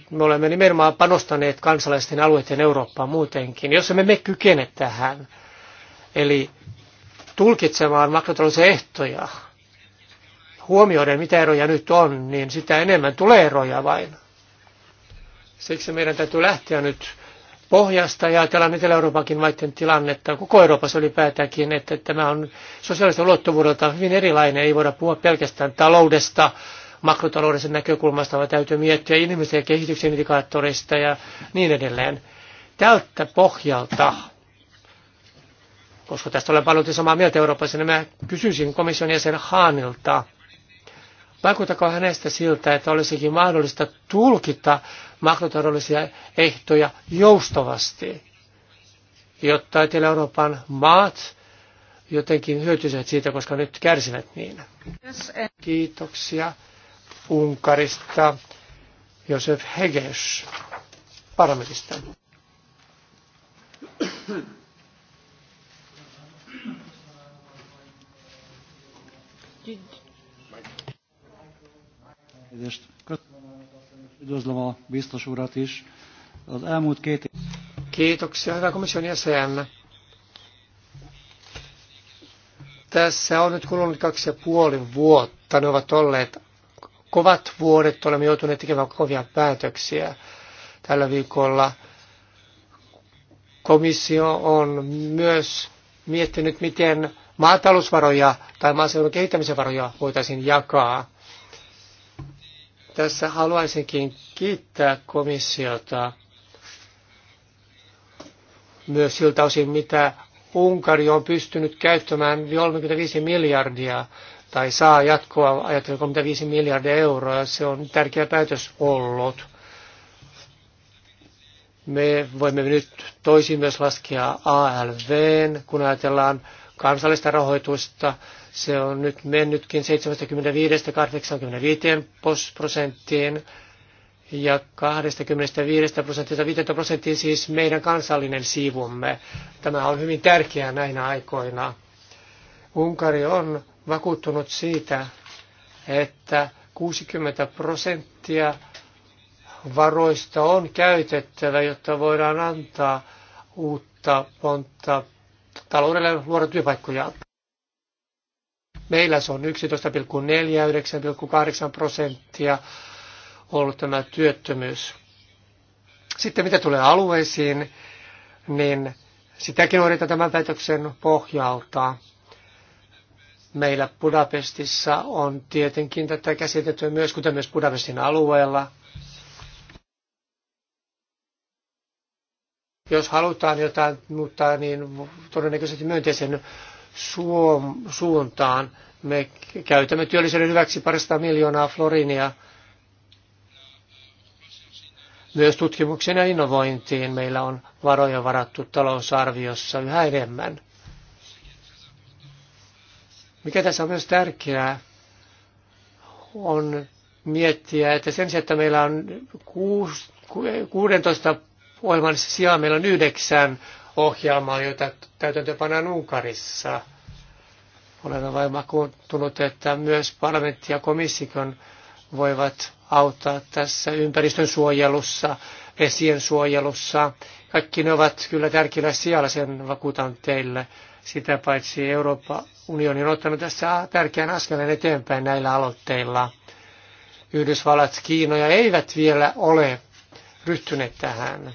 Me olemme nimenomaan panostaneet kansalaisten alueiden Eurooppaan muutenkin, jos emme me kykene tähän. Eli tulkitsemaan makrotaloudellisia ehtoja, huomioiden mitä eroja nyt on, niin sitä enemmän tulee eroja vain. Siksi meidän täytyy lähteä nyt pohjasta ja ajatellaan Etelä-Euroopankin maiden tilannetta, koko Euroopassa ylipäätäänkin, että tämä on sosiaalista ulottuvuudelta hyvin erilainen. Ei voida puhua pelkästään taloudesta, makrotaloudellisen näkökulmasta, vaan täytyy miettiä inhimillisen ja kehityksen indikaattorista ja niin edelleen. Tältä pohjalta, koska tästä olen paljon samaa mieltä Euroopassa, niin mä kysyisin komission jäsen Haanilta, vaikuttako hänestä siltä, että olisikin mahdollista tulkita makrotaloudellisia ehtoja joustavasti, jotta Etelä-Euroopan maat jotenkin hyötyisivät siitä, koska nyt kärsivät niin. Eh. Kiitoksia Unkarista. Josef Heges parlamentista. Kiitos. Üdvözlöm a biztos urat is. Az elmúlt két... Kiitoksia, hyvä komission jäsen. Tässä on nyt kulunut kaksi ja puoli vuotta. Ne ovat olleet kovat vuodet. Olemme joutuneet tekemään kovia päätöksiä tällä viikolla. Komissio on myös miettinyt, miten maatalousvaroja tai maaseudun kehittämisen varoja voitaisiin jakaa tässä haluaisinkin kiittää komissiota myös siltä osin, mitä Unkari on pystynyt käyttämään 35 miljardia tai saa jatkoa ajatellen 35 miljardia euroa. Se on tärkeä päätös ollut. Me voimme nyt toisin myös laskea ALVn, kun ajatellaan kansallista rahoitusta se on nyt mennytkin 75-85 prosenttiin ja 25 prosentista 15 prosenttiin siis meidän kansallinen siivumme. Tämä on hyvin tärkeää näinä aikoina. Unkari on vakuuttunut siitä, että 60 prosenttia varoista on käytettävä, jotta voidaan antaa uutta pontta taloudelle luoda työpaikkoja. Meillä se on 11,4-9,8 prosenttia ollut tämä työttömyys. Sitten mitä tulee alueisiin, niin sitäkin on tämän päätöksen pohjalta. Meillä Budapestissa on tietenkin tätä käsitettyä myös, kuten myös Budapestin alueella. Jos halutaan jotain muuttaa, niin todennäköisesti myönteisen suuntaan. Me käytämme työllisyyden hyväksi parista miljoonaa florinia myös tutkimuksen ja innovointiin meillä on varoja varattu talousarviossa yhä enemmän. Mikä tässä on myös tärkeää, on miettiä, että sen sijaan, että meillä on 16 ohjelman sijaan, meillä on yhdeksän ohjelmaa, jota täytäntöpanaan Unkarissa. Olen vain vakuuttunut, että myös parlamentti ja komissikon voivat auttaa tässä ympäristön suojelussa, vesien suojelussa. Kaikki ne ovat kyllä tärkeillä sijalla, sen vakuutan teille. Sitä paitsi Euroopan unioni on ottanut tässä tärkeän askeleen eteenpäin näillä aloitteilla. Yhdysvallat, Kiinoja eivät vielä ole ryhtyneet tähän.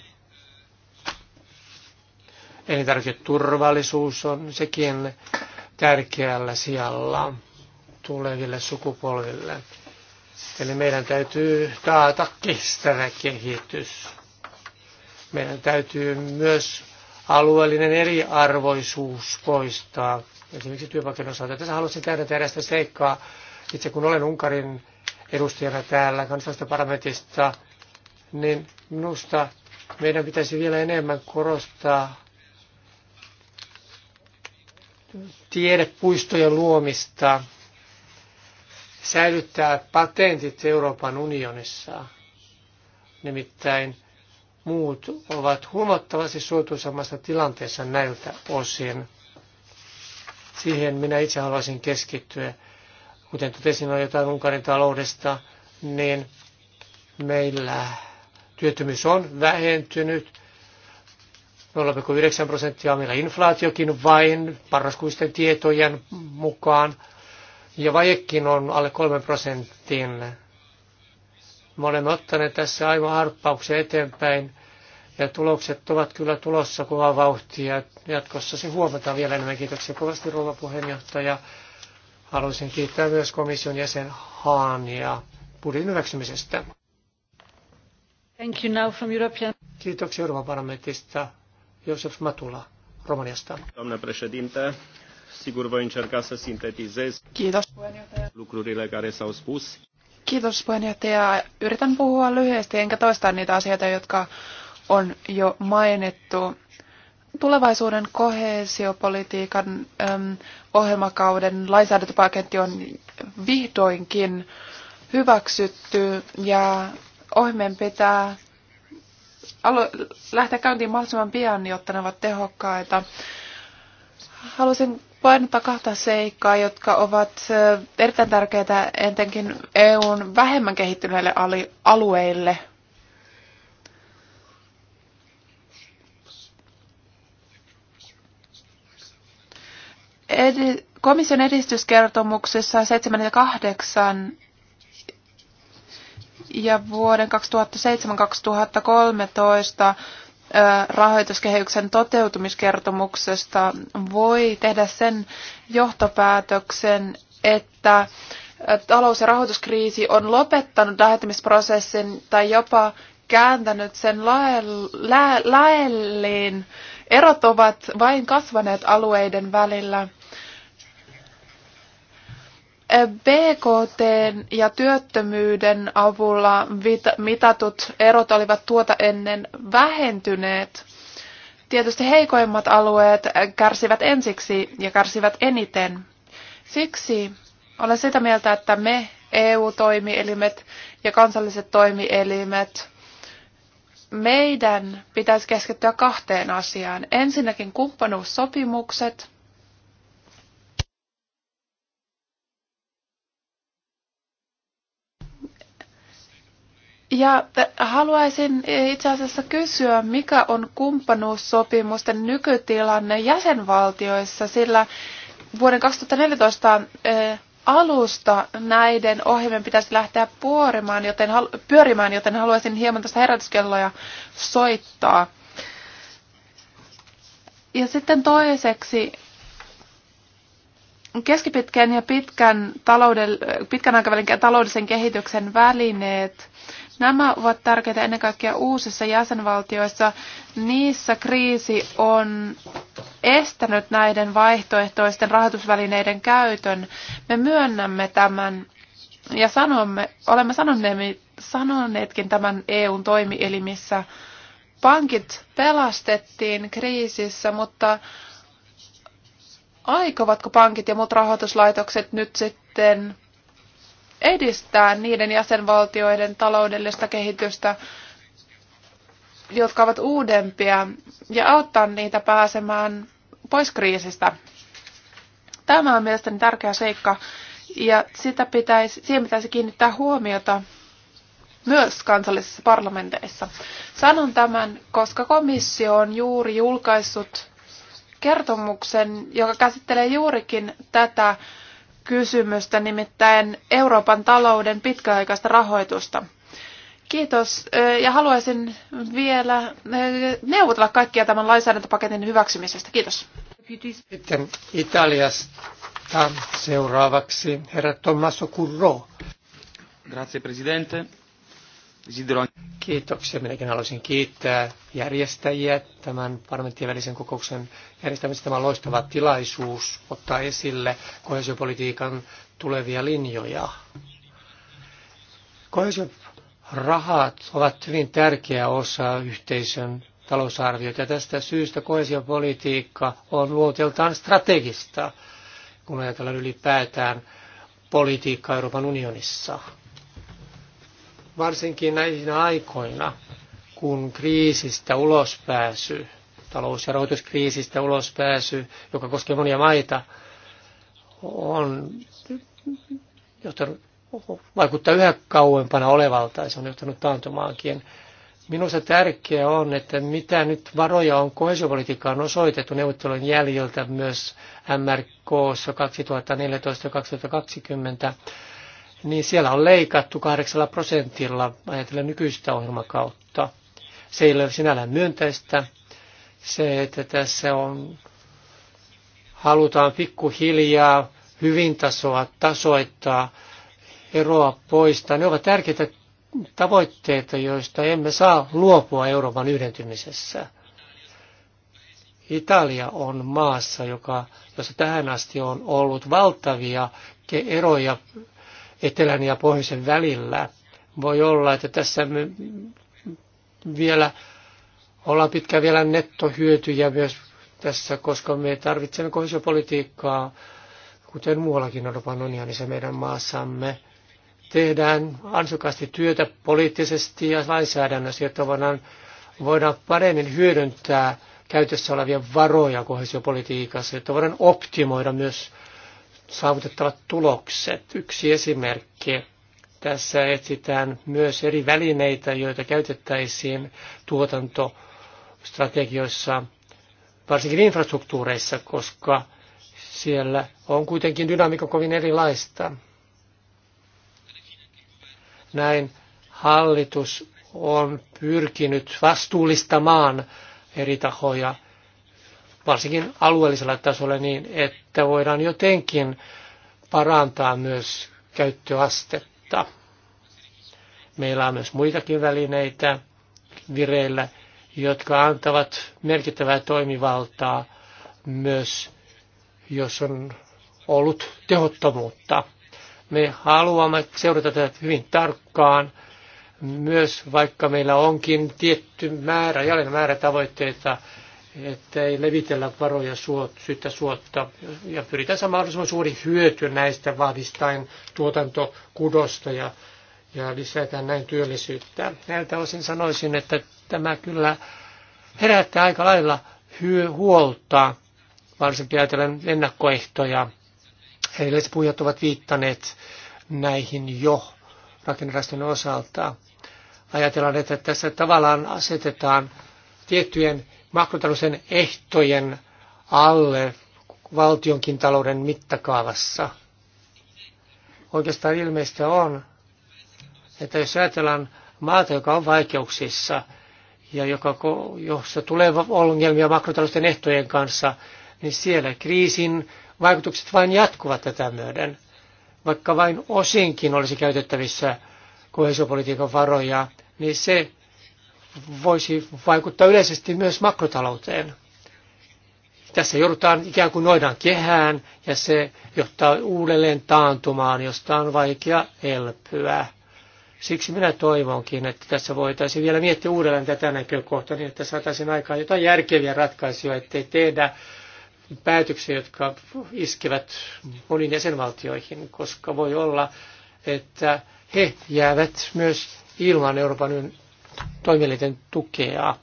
Elintarviketurvallisuus on sekin tärkeällä sijalla tuleville sukupolville. Eli meidän täytyy taata kestävä kehitys. Meidän täytyy myös alueellinen eriarvoisuus poistaa, esimerkiksi työpaikan osalta. Tässä haluaisin täydentää erästä seikkaa. Itse kun olen Unkarin edustajana täällä kansallisesta parlamentista, niin minusta meidän pitäisi vielä enemmän korostaa tiedepuistojen luomista, säilyttää patentit Euroopan unionissa. Nimittäin muut ovat huomattavasti suotuisammassa tilanteessa näiltä osin. Siihen minä itse haluaisin keskittyä. Kuten totesin, on jotain Unkarin taloudesta, niin meillä työttömyys on vähentynyt 0,9 prosenttia meillä inflaatiokin vain parraskuisten tietojen mukaan. Ja vajekin on alle 3 prosentin. Me olemme ottaneet tässä aivan harppauksia eteenpäin ja tulokset ovat kyllä tulossa kovaa vauhtia. Jatkossa se huomataan vielä enemmän. Kiitoksia kovasti rouva puheenjohtaja. Haluaisin kiittää myös komission jäsen Haania budjetin hyväksymisestä. Thank you now from European... Kiitoksia Euroopan parlamentista. Josef Matula Romaniasta. Doamna președinte, sigur voi încerca să sintetizez Kiitos. lucrurile care s-au spus. Kiitos puheenjohtaja. Yritän puhua lyhyesti enkä toistaa niitä asioita, jotka on jo mainittu. Tulevaisuuden kohesiopolitiikan äm, ohjelmakauden lainsäädäntöpaketti on vihdoinkin hyväksytty ja ohjelmien pitää alo- lähteä käyntiin mahdollisimman pian, jotta ne ovat tehokkaita. Haluaisin painottaa kahta seikkaa, jotka ovat erittäin tärkeitä entenkin EUn vähemmän kehittyneille alueille. Komission edistyskertomuksessa 7 ja 8 ja vuoden 2007-2013 rahoituskehyksen toteutumiskertomuksesta voi tehdä sen johtopäätöksen, että talous- ja rahoituskriisi on lopettanut lähettämisprosessin tai jopa kääntänyt sen laelleen. Lä- Erot ovat vain kasvaneet alueiden välillä. BKT ja työttömyyden avulla mitatut erot olivat tuota ennen vähentyneet. Tietysti heikoimmat alueet kärsivät ensiksi ja kärsivät eniten. Siksi olen sitä mieltä, että me EU-toimielimet ja kansalliset toimielimet, meidän pitäisi keskittyä kahteen asiaan. Ensinnäkin kumppanuussopimukset – Ja haluaisin e, itse asiassa kysyä, mikä on kumppanuussopimusten nykytilanne jäsenvaltioissa, sillä vuoden 2014 e, alusta näiden ohjelmien pitäisi lähteä pyörimään, joten, pyörimään, joten haluaisin hieman tästä herätyskelloja soittaa. Ja sitten toiseksi keskipitkän ja pitkän, talouden, pitkän aikavälin taloudellisen kehityksen välineet – Nämä ovat tärkeitä ennen kaikkea uusissa jäsenvaltioissa. Niissä kriisi on estänyt näiden vaihtoehtoisten rahoitusvälineiden käytön. Me myönnämme tämän ja sanomme, olemme sanoneetkin tämän EUn toimielimissä. Pankit pelastettiin kriisissä, mutta aikovatko pankit ja muut rahoituslaitokset nyt sitten edistää niiden jäsenvaltioiden taloudellista kehitystä, jotka ovat uudempia, ja auttaa niitä pääsemään pois kriisistä. Tämä on mielestäni tärkeä seikka, ja sitä pitäisi, siihen pitäisi kiinnittää huomiota myös kansallisissa parlamenteissa. Sanon tämän, koska komissio on juuri julkaissut kertomuksen, joka käsittelee juurikin tätä kysymystä, nimittäin Euroopan talouden pitkäaikaista rahoitusta. Kiitos. Ja haluaisin vielä neuvotella kaikkia tämän lainsäädäntöpaketin hyväksymisestä. Kiitos. Sitten Italiasta seuraavaksi herra Tommaso Curro. Grazie, presidente. Kiitoksia. Minäkin haluaisin kiittää järjestäjiä tämän parlamenttien välisen kokouksen järjestämisestä. Tämä on loistava tilaisuus ottaa esille kohesiopolitiikan tulevia linjoja. Kohesiorahat ovat hyvin tärkeä osa yhteisön talousarviota ja tästä syystä kohesiopolitiikka on luoteltaan strategista, kun ajatellaan ylipäätään politiikkaa Euroopan unionissa varsinkin näinä aikoina, kun kriisistä ulospääsy, talous- ja rahoituskriisistä ulospääsy, joka koskee monia maita, on johtanut, vaikuttaa yhä kauempana olevalta ja se on johtanut taantumaankin. Minusta tärkeää on, että mitä nyt varoja on kohesiopolitiikkaan osoitettu neuvottelujen jäljiltä myös MRK 2014-2020, niin siellä on leikattu kahdeksalla prosentilla ajatellen nykyistä ohjelmakautta. Se ei ole sinällään myönteistä. Se, että tässä on, halutaan pikkuhiljaa hyvin tasoa tasoittaa, eroa poistaa. Ne ovat tärkeitä tavoitteita, joista emme saa luopua Euroopan yhdentymisessä. Italia on maassa, joka, jossa tähän asti on ollut valtavia eroja etelän ja pohjoisen välillä. Voi olla, että tässä me vielä ollaan pitkään vielä nettohyötyjä myös tässä, koska me tarvitsemme kohesiopolitiikkaa, kuten muuallakin Euroopan unionissa meidän maassamme. Tehdään ansokasti työtä poliittisesti ja lainsäädännössä, jotta voidaan, voidaan paremmin hyödyntää käytössä olevia varoja kohesiopolitiikassa, jotta voidaan optimoida myös saavutettavat tulokset. Yksi esimerkki. Tässä etsitään myös eri välineitä, joita käytettäisiin tuotantostrategioissa, varsinkin infrastruktuureissa, koska siellä on kuitenkin dynamiikka kovin erilaista. Näin hallitus on pyrkinyt vastuullistamaan eri tahoja – varsinkin alueellisella tasolla niin, että voidaan jotenkin parantaa myös käyttöastetta. Meillä on myös muitakin välineitä vireillä, jotka antavat merkittävää toimivaltaa myös, jos on ollut tehottomuutta. Me haluamme seurata tätä hyvin tarkkaan, myös vaikka meillä onkin tietty määrä, jäljellä määrä tavoitteita, ettei levitellä varoja suot, syyttä suotta ja pyritään saamaan mahdollisimman suuri hyöty näistä vahvistaen tuotantokudosta ja, ja lisätään näin työllisyyttä. Näiltä osin sanoisin, että tämä kyllä herättää aika lailla hyö, huolta, varsinkin ajatellen ennakkoehtoja. Erilaiset puhujat ovat viittaneet näihin jo rakennerastojen osalta. Ajatellaan, että tässä tavallaan asetetaan tiettyjen makrotalouden ehtojen alle valtionkin talouden mittakaavassa. Oikeastaan ilmeistä on, että jos ajatellaan maata, joka on vaikeuksissa ja joka, jossa tulee ongelmia makrotalousten ehtojen kanssa, niin siellä kriisin vaikutukset vain jatkuvat tätä myöden. Vaikka vain osinkin olisi käytettävissä kohesiopolitiikan varoja, niin se voisi vaikuttaa yleisesti myös makrotalouteen. Tässä joudutaan ikään kuin noidaan kehään ja se johtaa uudelleen taantumaan, josta on vaikea elpyä. Siksi minä toivonkin, että tässä voitaisiin vielä miettiä uudelleen tätä näkökohtaa niin, että saataisiin aikaan jotain järkeviä ratkaisuja, ettei tehdä päätöksiä, jotka iskevät moniin jäsenvaltioihin, koska voi olla, että he jäävät myös ilman Euroopan toimielinten tukea.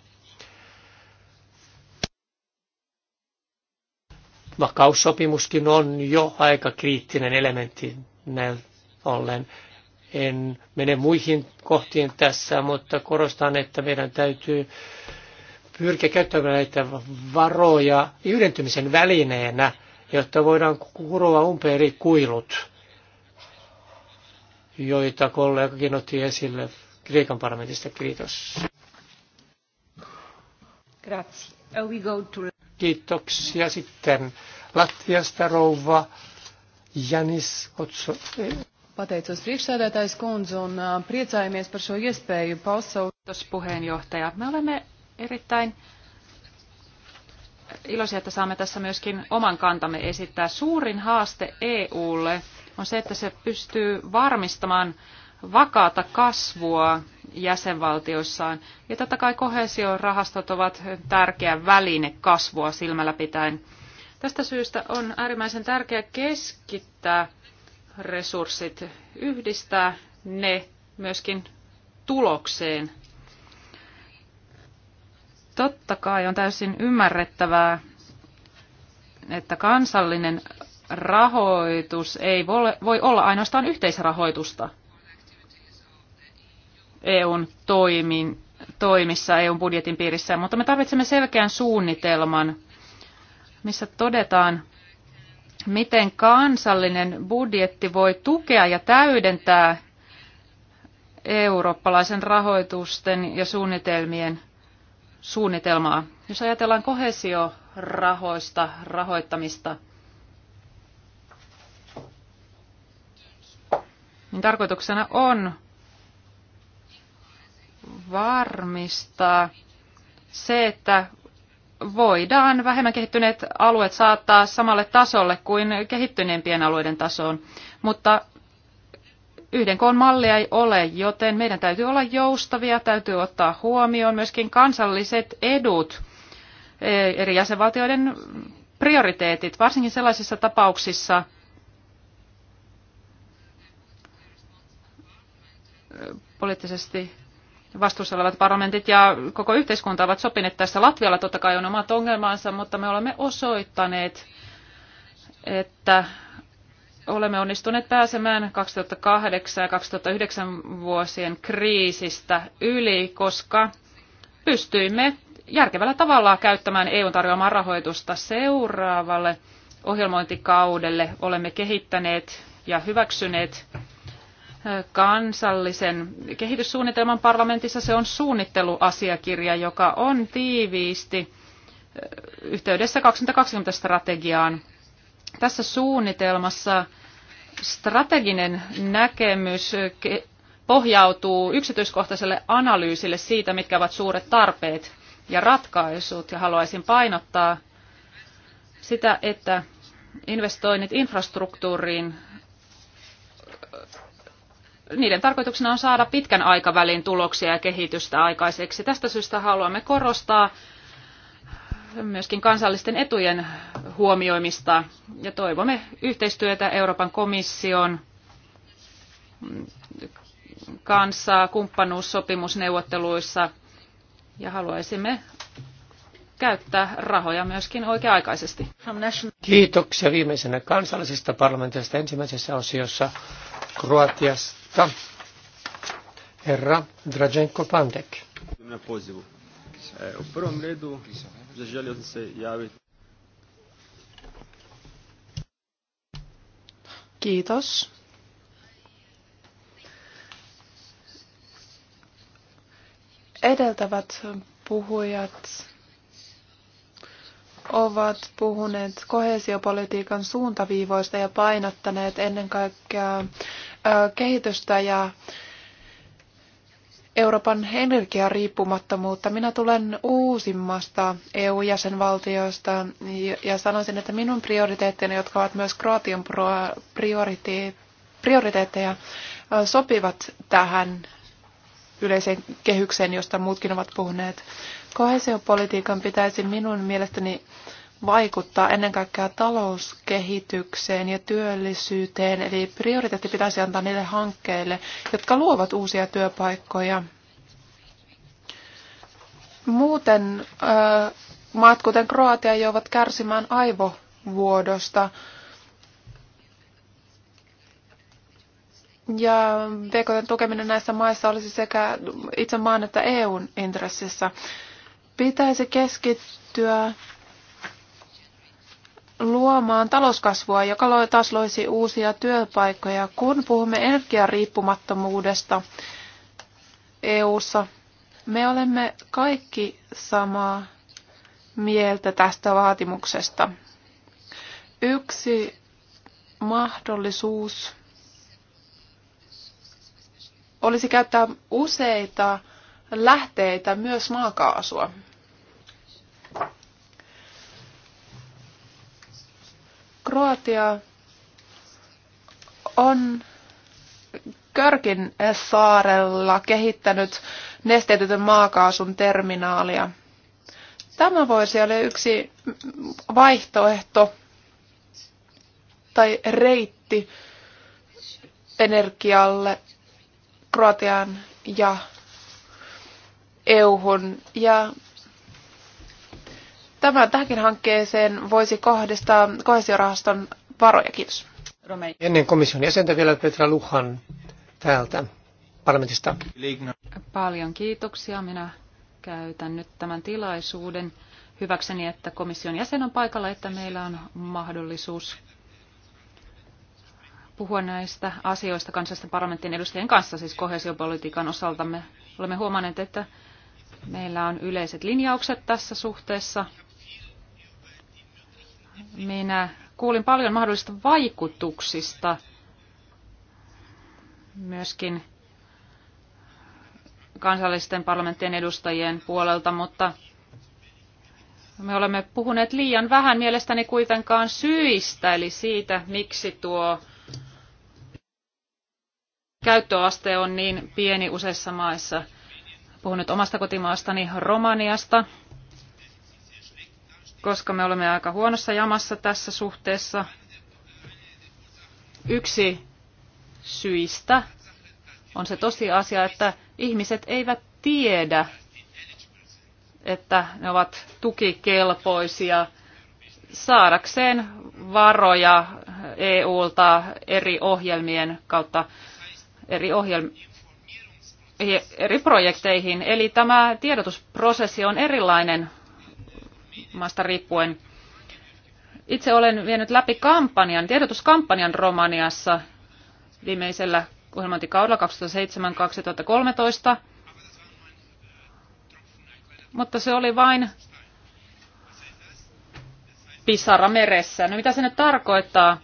Vakaussopimuskin on jo aika kriittinen elementti näin ollen. En mene muihin kohtiin tässä, mutta korostan, että meidän täytyy pyrkiä käyttämään näitä varoja yhdentymisen välineenä, jotta voidaan kuroa umpeeri kuilut, joita kollegakin otti esille Kreikan parlamentista. Kiitos. Uh, Kiitoksia. Sitten Latviasta rouva Janis Otso. Eh. Pateicos priekšsēdētājs kundze un uh, priecājamies par šo iespēju puheenjohtaja. Me olemme erittäin iloisia, että saamme tässä myöskin oman kantamme esittää. Suurin haaste EUlle on se, että se pystyy varmistamaan vakaata kasvua jäsenvaltioissaan. Ja totta kai kohesiorahastot ovat tärkeä väline kasvua silmällä pitäen. Tästä syystä on äärimmäisen tärkeää keskittää resurssit, yhdistää ne myöskin tulokseen. Totta kai on täysin ymmärrettävää, että kansallinen rahoitus ei voi olla ainoastaan yhteisrahoitusta – EUn toimin, toimissa EUn budjetin piirissä, mutta me tarvitsemme selkeän suunnitelman, missä todetaan, miten kansallinen budjetti voi tukea ja täydentää eurooppalaisen rahoitusten ja suunnitelmien suunnitelmaa. Jos ajatellaan kohesiorahoista rahoittamista, niin tarkoituksena on varmistaa se, että voidaan vähemmän kehittyneet alueet saattaa samalle tasolle kuin kehittyneempien alueiden tasoon, mutta yhden koon mallia ei ole, joten meidän täytyy olla joustavia, täytyy ottaa huomioon myöskin kansalliset edut eh, eri jäsenvaltioiden prioriteetit, varsinkin sellaisissa tapauksissa, eh, poliittisesti vastuussa olevat parlamentit ja koko yhteiskunta ovat sopineet tässä. Latvialla totta kai on omat ongelmansa, mutta me olemme osoittaneet, että olemme onnistuneet pääsemään 2008 ja 2009 vuosien kriisistä yli, koska pystyimme järkevällä tavalla käyttämään EUn tarjoamaa rahoitusta seuraavalle ohjelmointikaudelle. Olemme kehittäneet ja hyväksyneet kansallisen kehityssuunnitelman parlamentissa. Se on suunnitteluasiakirja, joka on tiiviisti yhteydessä 2020-strategiaan. Tässä suunnitelmassa strateginen näkemys pohjautuu yksityiskohtaiselle analyysille siitä, mitkä ovat suuret tarpeet ja ratkaisut. Ja haluaisin painottaa sitä, että investoinnit infrastruktuuriin niiden tarkoituksena on saada pitkän aikavälin tuloksia ja kehitystä aikaiseksi. Tästä syystä haluamme korostaa myöskin kansallisten etujen huomioimista ja toivomme yhteistyötä Euroopan komission kanssa kumppanuussopimusneuvotteluissa ja haluaisimme käyttää rahoja myöskin oikea-aikaisesti. Kiitoksia viimeisenä kansallisesta parlamentista ensimmäisessä osiossa Kroatiasta. Mutta herra Draženko Pandek. Na pozivu. E, u prvom redu zaželio sam se javiti. Kiitos. Edeltävät puhujat ovat puhuneet kohesiopolitiikan suuntaviivoista ja painottaneet ennen kaikkea kehitystä ja Euroopan energiariippumattomuutta. Minä tulen uusimmasta EU-jäsenvaltiosta ja sanoisin, että minun prioriteettini, jotka ovat myös Kroatian prioriteetteja, sopivat tähän yleiseen kehykseen, josta muutkin ovat puhuneet. Kohesiopolitiikan pitäisi minun mielestäni vaikuttaa ennen kaikkea talouskehitykseen ja työllisyyteen, eli prioriteetti pitäisi antaa niille hankkeille, jotka luovat uusia työpaikkoja. Muuten maat kuten Kroatia joutuvat kärsimään aivovuodosta. Ja VKTn tukeminen näissä maissa olisi sekä itse maan että EUn intressissä. Pitäisi keskittyä luomaan talouskasvua, joka taas loisi uusia työpaikkoja. Kun puhumme energiariippumattomuudesta EU:ssa, me olemme kaikki samaa mieltä tästä vaatimuksesta. Yksi mahdollisuus olisi käyttää useita lähteitä, myös maakaasua. Kroatia on Körkin saarella kehittänyt nesteytetyn maakaasun terminaalia. Tämä voisi olla yksi vaihtoehto tai reitti energialle Kroatian ja EUhun. Ja tämän, tähänkin hankkeeseen voisi kohdistaa kohesiorahaston varoja. Kiitos. Ennen komission jäsentä vielä Petra Luhan täältä parlamentista. Paljon kiitoksia. Minä käytän nyt tämän tilaisuuden hyväkseni, että komission jäsen on paikalla, että meillä on mahdollisuus puhua näistä asioista kansallisten parlamenttien edustajien kanssa, siis kohesiopolitiikan osalta. Me olemme huomanneet, että meillä on yleiset linjaukset tässä suhteessa minä kuulin paljon mahdollisista vaikutuksista, myöskin kansallisten parlamenttien edustajien puolelta, mutta me olemme puhuneet liian vähän mielestäni kuitenkaan syistä, eli siitä, miksi tuo käyttöaste on niin pieni useissa maissa. Puhun nyt omasta kotimaastani Romaniasta koska me olemme aika huonossa jamassa tässä suhteessa. Yksi syistä on se tosiasia, että ihmiset eivät tiedä, että ne ovat tukikelpoisia saadakseen varoja EUlta eri ohjelmien kautta eri, ohjelm- eri projekteihin. Eli tämä tiedotusprosessi on erilainen maasta riippuen. Itse olen vienyt läpi kampanjan, tiedotuskampanjan Romaniassa viimeisellä ohjelmointikaudella 2007-2013, mutta se oli vain pisara meressä. No mitä se nyt tarkoittaa,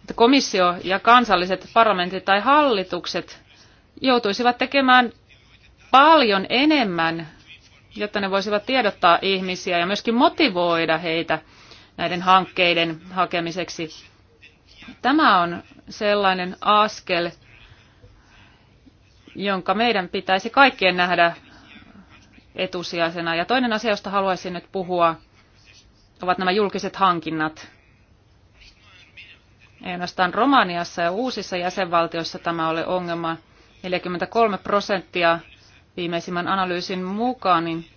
että komissio ja kansalliset parlamentit tai hallitukset joutuisivat tekemään paljon enemmän jotta ne voisivat tiedottaa ihmisiä ja myöskin motivoida heitä näiden hankkeiden hakemiseksi. Tämä on sellainen askel, jonka meidän pitäisi kaikkien nähdä etusijaisena. Ja toinen asia, josta haluaisin nyt puhua, ovat nämä julkiset hankinnat. Ei ainoastaan Romaniassa ja uusissa jäsenvaltioissa tämä ole ongelma. 43 prosenttia viimeisimmän analyysin mukaan, niin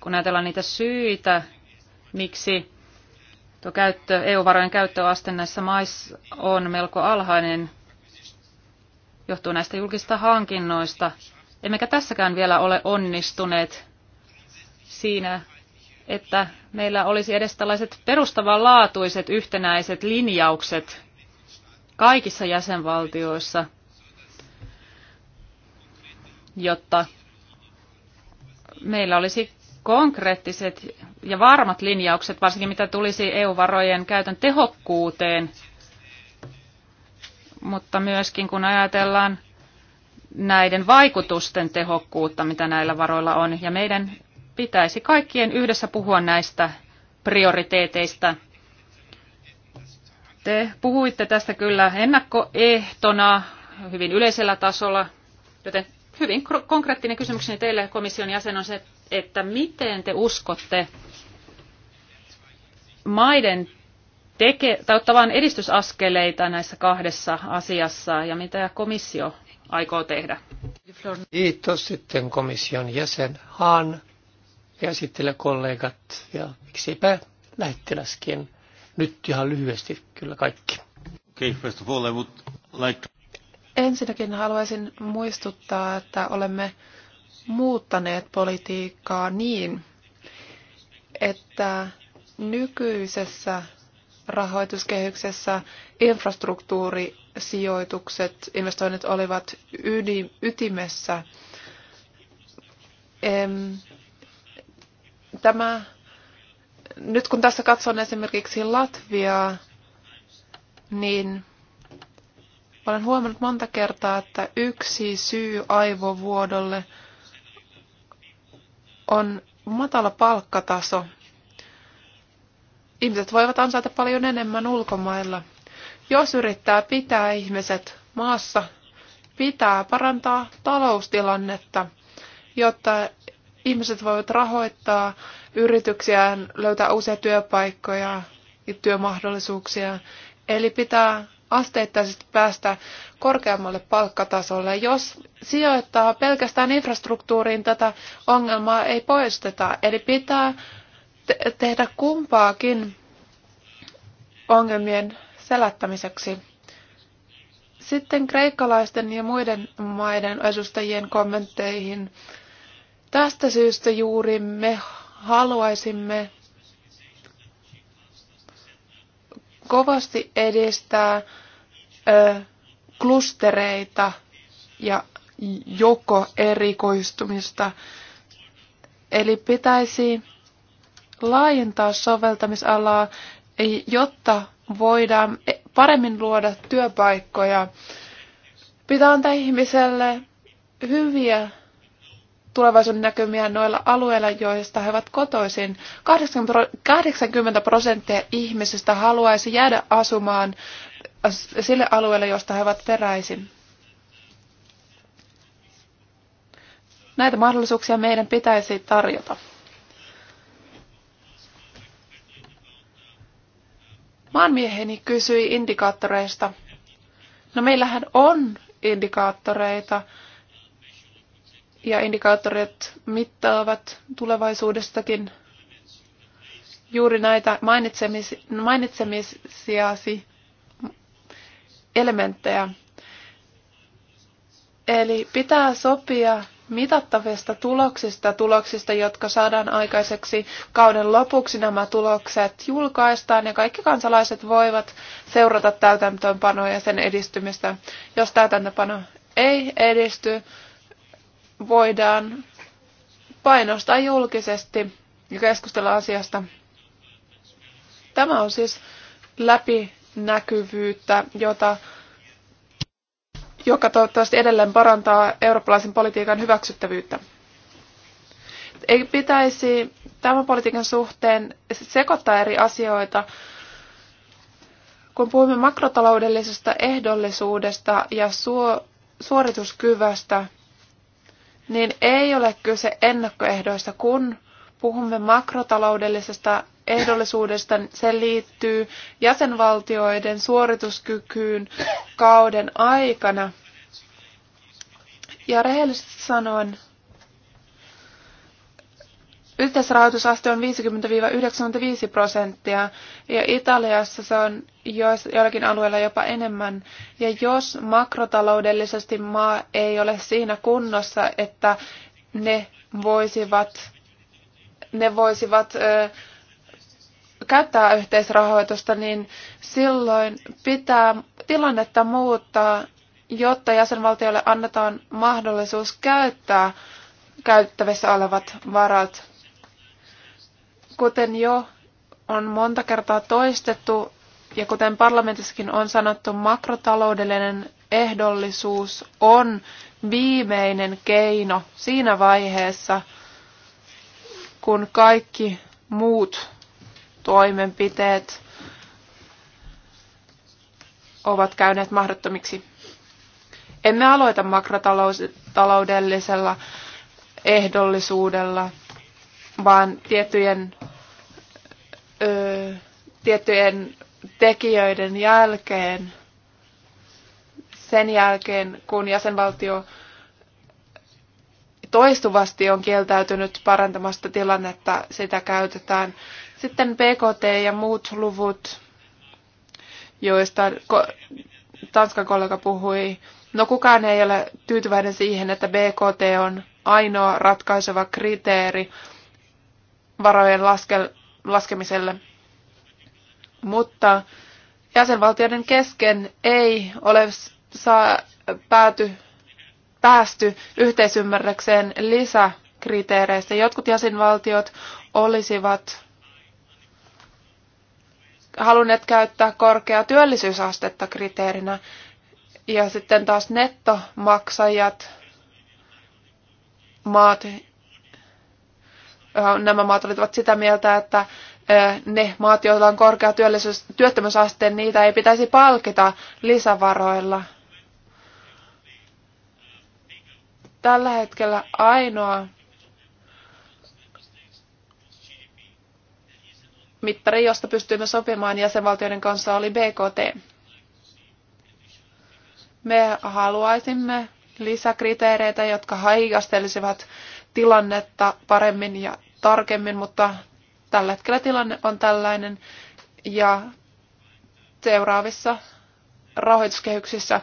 kun ajatellaan niitä syitä, miksi tuo käyttö, EU-varojen käyttöaste näissä maissa on melko alhainen, johtuu näistä julkista hankinnoista. Emmekä tässäkään vielä ole onnistuneet siinä, että meillä olisi edes tällaiset perustavanlaatuiset yhtenäiset linjaukset kaikissa jäsenvaltioissa – jotta meillä olisi konkreettiset ja varmat linjaukset, varsinkin mitä tulisi EU-varojen käytön tehokkuuteen, mutta myöskin kun ajatellaan näiden vaikutusten tehokkuutta, mitä näillä varoilla on. Ja meidän pitäisi kaikkien yhdessä puhua näistä prioriteeteista. Te puhuitte tästä kyllä ennakkoehtona hyvin yleisellä tasolla, joten hyvin konkreettinen kysymykseni teille komission jäsen on se, että miten te uskotte maiden teke, tai ottavan edistysaskeleita näissä kahdessa asiassa ja mitä komissio aikoo tehdä? Kiitos sitten komission jäsen Haan ja sitten kollegat ja miksipä lähettiläskin. Nyt ihan lyhyesti kyllä kaikki. Okay, first of all, I would like to... Ensinnäkin haluaisin muistuttaa, että olemme muuttaneet politiikkaa niin, että nykyisessä rahoituskehyksessä infrastruktuurisijoitukset, investoinnit olivat ydi, ytimessä. tämä, nyt kun tässä katson esimerkiksi Latviaa, niin olen huomannut monta kertaa, että yksi syy aivovuodolle on matala palkkataso. Ihmiset voivat ansaita paljon enemmän ulkomailla. Jos yrittää pitää ihmiset maassa, pitää parantaa taloustilannetta, jotta ihmiset voivat rahoittaa yrityksiään, löytää uusia työpaikkoja ja työmahdollisuuksia. Eli pitää asteittaisesti päästä korkeammalle palkkatasolle. Jos sijoittaa pelkästään infrastruktuuriin, tätä ongelmaa ei poisteta. Eli pitää te- tehdä kumpaakin ongelmien selättämiseksi. Sitten kreikkalaisten ja muiden maiden edustajien kommentteihin. Tästä syystä juuri me haluaisimme kovasti edistää ö, klustereita ja joko erikoistumista. Eli pitäisi laajentaa soveltamisalaa, jotta voidaan paremmin luoda työpaikkoja. Pitää antaa ihmiselle hyviä tulevaisuuden näkymiä noilla alueilla, joista he ovat kotoisin. 80 prosenttia ihmisistä haluaisi jäädä asumaan sille alueelle, josta he ovat peräisin. Näitä mahdollisuuksia meidän pitäisi tarjota. Maanmieheni kysyi indikaattoreista. No meillähän on indikaattoreita ja indikaattorit mittaavat tulevaisuudestakin juuri näitä mainitsemis, mainitsemisiasi elementtejä. Eli pitää sopia mitattavista tuloksista, tuloksista, jotka saadaan aikaiseksi kauden lopuksi. Nämä tulokset julkaistaan ja kaikki kansalaiset voivat seurata täytäntöönpanoa ja sen edistymistä. Jos täytäntöpano ei edisty, voidaan painostaa julkisesti ja keskustella asiasta. Tämä on siis läpinäkyvyyttä, jota, joka toivottavasti edelleen parantaa eurooppalaisen politiikan hyväksyttävyyttä. Ei pitäisi tämän politiikan suhteen sekoittaa eri asioita. Kun puhumme makrotaloudellisesta ehdollisuudesta ja suo, suorituskyvästä, niin ei ole kyse ennakkoehdoista. Kun puhumme makrotaloudellisesta ehdollisuudesta, se liittyy jäsenvaltioiden suorituskykyyn kauden aikana. Ja rehellisesti sanoen, Yhteisrahoitusaste on 50-95 prosenttia ja Italiassa se on joillakin alueilla jopa enemmän. Ja jos makrotaloudellisesti maa ei ole siinä kunnossa, että ne voisivat, ne voisivat ö, käyttää yhteisrahoitusta, niin silloin pitää tilannetta muuttaa, jotta jäsenvaltiolle annetaan mahdollisuus käyttää käyttävissä olevat varat Kuten jo on monta kertaa toistettu ja kuten parlamentissakin on sanottu, makrotaloudellinen ehdollisuus on viimeinen keino siinä vaiheessa, kun kaikki muut toimenpiteet ovat käyneet mahdottomiksi. Emme aloita makrotaloudellisella ehdollisuudella – vaan tiettyjen, ö, tiettyjen tekijöiden jälkeen, sen jälkeen kun jäsenvaltio toistuvasti on kieltäytynyt parantamasta tilannetta, sitä käytetään. Sitten PKT ja muut luvut, joista Tanskan kollega puhui. No kukaan ei ole tyytyväinen siihen, että BKT on ainoa ratkaiseva kriteeri varojen laske, laskemiselle. Mutta jäsenvaltioiden kesken ei ole saa, pääty, päästy yhteisymmärrykseen lisäkriteereistä. Jotkut jäsenvaltiot olisivat halunneet käyttää korkeaa työllisyysastetta kriteerinä. Ja sitten taas nettomaksajat, maat, nämä maat olivat sitä mieltä, että ne maat, joilla on korkea työllisyys, työttömyysaste, niitä ei pitäisi palkita lisävaroilla. Tällä hetkellä ainoa mittari, josta pystyimme sopimaan jäsenvaltioiden kanssa, oli BKT. Me haluaisimme lisäkriteereitä, jotka haikastelisivat tilannetta paremmin ja tarkemmin, mutta tällä hetkellä tilanne on tällainen ja seuraavissa rahoituskehyksissä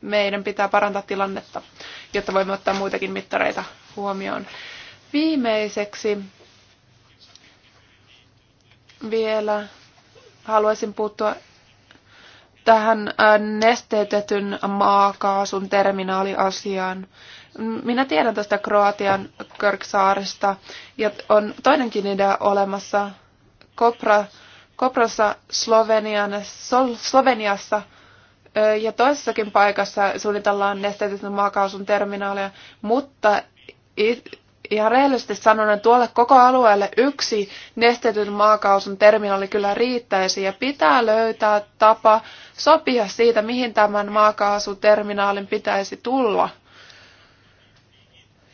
meidän pitää parantaa tilannetta, jotta voimme ottaa muitakin mittareita huomioon. Viimeiseksi vielä haluaisin puuttua tähän äh, nesteytetyn maakaasun terminaaliasiaan. Minä tiedän tästä Kroatian Körksaarista ja on toinenkin idea olemassa. Kopra, Koprassa Sloveniassa ja toisessakin paikassa suunnitellaan nesteytetyn maakaasun terminaalia, mutta ihan rehellisesti että tuolle koko alueelle yksi nestetyn maakausun terminaali kyllä riittäisi ja pitää löytää tapa sopia siitä, mihin tämän maakaasuterminaalin pitäisi tulla.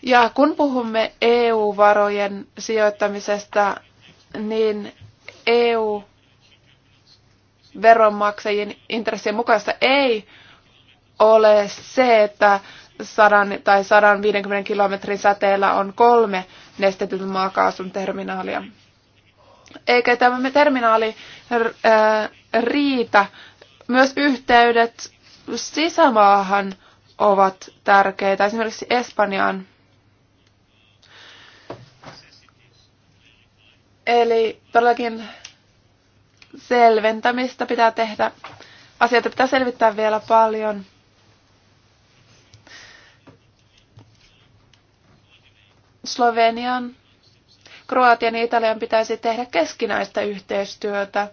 Ja kun puhumme EU-varojen sijoittamisesta, niin EU-veronmaksajien intressien mukaista ei ole se, että 100 tai 150 kilometrin säteellä on kolme nestetyn maakaasun terminaalia. Eikä tämä terminaali äh, riitä. Myös yhteydet sisämaahan ovat tärkeitä, esimerkiksi Espanjaan. Eli todellakin selventämistä pitää tehdä. Asioita pitää selvittää vielä paljon. Slovenian, Kroatian ja Italian pitäisi tehdä keskinäistä yhteistyötä.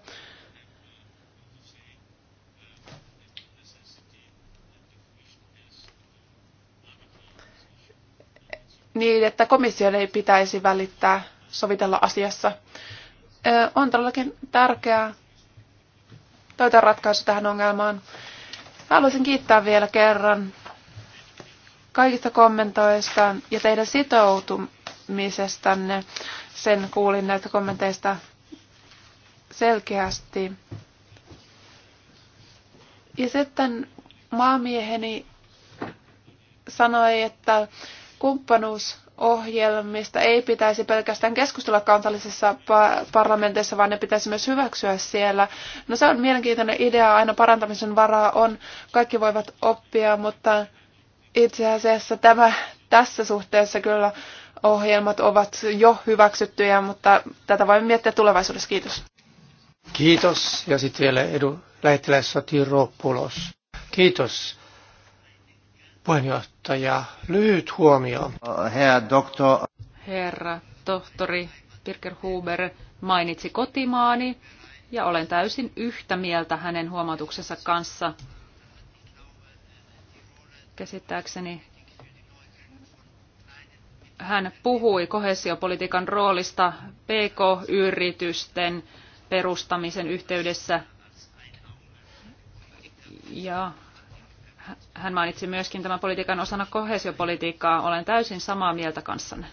Niin, että komission ei pitäisi välittää sovitella asiassa. On todellakin tärkeää löytää ratkaisu tähän ongelmaan. Haluaisin kiittää vielä kerran kaikista kommentoista ja teidän sitoutumisestanne. Sen kuulin näistä kommenteista selkeästi. Ja sitten maamieheni sanoi, että kumppanuusohjelmista ei pitäisi pelkästään keskustella kansallisissa parlamenteissa, vaan ne pitäisi myös hyväksyä siellä. No se on mielenkiintoinen idea, aina parantamisen varaa on, kaikki voivat oppia, mutta itse asiassa tämä, tässä suhteessa kyllä ohjelmat ovat jo hyväksyttyjä, mutta tätä voimme miettiä tulevaisuudessa. Kiitos. Kiitos. Ja sitten vielä edu, lähettiläis Kiitos. Puheenjohtaja, lyhyt huomio. Herra, doktor. Herra tohtori Pirker Huber mainitsi kotimaani ja olen täysin yhtä mieltä hänen huomautuksensa kanssa. Käsittääkseni hän puhui kohesiopolitiikan roolista PK-yritysten perustamisen yhteydessä. Ja hän mainitsi myöskin tämän politiikan osana kohesiopolitiikkaa. Olen täysin samaa mieltä kanssanne.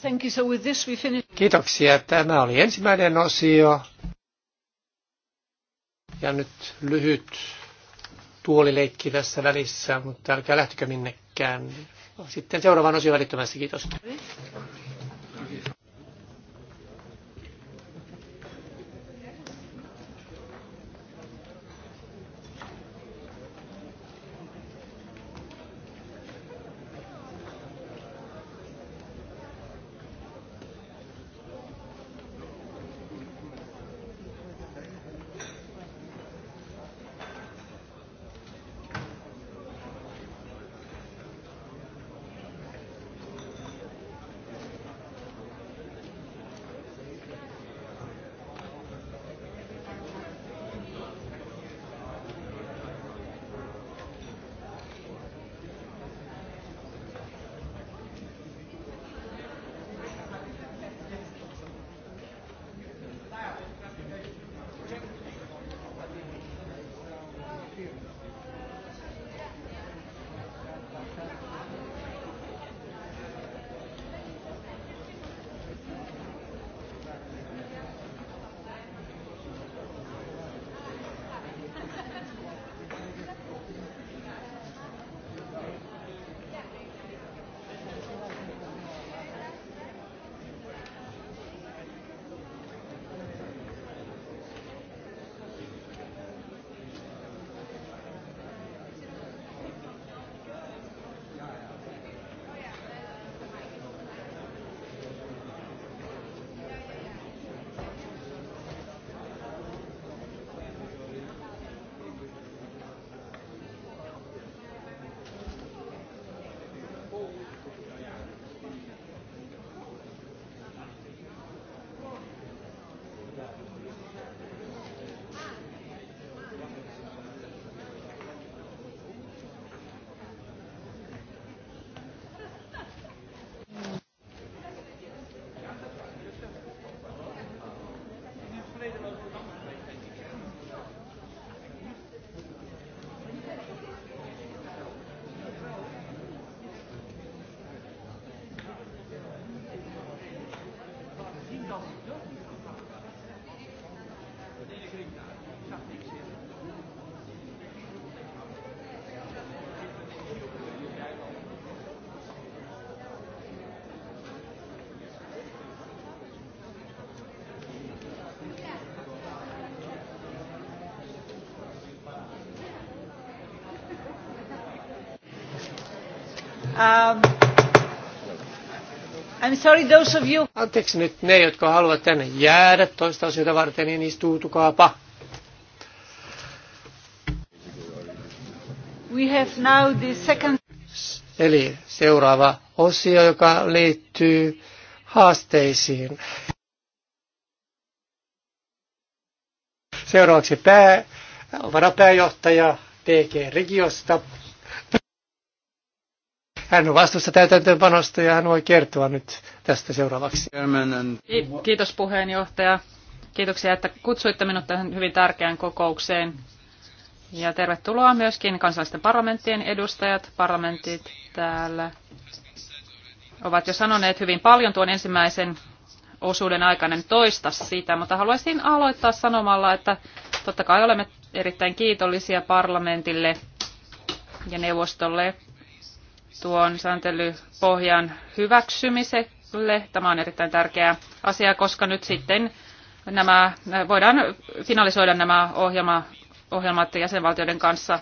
Thank you. So with this we finish. Kiitoksia. Tämä oli ensimmäinen osio. Ja nyt lyhyt tuolileikki tässä välissä, mutta älkää lähtikö minnekään. Sitten seuraavaan osioon välittömästi. Kiitos. sorry, those of you... Anteeksi nyt ne, jotka haluavat tänne jäädä toista asioita varten, niin istuutukaapa. We have now the second... Eli seuraava osio, joka liittyy haasteisiin. Seuraavaksi pää, varapääjohtaja TG Regiosta hän on vastuussa täytäntöönpanosta ja hän voi kertoa nyt tästä seuraavaksi. Kiitos puheenjohtaja. Kiitoksia, että kutsuitte minut tähän hyvin tärkeään kokoukseen. Ja tervetuloa myöskin kansallisten parlamenttien edustajat. Parlamentit täällä ovat jo sanoneet hyvin paljon tuon ensimmäisen osuuden aikana. toista sitä, mutta haluaisin aloittaa sanomalla, että totta kai olemme erittäin kiitollisia parlamentille ja neuvostolle tuon sääntelypohjan hyväksymiselle. Tämä on erittäin tärkeä asia, koska nyt sitten nämä, voidaan finalisoida nämä ohjelma, ohjelmat jäsenvaltioiden kanssa.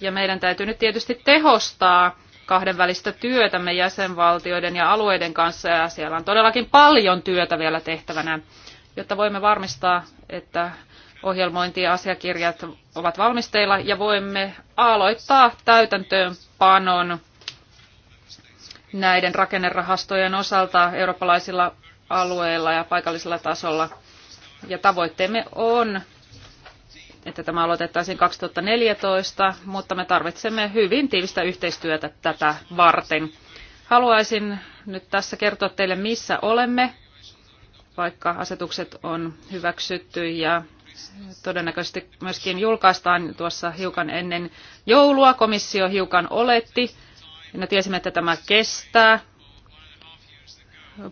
Ja meidän täytyy nyt tietysti tehostaa kahdenvälistä työtä me jäsenvaltioiden ja alueiden kanssa, ja siellä on todellakin paljon työtä vielä tehtävänä, jotta voimme varmistaa, että ohjelmointi- ja asiakirjat ovat valmisteilla, ja voimme aloittaa täytäntöönpanon näiden rakennerahastojen osalta eurooppalaisilla alueilla ja paikallisella tasolla. Ja tavoitteemme on, että tämä aloitettaisiin 2014, mutta me tarvitsemme hyvin tiivistä yhteistyötä tätä varten. Haluaisin nyt tässä kertoa teille, missä olemme, vaikka asetukset on hyväksytty ja todennäköisesti myöskin julkaistaan tuossa hiukan ennen joulua. Komissio hiukan oletti, me no, tiesimme, että tämä kestää.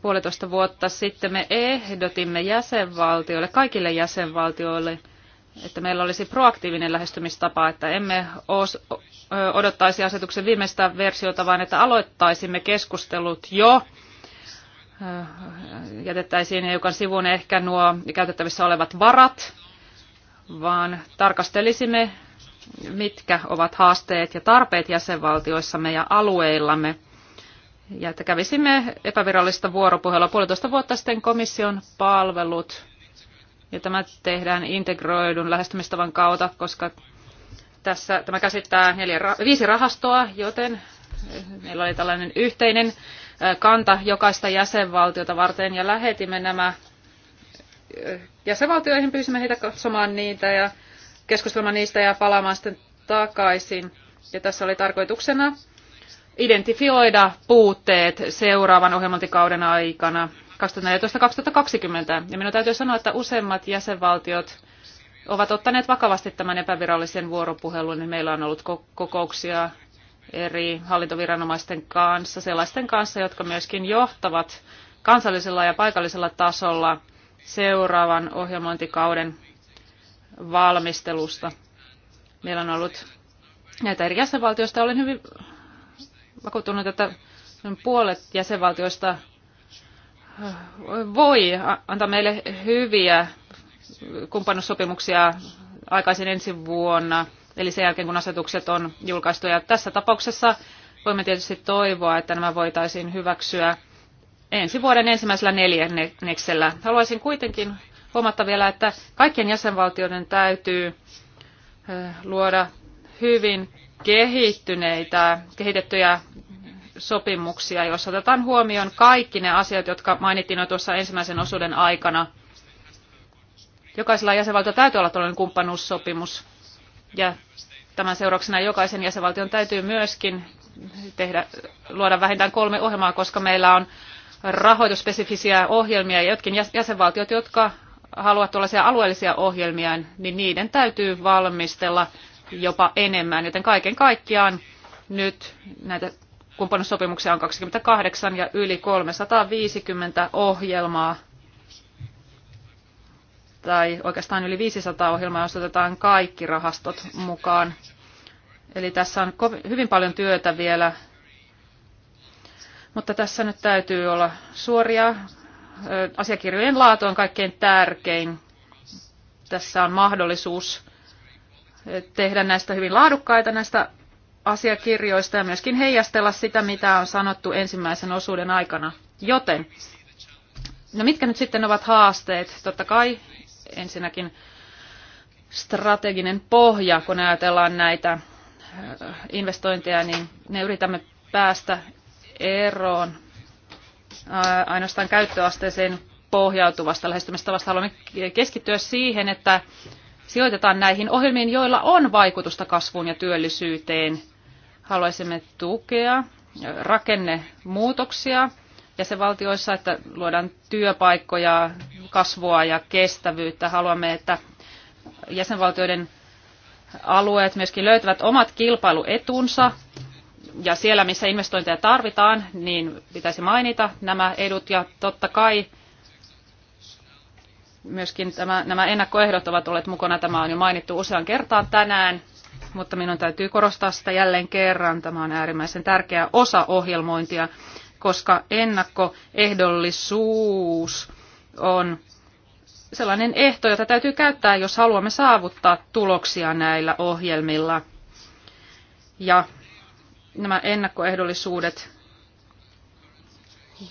Puolitoista vuotta sitten me ehdotimme jäsenvaltioille, kaikille jäsenvaltioille, että meillä olisi proaktiivinen lähestymistapa, että emme odottaisi asetuksen viimeistä versiota, vaan että aloittaisimme keskustelut jo jätettäisiin hiukan sivuun ehkä nuo käytettävissä olevat varat, vaan tarkastelisimme mitkä ovat haasteet ja tarpeet jäsenvaltioissamme ja alueillamme. Ja että kävisimme epävirallista vuoropuhelua. Puolitoista vuotta sitten komission palvelut, ja tämä tehdään integroidun lähestymistavan kautta, koska tässä tämä käsittää neljä, viisi rahastoa, joten meillä oli tällainen yhteinen kanta jokaista jäsenvaltiota varten, ja lähetimme nämä jäsenvaltioihin, pyysimme heitä katsomaan niitä, ja keskustelemaan niistä ja palaamaan sitten takaisin. Ja tässä oli tarkoituksena identifioida puutteet seuraavan ohjelmointikauden aikana 2014-2020. Ja minun täytyy sanoa, että useimmat jäsenvaltiot ovat ottaneet vakavasti tämän epävirallisen vuoropuhelun. Niin meillä on ollut kokouksia eri hallintoviranomaisten kanssa, sellaisten kanssa, jotka myöskin johtavat kansallisella ja paikallisella tasolla seuraavan ohjelmointikauden valmistelusta. Meillä on ollut näitä eri jäsenvaltioista. Olen hyvin vakuuttunut, että puolet jäsenvaltioista äh, voi antaa meille hyviä kumppanussopimuksia aikaisin ensi vuonna, eli sen jälkeen kun asetukset on julkaistu. Ja tässä tapauksessa voimme tietysti toivoa, että nämä voitaisiin hyväksyä ensi vuoden ensimmäisellä neljänneksellä. Haluaisin kuitenkin huomata vielä, että kaikkien jäsenvaltioiden täytyy luoda hyvin kehittyneitä, kehitettyjä sopimuksia, joissa otetaan huomioon kaikki ne asiat, jotka mainittiin jo tuossa ensimmäisen osuuden aikana. Jokaisella jäsenvaltiolla täytyy olla tällainen kumppanuussopimus, ja tämän seurauksena jokaisen jäsenvaltion täytyy myöskin tehdä, luoda vähintään kolme ohjelmaa, koska meillä on rahoituspesifisiä ohjelmia ja jotkin jäsenvaltiot, jotka halua tuollaisia alueellisia ohjelmia, niin niiden täytyy valmistella jopa enemmän. Joten kaiken kaikkiaan nyt näitä kumppanuussopimuksia on 28 ja yli 350 ohjelmaa tai oikeastaan yli 500 ohjelmaa, jos otetaan kaikki rahastot mukaan. Eli tässä on hyvin paljon työtä vielä, mutta tässä nyt täytyy olla suoria, asiakirjojen laatu on kaikkein tärkein. Tässä on mahdollisuus tehdä näistä hyvin laadukkaita näistä asiakirjoista ja myöskin heijastella sitä, mitä on sanottu ensimmäisen osuuden aikana. Joten, no mitkä nyt sitten ovat haasteet? Totta kai ensinnäkin strateginen pohja, kun ajatellaan näitä investointeja, niin ne yritämme päästä eroon ainoastaan käyttöasteeseen pohjautuvasta lähestymistavasta. Haluamme keskittyä siihen, että sijoitetaan näihin ohjelmiin, joilla on vaikutusta kasvuun ja työllisyyteen. Haluaisimme tukea rakennemuutoksia jäsenvaltioissa, että luodaan työpaikkoja, kasvua ja kestävyyttä. Haluamme, että jäsenvaltioiden alueet myöskin löytävät omat kilpailuetunsa ja siellä, missä investointeja tarvitaan, niin pitäisi mainita nämä edut ja totta kai myöskin tämä, nämä ennakkoehdot ovat olleet mukana. Tämä on jo mainittu usean kertaan tänään, mutta minun täytyy korostaa sitä jälleen kerran. Tämä on äärimmäisen tärkeä osa ohjelmointia, koska ennakkoehdollisuus on sellainen ehto, jota täytyy käyttää, jos haluamme saavuttaa tuloksia näillä ohjelmilla. Ja nämä ennakkoehdollisuudet.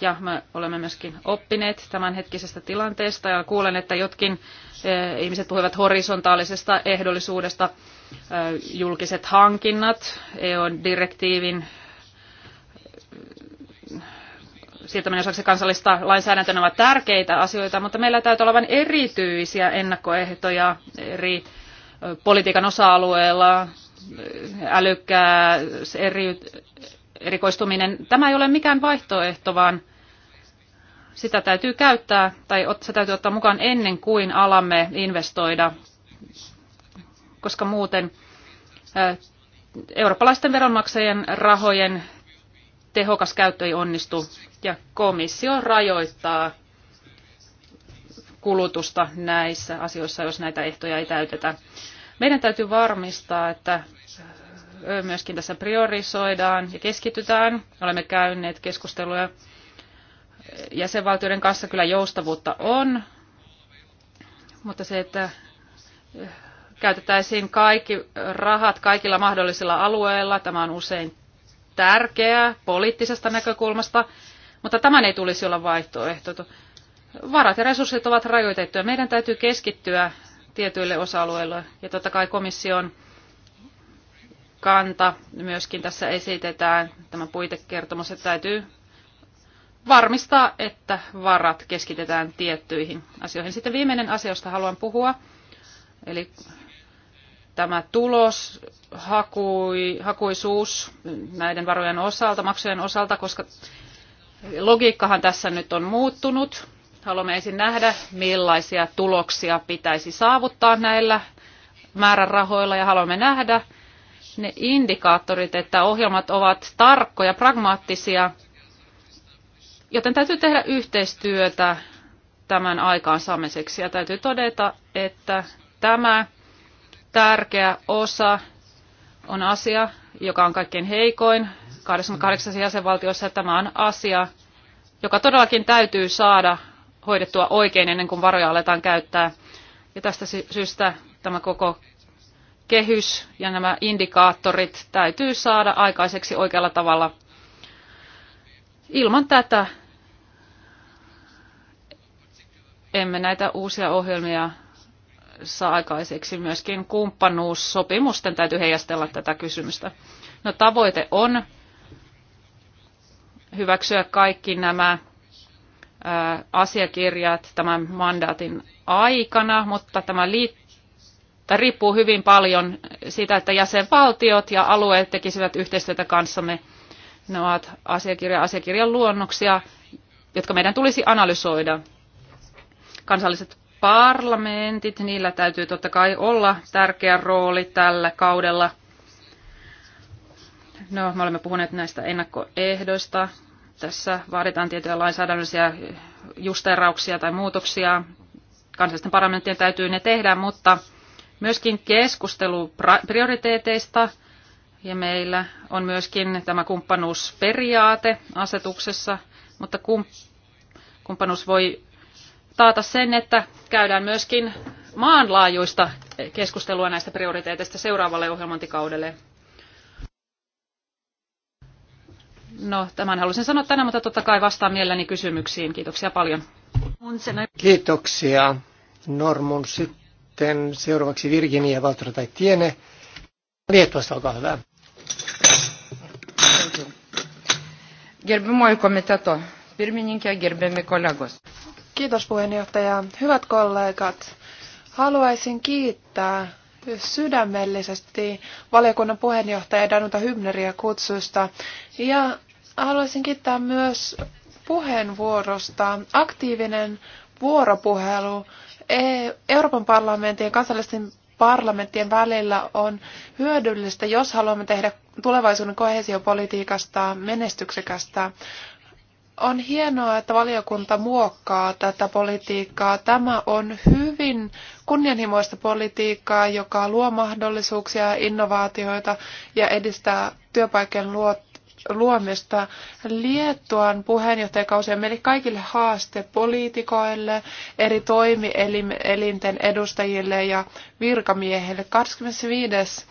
Ja me olemme myöskin oppineet tämänhetkisestä tilanteesta ja kuulen, että jotkin eh, ihmiset puhuivat horisontaalisesta ehdollisuudesta, eh, julkiset hankinnat, EU-direktiivin eh, siirtäminen osaksi kansallista lainsäädäntöä ovat tärkeitä asioita, mutta meillä täytyy olla vain erityisiä ennakkoehtoja eri politiikan osa-alueilla, älykkää eri, erikoistuminen, tämä ei ole mikään vaihtoehto, vaan sitä täytyy käyttää tai se täytyy ottaa mukaan ennen kuin alamme investoida, koska muuten eurooppalaisten veronmaksajien rahojen tehokas käyttö ei onnistu ja komissio rajoittaa kulutusta näissä asioissa, jos näitä ehtoja ei täytetä. Meidän täytyy varmistaa, että myöskin tässä priorisoidaan ja keskitytään. Olemme käyneet keskusteluja jäsenvaltioiden kanssa. Kyllä joustavuutta on, mutta se, että käytettäisiin kaikki rahat kaikilla mahdollisilla alueilla, tämä on usein tärkeää poliittisesta näkökulmasta, mutta tämän ei tulisi olla vaihtoehto. Varat ja resurssit ovat rajoitettuja. Meidän täytyy keskittyä tietyille osa-alueille. Ja totta kai komission kanta myöskin tässä esitetään, tämä puitekertomus, että täytyy varmistaa, että varat keskitetään tiettyihin asioihin. Sitten viimeinen asia, josta haluan puhua, eli tämä tulos, hakui, hakuisuus näiden varojen osalta, maksujen osalta, koska logiikkahan tässä nyt on muuttunut. Haluamme ensin nähdä, millaisia tuloksia pitäisi saavuttaa näillä määrärahoilla ja haluamme nähdä ne indikaattorit, että ohjelmat ovat tarkkoja, pragmaattisia, joten täytyy tehdä yhteistyötä tämän aikaansaamiseksi. Ja täytyy todeta, että tämä tärkeä osa on asia, joka on kaikkein heikoin 28 jäsenvaltiossa. Tämä on asia, joka todellakin täytyy saada hoidettua oikein ennen kuin varoja aletaan käyttää. Ja tästä syystä tämä koko kehys ja nämä indikaattorit täytyy saada aikaiseksi oikealla tavalla. Ilman tätä emme näitä uusia ohjelmia saa aikaiseksi. Myöskin kumppanuussopimusten täytyy heijastella tätä kysymystä. No tavoite on hyväksyä kaikki nämä asiakirjat tämän mandaatin aikana, mutta tämä Tämä riippuu hyvin paljon siitä, että jäsenvaltiot ja alueet tekisivät yhteistyötä kanssamme. Ne ovat asiakirja, asiakirjan luonnoksia, jotka meidän tulisi analysoida. Kansalliset parlamentit, niillä täytyy totta kai olla tärkeä rooli tällä kaudella. No, me olemme puhuneet näistä ennakkoehdoista, tässä vaaditaan tiettyjä lainsäädännöllisiä justerauksia tai muutoksia. Kansallisten parlamenttien täytyy ne tehdä, mutta myöskin keskustelu prioriteeteista ja meillä on myöskin tämä kumppanuusperiaate asetuksessa, mutta kumppanuus voi taata sen, että käydään myöskin maanlaajuista keskustelua näistä prioriteeteista seuraavalle ohjelmointikaudelle. No, tämän halusin sanoa tänään, mutta totta kai vastaan mielelläni kysymyksiin. Kiitoksia paljon. Kiitoksia Normun. Sitten seuraavaksi Virginia Valtra tai Tiene. Lietuasta, olkaa hyvä. Gerbimoi komiteto, pirmininkė, gerbiami kollegos. Kiitos puheenjohtaja. Hyvät kollegat, haluaisin kiittää sydämellisesti valiokunnan puheenjohtaja Danuta Hymneriä kutsusta ja haluaisin kiittää myös puheenvuorosta. Aktiivinen vuoropuhelu e- Euroopan parlamentin ja kansallisten parlamenttien välillä on hyödyllistä, jos haluamme tehdä tulevaisuuden kohesiopolitiikasta menestyksekästä. On hienoa, että valiokunta muokkaa tätä politiikkaa. Tämä on hyvin kunnianhimoista politiikkaa, joka luo mahdollisuuksia ja innovaatioita ja edistää työpaikan luomista. Liettuan puheenjohtajakausi on meille kaikille haaste poliitikoille, eri toimielinten edustajille ja virkamiehille. 25.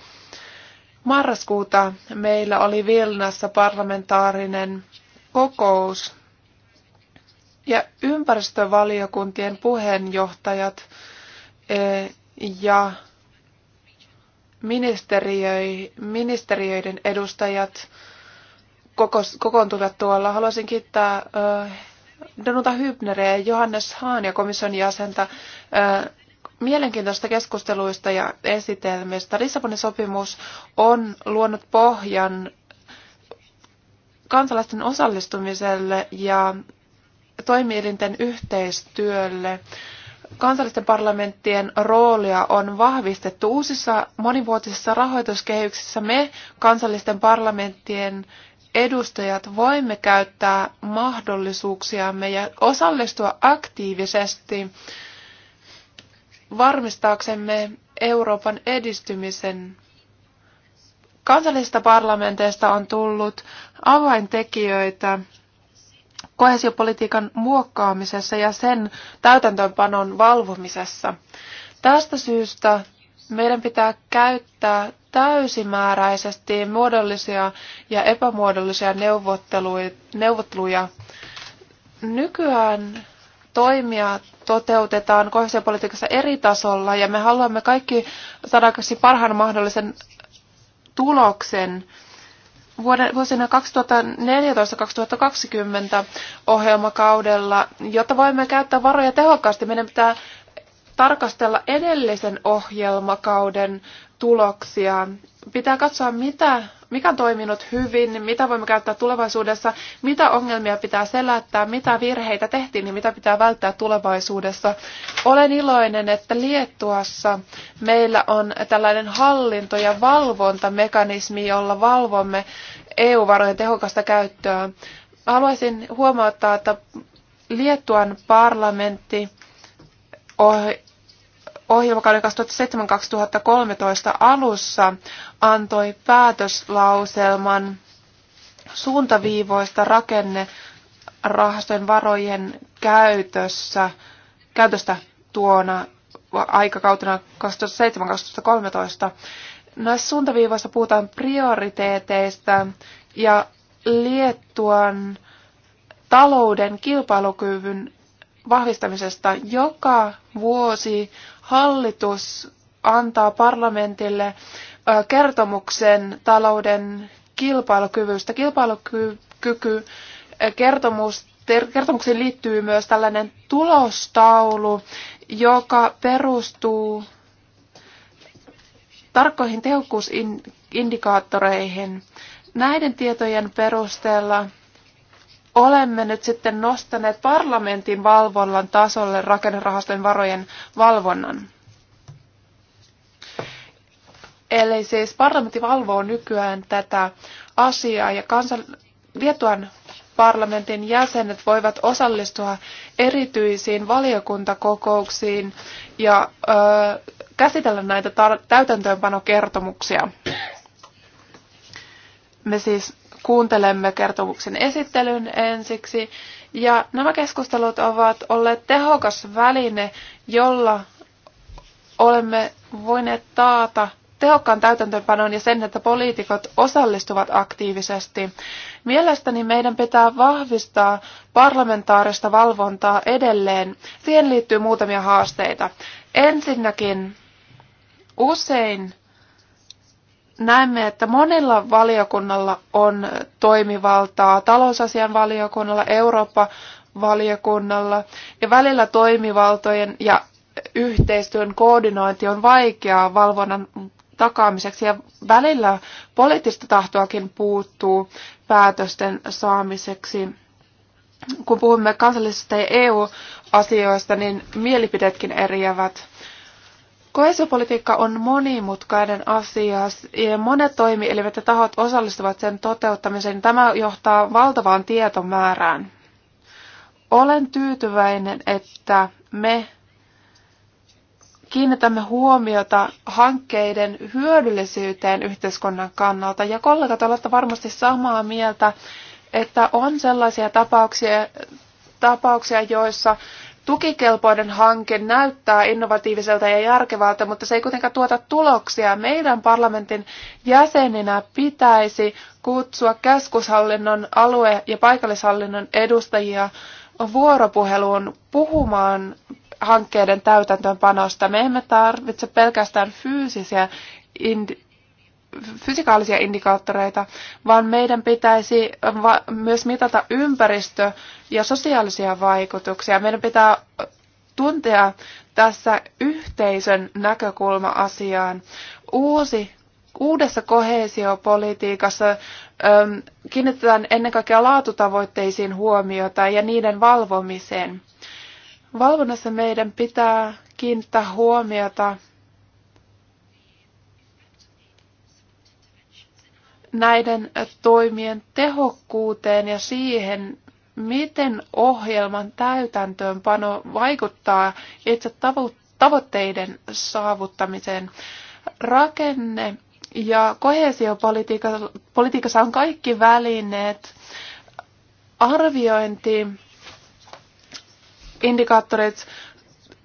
marraskuuta meillä oli Vilnassa parlamentaarinen kokous ja ympäristövaliokuntien puheenjohtajat e, ja ministeriöiden edustajat kokoontuvat tuolla. Haluaisin kiittää Danuta Hybnereä ja Johannes Haan ja komission jäsentä mielenkiintoista keskusteluista ja esitelmistä. Lissabonin sopimus on luonut pohjan kansalaisten osallistumiselle ja toimielinten yhteistyölle. Kansallisten parlamenttien roolia on vahvistettu uusissa monivuotisissa rahoituskehyksissä. Me kansallisten parlamenttien edustajat voimme käyttää mahdollisuuksiamme ja osallistua aktiivisesti varmistaaksemme Euroopan edistymisen. Kansallisista parlamenteista on tullut avaintekijöitä kohesiopolitiikan muokkaamisessa ja sen täytäntöönpanon valvomisessa. Tästä syystä meidän pitää käyttää täysimääräisesti muodollisia ja epämuodollisia neuvotteluja. neuvotteluja. Nykyään toimia toteutetaan kohdallisuuspolitiikassa eri tasolla ja me haluamme kaikki saada parhaan mahdollisen tuloksen. Vuosina 2014-2020 ohjelmakaudella, jotta voimme käyttää varoja tehokkaasti, meidän pitää tarkastella edellisen ohjelmakauden tuloksia. Pitää katsoa, mitä, mikä on toiminut hyvin, mitä voimme käyttää tulevaisuudessa, mitä ongelmia pitää selättää, mitä virheitä tehtiin ja mitä pitää välttää tulevaisuudessa. Olen iloinen, että Liettuassa meillä on tällainen hallinto- ja valvontamekanismi, jolla valvomme EU-varojen tehokasta käyttöä. Haluaisin huomauttaa, että Liettuan parlamentti ohjelmakauden 2007-2013 alussa antoi päätöslauselman suuntaviivoista rakennerahastojen varojen käytössä, käytöstä tuona aikakautena 2007-2013. Näissä suuntaviivoissa puhutaan prioriteeteista ja Liettuan talouden kilpailukyvyn vahvistamisesta. Joka vuosi hallitus antaa parlamentille kertomuksen talouden kilpailukyvystä. Kilpailukyky kertomus, kertomukseen liittyy myös tällainen tulostaulu, joka perustuu tarkkoihin tehokkuusindikaattoreihin. Näiden tietojen perusteella olemme nyt sitten nostaneet parlamentin valvonnan tasolle rakennerahastojen varojen valvonnan. Eli siis parlamentti valvoo nykyään tätä asiaa ja kansan, Lietuan parlamentin jäsenet voivat osallistua erityisiin valiokuntakokouksiin ja ö, käsitellä näitä tar- täytäntöönpanokertomuksia. Me siis kuuntelemme kertomuksen esittelyn ensiksi. Ja nämä keskustelut ovat olleet tehokas väline, jolla olemme voineet taata tehokkaan täytäntöönpanon ja sen, että poliitikot osallistuvat aktiivisesti. Mielestäni meidän pitää vahvistaa parlamentaarista valvontaa edelleen. Siihen liittyy muutamia haasteita. Ensinnäkin usein näemme, että monella valiokunnalla on toimivaltaa, talousasian valiokunnalla, Eurooppa-valiokunnalla, ja välillä toimivaltojen ja yhteistyön koordinointi on vaikeaa valvonnan takaamiseksi, ja välillä poliittista tahtoakin puuttuu päätösten saamiseksi. Kun puhumme kansallisista ja EU-asioista, niin mielipiteetkin eriävät. Koesiopolitiikka on monimutkainen asia. ja Monet toimielimet ja tahot osallistuvat sen toteuttamiseen. Niin tämä johtaa valtavaan tietomäärään. Olen tyytyväinen, että me kiinnitämme huomiota hankkeiden hyödyllisyyteen yhteiskunnan kannalta. Ja kollegat olette varmasti samaa mieltä, että on sellaisia tapauksia, tapauksia joissa tukikelpoinen hanke näyttää innovatiiviselta ja järkevältä, mutta se ei kuitenkaan tuota tuloksia. Meidän parlamentin jäseninä pitäisi kutsua keskushallinnon, alue- ja paikallishallinnon edustajia vuoropuheluun puhumaan hankkeiden täytäntöönpanosta. Me emme tarvitse pelkästään fyysisiä fysikaalisia indikaattoreita, vaan meidän pitäisi myös mitata ympäristö- ja sosiaalisia vaikutuksia. Meidän pitää tuntea tässä yhteisön näkökulma asiaan. Uusi, uudessa kohesiopolitiikassa äm, kiinnitetään ennen kaikkea laatutavoitteisiin huomiota ja niiden valvomiseen. Valvonnassa meidän pitää kiinnittää huomiota näiden toimien tehokkuuteen ja siihen, miten ohjelman täytäntöönpano vaikuttaa itse tavoitteiden saavuttamiseen. Rakenne ja kohesiopolitiikassa on kaikki välineet, arviointi, indikaattorit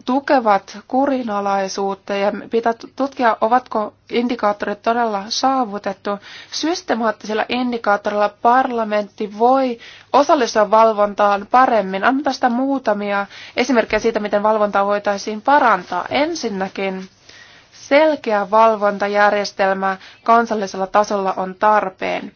tukevat kurinalaisuutta ja pitää tutkia, ovatko indikaattorit todella saavutettu. Systemaattisella indikaattorilla parlamentti voi osallistua valvontaan paremmin. Anna tästä muutamia esimerkkejä siitä, miten valvontaa voitaisiin parantaa. Ensinnäkin selkeä valvontajärjestelmä kansallisella tasolla on tarpeen.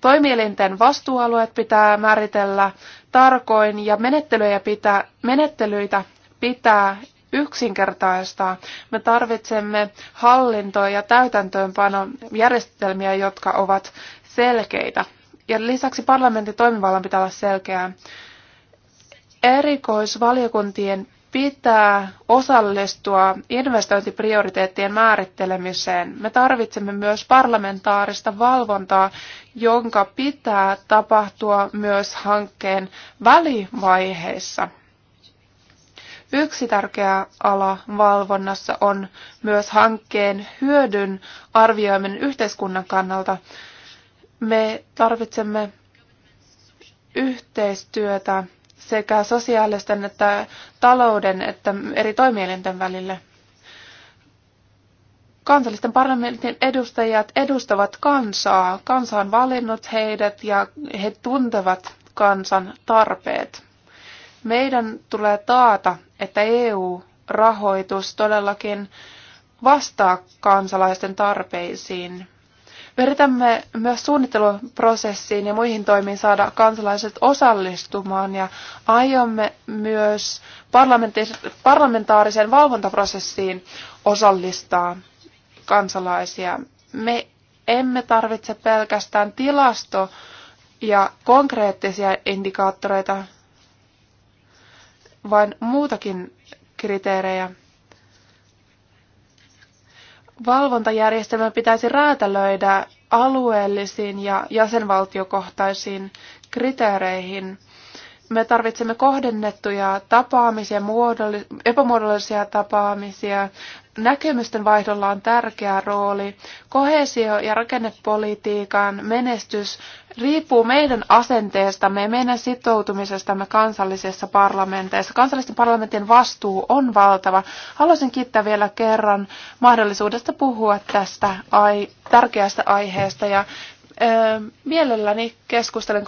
Toimielinten vastuualueet pitää määritellä tarkoin ja menettelyjä pitää, menettelyitä pitää yksinkertaistaa. Me tarvitsemme hallintoa ja täytäntöönpanojärjestelmiä, jotka ovat selkeitä. Ja lisäksi parlamentin toimivallan pitää olla selkeää. Erikoisvaliokuntien pitää osallistua investointiprioriteettien määrittelemiseen. Me tarvitsemme myös parlamentaarista valvontaa, jonka pitää tapahtua myös hankkeen välivaiheessa. Yksi tärkeä ala valvonnassa on myös hankkeen hyödyn arvioiminen yhteiskunnan kannalta. Me tarvitsemme yhteistyötä sekä sosiaalisten että talouden että eri toimielinten välille. Kansallisten parlamentin edustajat edustavat kansaa. Kansa on valinnut heidät ja he tuntevat kansan tarpeet. Meidän tulee taata, että EU-rahoitus todellakin vastaa kansalaisten tarpeisiin. Me yritämme myös suunnitteluprosessiin ja muihin toimiin saada kansalaiset osallistumaan ja aiomme myös parlamentaariseen valvontaprosessiin osallistaa kansalaisia. Me emme tarvitse pelkästään tilasto- ja konkreettisia indikaattoreita vaan muutakin kriteerejä. Valvontajärjestelmä pitäisi räätälöidä alueellisiin ja jäsenvaltiokohtaisiin kriteereihin. Me tarvitsemme kohdennettuja tapaamisia, epämuodollisia tapaamisia, Näkemysten vaihdolla on tärkeä rooli. Kohesio- ja rakennepolitiikan menestys riippuu meidän asenteestamme ja meidän sitoutumisestamme kansallisissa parlamenteissa. Kansallisten parlamenttien vastuu on valtava. Haluaisin kiittää vielä kerran mahdollisuudesta puhua tästä ai- tärkeästä aiheesta ja ö, mielelläni keskustelen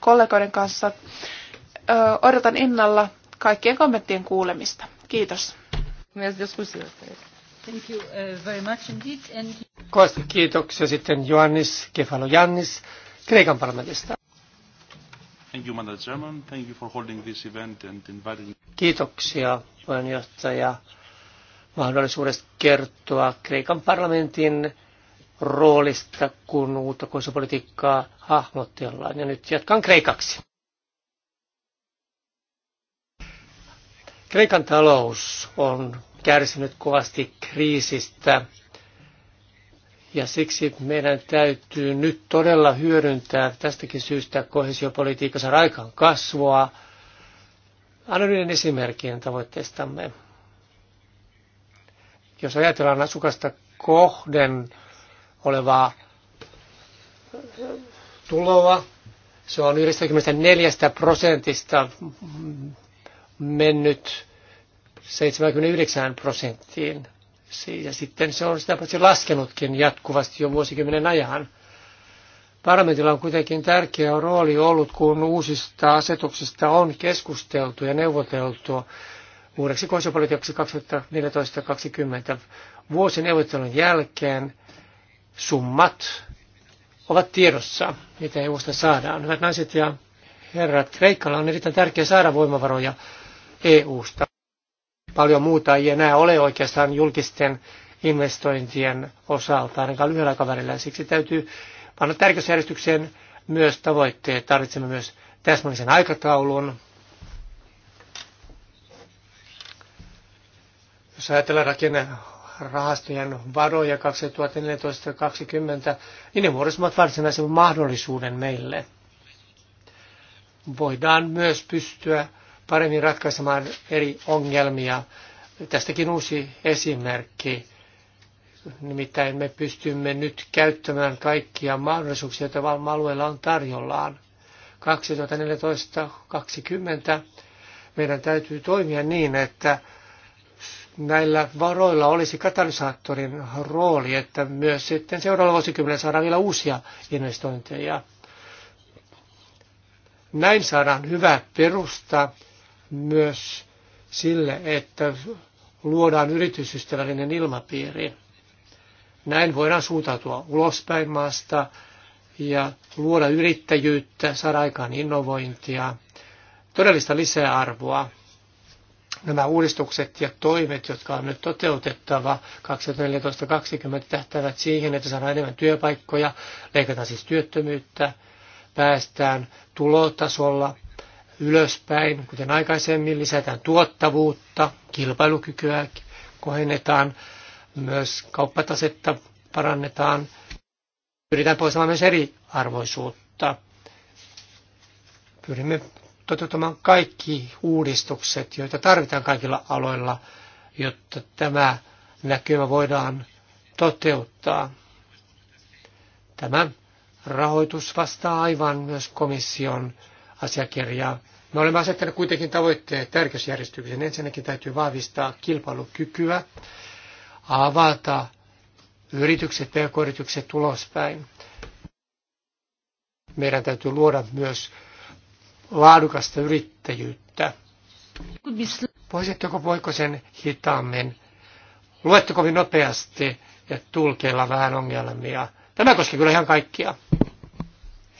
kollegoiden kanssa. Ö, odotan innolla kaikkien kommenttien kuulemista. Kiitos myös diskussioista. Thank you uh, very much indeed. And... Kovasti kiitoksia sitten Joannis Kefalojannis Kreikan parlamentista. Thank you, Madam Chairman. Thank you for holding this event and inviting... Kiitoksia puheenjohtaja mahdollisuudesta kertoa Kreikan parlamentin roolista, kun uutta koisopolitiikkaa hahmotellaan. Ja nyt jatkan kreikaksi. Kreikan talous on kärsinyt kovasti kriisistä. Ja siksi meidän täytyy nyt todella hyödyntää tästäkin syystä kohesiopolitiikassa raikan kasvua. Annan yhden esimerkin tavoitteistamme. Jos ajatellaan asukasta kohden olevaa tuloa, se on 94 prosentista mennyt 79 prosenttiin. Ja sitten se on sitä paitsi laskenutkin jatkuvasti jo vuosikymmenen ajan. Parlamentilla on kuitenkin tärkeä rooli ollut, kun uusista asetuksista on keskusteltu ja neuvoteltu uudeksi kohdallisuuspolitiikaksi 2014-2020. Vuosineuvottelun jälkeen summat ovat tiedossa, mitä EUsta saadaan. Hyvät naiset ja herrat, Kreikalla on erittäin tärkeää saada voimavaroja EUsta. Paljon muuta ei enää ole oikeastaan julkisten investointien osalta, ainakaan lyhyellä aikavälillä. Siksi täytyy panna tärkeysjärjestykseen myös tavoitteet. Tarvitsemme myös täsmällisen aikataulun. Jos ajatellaan rakenne rahastojen varoja 2014-2020, niin ne muodostavat varsinaisen mahdollisuuden meille. Voidaan myös pystyä paremmin ratkaisemaan eri ongelmia. Tästäkin uusi esimerkki. Nimittäin me pystymme nyt käyttämään kaikkia mahdollisuuksia, joita Valma alueella on tarjollaan. 2014-2020 meidän täytyy toimia niin, että näillä varoilla olisi katalysaattorin rooli, että myös sitten seuraavalla vuosikymmenellä saadaan vielä uusia investointeja. Näin saadaan hyvä perusta myös sille, että luodaan yritysystävällinen ilmapiiri. Näin voidaan suuntautua ulospäin maasta ja luoda yrittäjyyttä, saada aikaan innovointia, todellista lisäarvoa. Nämä uudistukset ja toimet, jotka on nyt toteutettava 2014-2020, tähtävät siihen, että saadaan enemmän työpaikkoja, leikataan siis työttömyyttä, päästään tulotasolla ylöspäin, kuten aikaisemmin, lisätään tuottavuutta, kilpailukykyä kohennetaan, myös kauppatasetta parannetaan, pyritään poistamaan myös eriarvoisuutta. Pyrimme toteuttamaan kaikki uudistukset, joita tarvitaan kaikilla aloilla, jotta tämä näkymä voidaan toteuttaa. Tämä rahoitus vastaa aivan myös komission asiakirjaa. Me olemme asettaneet kuitenkin tavoitteet tärkeysjärjestykseen. Ensinnäkin täytyy vahvistaa kilpailukykyä, avata yritykset, pk-yritykset ulospäin. Meidän täytyy luoda myös laadukasta yrittäjyyttä. Voisitteko voiko sen hitaammin? Luette kovin nopeasti ja tulkeilla vähän ongelmia. Tämä koskee kyllä ihan kaikkia.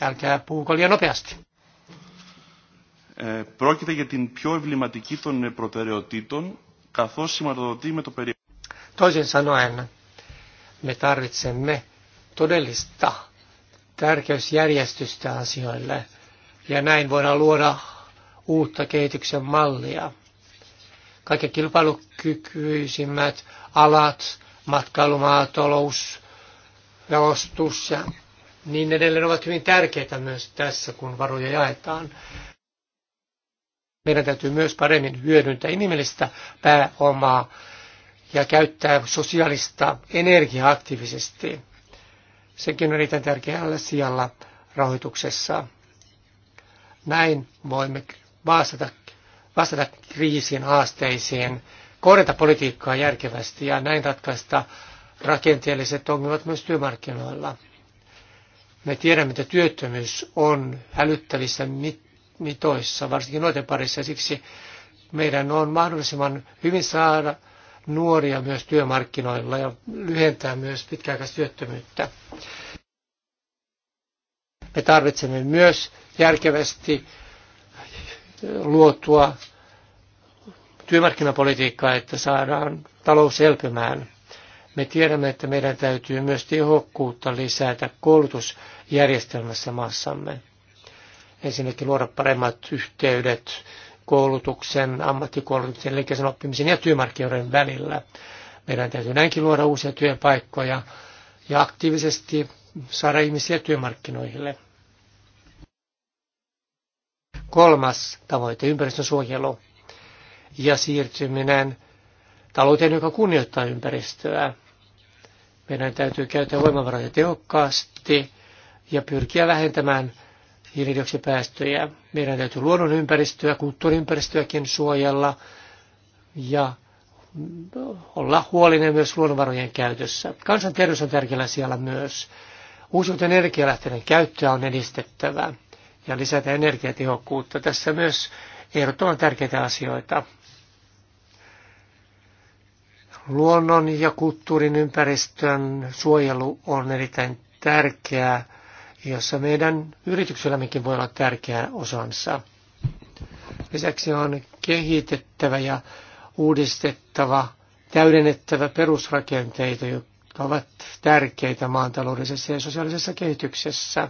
Älkää puhuko liian nopeasti ε, πρόκειται για την πιο εμβληματική των προτεραιοτήτων, καθώς σηματοδοτεί με το περιεχόμενο. Toisin sanoen, me tarvitsemme todellista tärkeysjärjestystä asioille, ja näin voidaan luoda uutta kehityksen mallia. Kaikki kilpailukykyisimmät alat, matkailumaatalous, jalostus ja niin edelleen ovat hyvin tärkeitä myös tässä, kun varoja jaetaan. Meidän täytyy myös paremmin hyödyntää inhimillistä pääomaa ja käyttää sosiaalista energiaa aktiivisesti. Sekin on erittäin tärkeällä sijalla rahoituksessa. Näin voimme vastata, vastata kriisin haasteisiin, korjata politiikkaa järkevästi ja näin ratkaista rakenteelliset ongelmat myös työmarkkinoilla. Me tiedämme, että työttömyys on hälyttävissä mit- mitoissa, varsinkin noiden parissa, ja siksi meidän on mahdollisimman hyvin saada nuoria myös työmarkkinoilla ja lyhentää myös pitkäaikaistyöttömyyttä. Me tarvitsemme myös järkevästi luotua työmarkkinapolitiikkaa, että saadaan talous elpymään. Me tiedämme, että meidän täytyy myös tehokkuutta lisätä koulutusjärjestelmässä maassamme ensinnäkin luoda paremmat yhteydet koulutuksen, ammattikoulutuksen, elinkeisen oppimisen ja työmarkkinoiden välillä. Meidän täytyy näinkin luoda uusia työpaikkoja ja aktiivisesti saada ihmisiä työmarkkinoille. Kolmas tavoite, ympäristönsuojelu ja siirtyminen talouteen, joka kunnioittaa ympäristöä. Meidän täytyy käyttää voimavaroja tehokkaasti ja pyrkiä vähentämään – hiilidioksipäästöjä. Meidän täytyy luonnon ympäristöä, kulttuuriympäristöäkin suojella ja olla huolinen myös luonnonvarojen käytössä. Kansanterveys on tärkeällä siellä myös. Uusiutuvien energialähteiden käyttöä on edistettävä ja lisätä energiatehokkuutta. Tässä myös ehdottoman tärkeitä asioita. Luonnon ja kulttuurin ympäristön suojelu on erittäin tärkeää jossa meidän yrityksellämmekin voi olla tärkeä osansa. Lisäksi on kehitettävä ja uudistettava, täydennettävä perusrakenteita, jotka ovat tärkeitä maantaloudellisessa ja sosiaalisessa kehityksessä.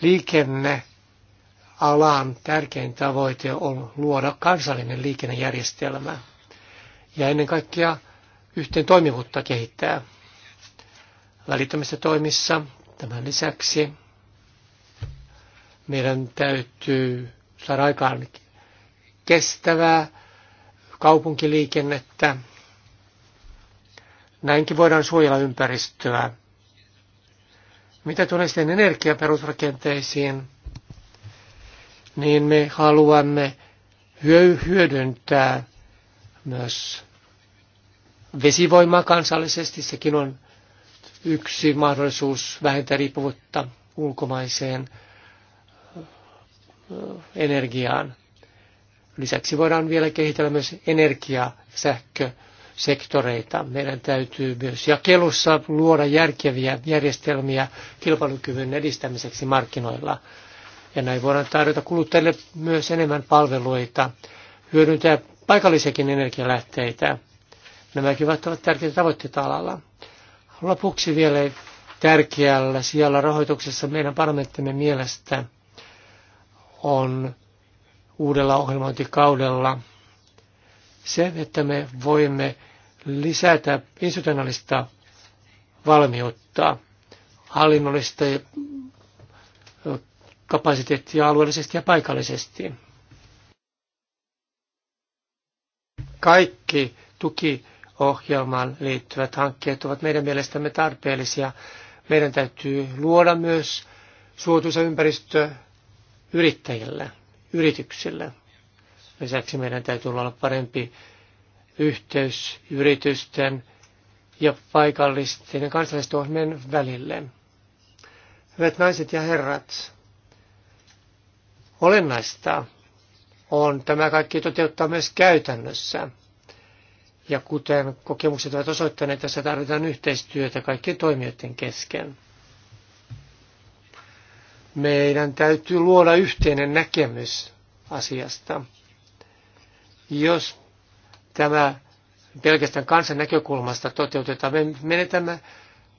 Liikenne alan tärkein tavoite on luoda kansallinen liikennejärjestelmä ja ennen kaikkea yhteen toimivuutta kehittää. Välittömissä toimissa Tämän lisäksi meidän täytyy saada aikaan kestävää kaupunkiliikennettä. Näinkin voidaan suojella ympäristöä. Mitä tulee sitten energiaperusrakenteisiin, niin me haluamme hyödyntää myös vesivoimaa kansallisesti. Sekin on yksi mahdollisuus vähentää riippuvuutta ulkomaiseen energiaan. Lisäksi voidaan vielä kehitellä myös energiasähkösektoreita. Meidän täytyy myös jakelussa luoda järkeviä järjestelmiä kilpailukyvyn edistämiseksi markkinoilla. Ja näin voidaan tarjota kuluttajille myös enemmän palveluita, hyödyntää paikallisiakin energialähteitä. Nämäkin ovat tärkeitä tavoitteita alalla. Lopuksi vielä tärkeällä siellä rahoituksessa meidän parlamenttimme mielestä on uudella ohjelmointikaudella se, että me voimme lisätä institutionaalista valmiutta, hallinnollista kapasiteettia alueellisesti ja paikallisesti. Kaikki tuki ohjelmaan liittyvät hankkeet ovat meidän mielestämme tarpeellisia. Meidän täytyy luoda myös suotuisa ympäristö yrittäjille, yrityksille. Lisäksi meidän täytyy olla parempi yhteys yritysten ja paikallisten ja kansallisten ohjelmien välille. Hyvät naiset ja herrat, olennaista on tämä kaikki toteuttaa myös käytännössä. Ja kuten kokemukset ovat osoittaneet, tässä tarvitaan yhteistyötä kaikkien toimijoiden kesken. Meidän täytyy luoda yhteinen näkemys asiasta. Jos tämä pelkästään kansan näkökulmasta toteutetaan, me menetämme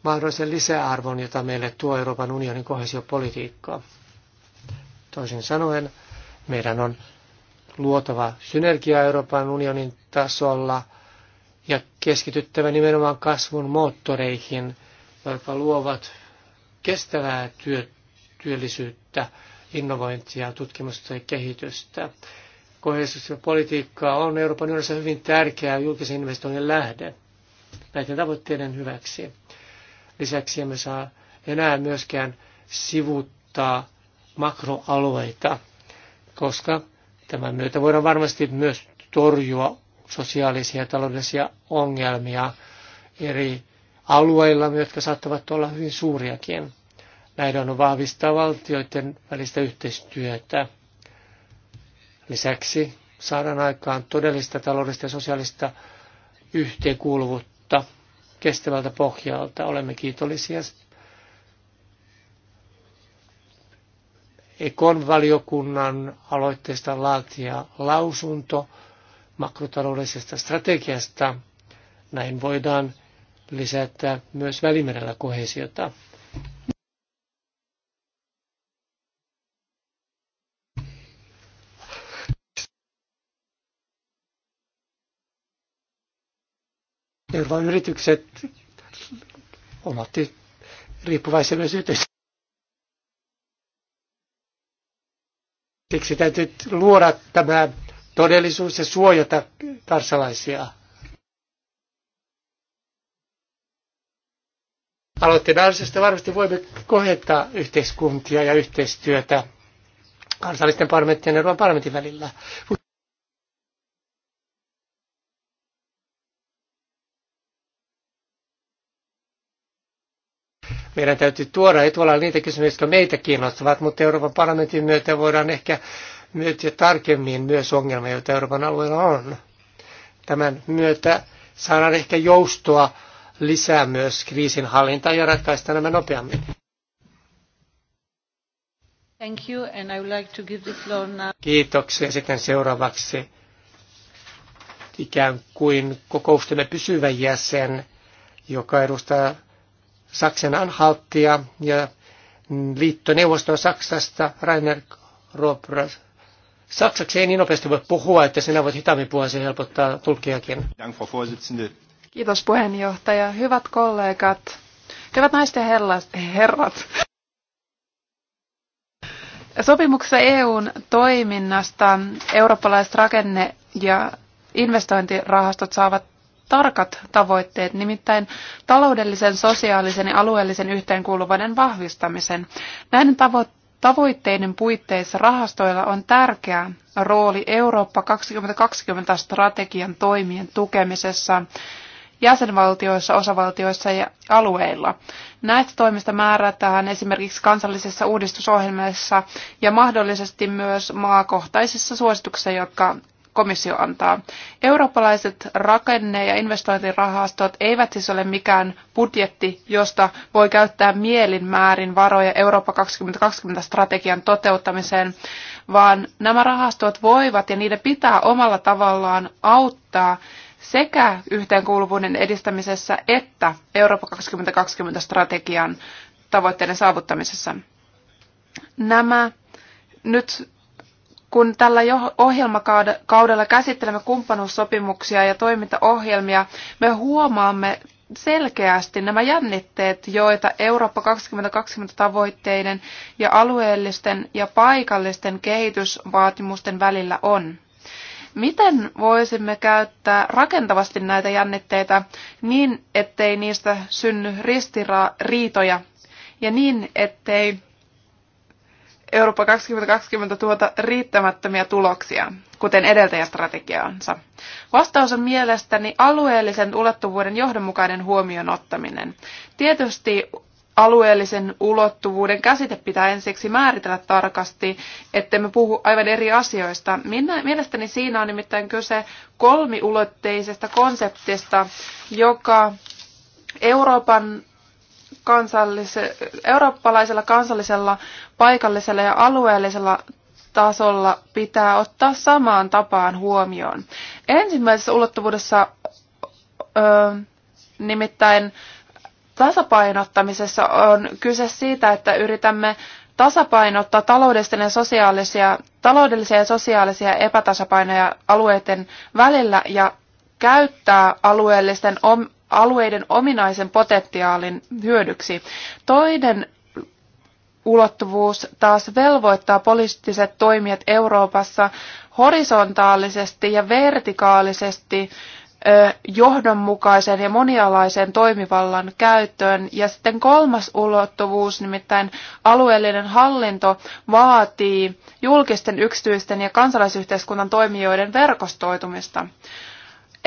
mahdollisen lisäarvon, jota meille tuo Euroopan unionin kohesiopolitiikkaa. Toisin sanoen, meidän on luotava synergia Euroopan unionin tasolla – keskityttävä nimenomaan kasvun moottoreihin, jotka luovat kestävää työ, työllisyyttä, innovointia, tutkimusta ja kehitystä. politiikka on Euroopan unionissa hyvin tärkeä julkisen investoinnin lähde näiden tavoitteiden hyväksi. Lisäksi emme saa enää myöskään sivuttaa makroalueita, koska tämän myötä voidaan varmasti myös torjua sosiaalisia ja taloudellisia ongelmia eri alueilla, jotka saattavat olla hyvin suuriakin. Näiden on vahvistaa valtioiden välistä yhteistyötä. Lisäksi saadaan aikaan todellista taloudellista ja sosiaalista yhteenkuuluvuutta kestävältä pohjalta. Olemme kiitollisia Ekon valiokunnan aloitteesta laatia lausunto, makrotaloudellisesta strategiasta. Näin voidaan lisätä myös välimerellä kohesiota. Euroopan yritykset ovat riippuvaisia myös yhteisöstä. Siksi täytyy luoda tämä todellisuus ja suojata kansalaisia. Aloitteen ansiosta varmasti voimme kohettaa yhteiskuntia ja yhteistyötä kansallisten parlamenttien ja Euroopan parlamentin välillä. Meidän täytyy tuoda etualalla niitä kysymyksiä, jotka meitä kiinnostavat, mutta Euroopan parlamentin myötä voidaan ehkä myötä tarkemmin myös ongelmia, joita Euroopan alueella on. Tämän myötä saadaan ehkä joustoa lisää myös kriisinhallintaan ja ratkaista nämä nopeammin. Thank you, and I would like to give the floor now. Kiitoksia. Sitten seuraavaksi ikään kuin kokoustemme pysyvä jäsen, joka edustaa Saksan Anhaltia ja liittoneuvoston Saksasta Rainer Robras Saksaksi ei niin nopeasti voi puhua, että sinä voit hitaammin puhua, se helpottaa tulkkiakin. Kiitos puheenjohtaja. Hyvät kollegat, hyvät naiset ja herrat. Sopimuksessa EUn toiminnasta eurooppalaiset rakenne- ja investointirahastot saavat tarkat tavoitteet, nimittäin taloudellisen, sosiaalisen ja alueellisen yhteenkuuluvuuden vahvistamisen. Näiden tavoitteiden Tavoitteiden puitteissa rahastoilla on tärkeä rooli Eurooppa 2020 strategian toimien tukemisessa jäsenvaltioissa, osavaltioissa ja alueilla. Näistä toimista määrätään esimerkiksi kansallisessa uudistusohjelmassa ja mahdollisesti myös maakohtaisissa suosituksissa, jotka komissio antaa. Eurooppalaiset rakenne- ja investointirahastot eivät siis ole mikään budjetti, josta voi käyttää mielin määrin varoja Eurooppa 2020-strategian toteuttamiseen, vaan nämä rahastot voivat ja niiden pitää omalla tavallaan auttaa sekä yhteenkuuluvuuden edistämisessä että Eurooppa 2020-strategian tavoitteiden saavuttamisessa. Nämä nyt kun tällä ohjelmakaudella käsittelemme kumppanuussopimuksia ja toimintaohjelmia, me huomaamme selkeästi nämä jännitteet, joita Eurooppa 2020 tavoitteiden ja alueellisten ja paikallisten kehitysvaatimusten välillä on. Miten voisimme käyttää rakentavasti näitä jännitteitä niin, ettei niistä synny ristiriitoja ja niin, ettei Eurooppa 2020 tuota riittämättömiä tuloksia, kuten edeltäjästrategiaansa? Vastaus on mielestäni alueellisen ulottuvuuden johdonmukainen huomioon ottaminen. Tietysti alueellisen ulottuvuuden käsite pitää ensiksi määritellä tarkasti, me puhu aivan eri asioista. Minä, mielestäni siinä on nimittäin kyse kolmiulotteisesta konseptista, joka Euroopan kansallise, eurooppalaisella, kansallisella, paikallisella ja alueellisella tasolla pitää ottaa samaan tapaan huomioon. Ensimmäisessä ulottuvuudessa ö, nimittäin tasapainottamisessa on kyse siitä, että yritämme tasapainottaa taloudellisia ja sosiaalisia, taloudellisia ja sosiaalisia epätasapainoja alueiden välillä ja käyttää alueellisten alueiden ominaisen potentiaalin hyödyksi. Toinen ulottuvuus taas velvoittaa poliittiset toimijat Euroopassa horisontaalisesti ja vertikaalisesti johdonmukaisen ja monialaisen toimivallan käyttöön. Ja sitten kolmas ulottuvuus, nimittäin alueellinen hallinto, vaatii julkisten, yksityisten ja kansalaisyhteiskunnan toimijoiden verkostoitumista.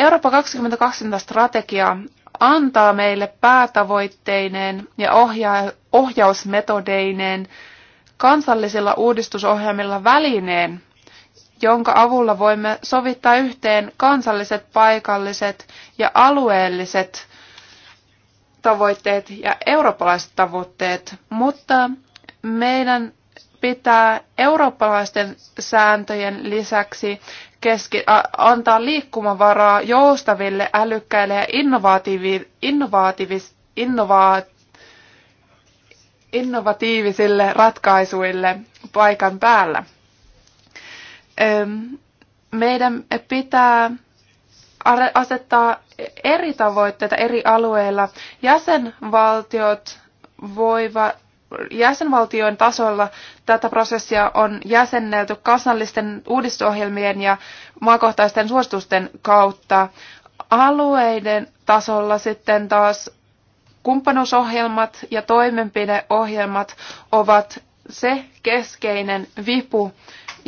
Eurooppa 2020 strategia antaa meille päätavoitteineen ja ohja- ohjausmetodeineen kansallisilla uudistusohjelmilla välineen, jonka avulla voimme sovittaa yhteen kansalliset, paikalliset ja alueelliset tavoitteet ja eurooppalaiset tavoitteet, mutta meidän pitää eurooppalaisten sääntöjen lisäksi keski, ä, antaa liikkumavaraa joustaville, älykkäille ja innovatiivi, innovatiivis, innova, innovatiivisille ratkaisuille paikan päällä. Meidän pitää asettaa eri tavoitteita eri alueilla. Jäsenvaltiot voivat jäsenvaltion tasolla tätä prosessia on jäsennelty kansallisten uudistusohjelmien ja maakohtaisten suositusten kautta. Alueiden tasolla sitten taas kumppanuusohjelmat ja toimenpideohjelmat ovat se keskeinen vipu,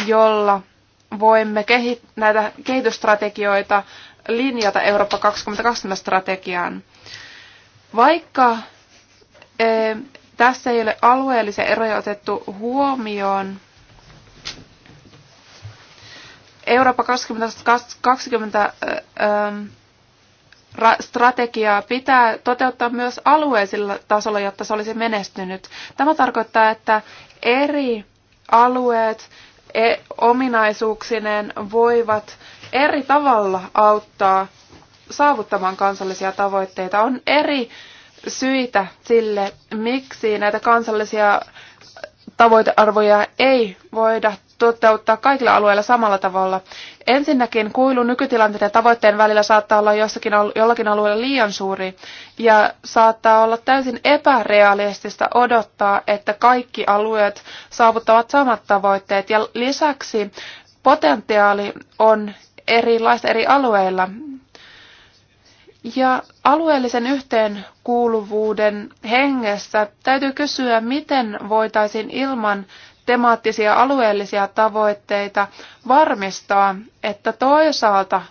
jolla voimme kehi- näitä kehitysstrategioita linjata Eurooppa 2020 strategiaan. Vaikka eh, tässä ei ole alueellisia eroja otettu huomioon. Eurooppa 2020 strategiaa pitää toteuttaa myös alueellisella tasolla, jotta se olisi menestynyt. Tämä tarkoittaa, että eri alueet e, ominaisuuksineen voivat eri tavalla auttaa saavuttamaan kansallisia tavoitteita. On eri syitä sille, miksi näitä kansallisia tavoitearvoja ei voida toteuttaa kaikilla alueilla samalla tavalla. Ensinnäkin kuilu nykytilanteen ja tavoitteen välillä saattaa olla jossakin, jollakin alueella liian suuri ja saattaa olla täysin epärealistista odottaa, että kaikki alueet saavuttavat samat tavoitteet ja lisäksi potentiaali on erilaista eri alueilla. Ja alueellisen yhteenkuuluvuuden hengessä täytyy kysyä, miten voitaisiin ilman temaattisia alueellisia tavoitteita varmistaa, että toisaalta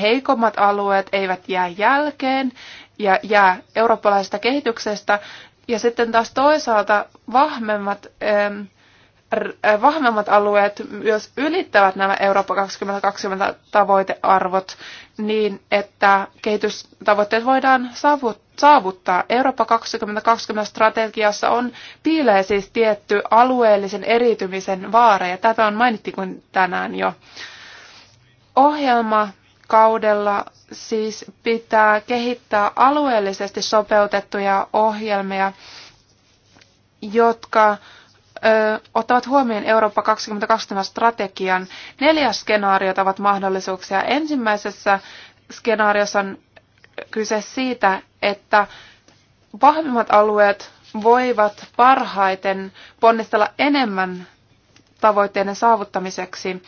heikommat alueet eivät jää jälkeen ja jää eurooppalaisesta kehityksestä, ja sitten taas toisaalta vahvemmat vahvemmat alueet myös ylittävät nämä Eurooppa 2020 tavoitearvot niin, että kehitystavoitteet voidaan saavuttaa. Eurooppa 2020 strategiassa on piilee siis tietty alueellisen eriytymisen vaara, ja tätä on mainittikin tänään jo. Ohjelma kaudella siis pitää kehittää alueellisesti sopeutettuja ohjelmia, jotka ö, ottavat huomioon Eurooppa 2020 strategian. Neljä skenaariota ovat mahdollisuuksia. Ensimmäisessä skenaariossa on kyse siitä, että vahvimmat alueet voivat parhaiten ponnistella enemmän tavoitteiden saavuttamiseksi.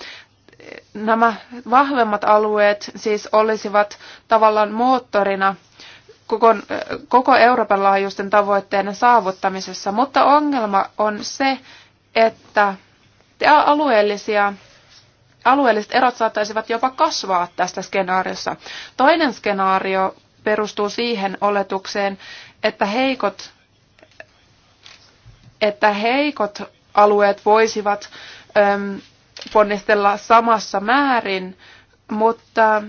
Nämä vahvemmat alueet siis olisivat tavallaan moottorina koko, koko Euroopan laajuisten tavoitteiden saavuttamisessa, mutta ongelma on se, että alueellisia, alueelliset erot saattaisivat jopa kasvaa tästä skenaariossa. Toinen skenaario perustuu siihen oletukseen, että heikot, että heikot alueet voisivat äm, ponnistella samassa määrin, mutta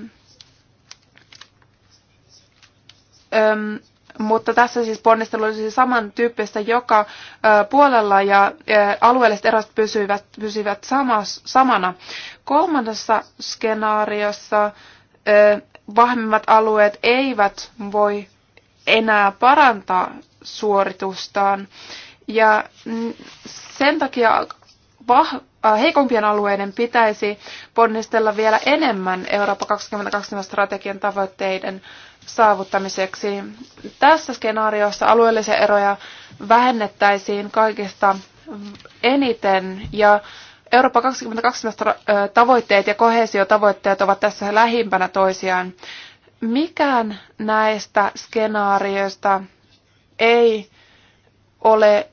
Öm, mutta tässä siis ponnistelu siis samantyyppistä joka ö, puolella ja ö, alueelliset erot pysyvät, pysyivät samas, samana. Kolmannessa skenaariossa ö, vahvimmat alueet eivät voi enää parantaa suoritustaan ja sen takia vah- heikompien alueiden pitäisi ponnistella vielä enemmän Eurooppa 2020 strategian tavoitteiden saavuttamiseksi. Tässä skenaariossa alueellisia eroja vähennettäisiin kaikista eniten ja Eurooppa 2020 tavoitteet ja kohesiotavoitteet ovat tässä lähimpänä toisiaan. Mikään näistä skenaarioista ei ole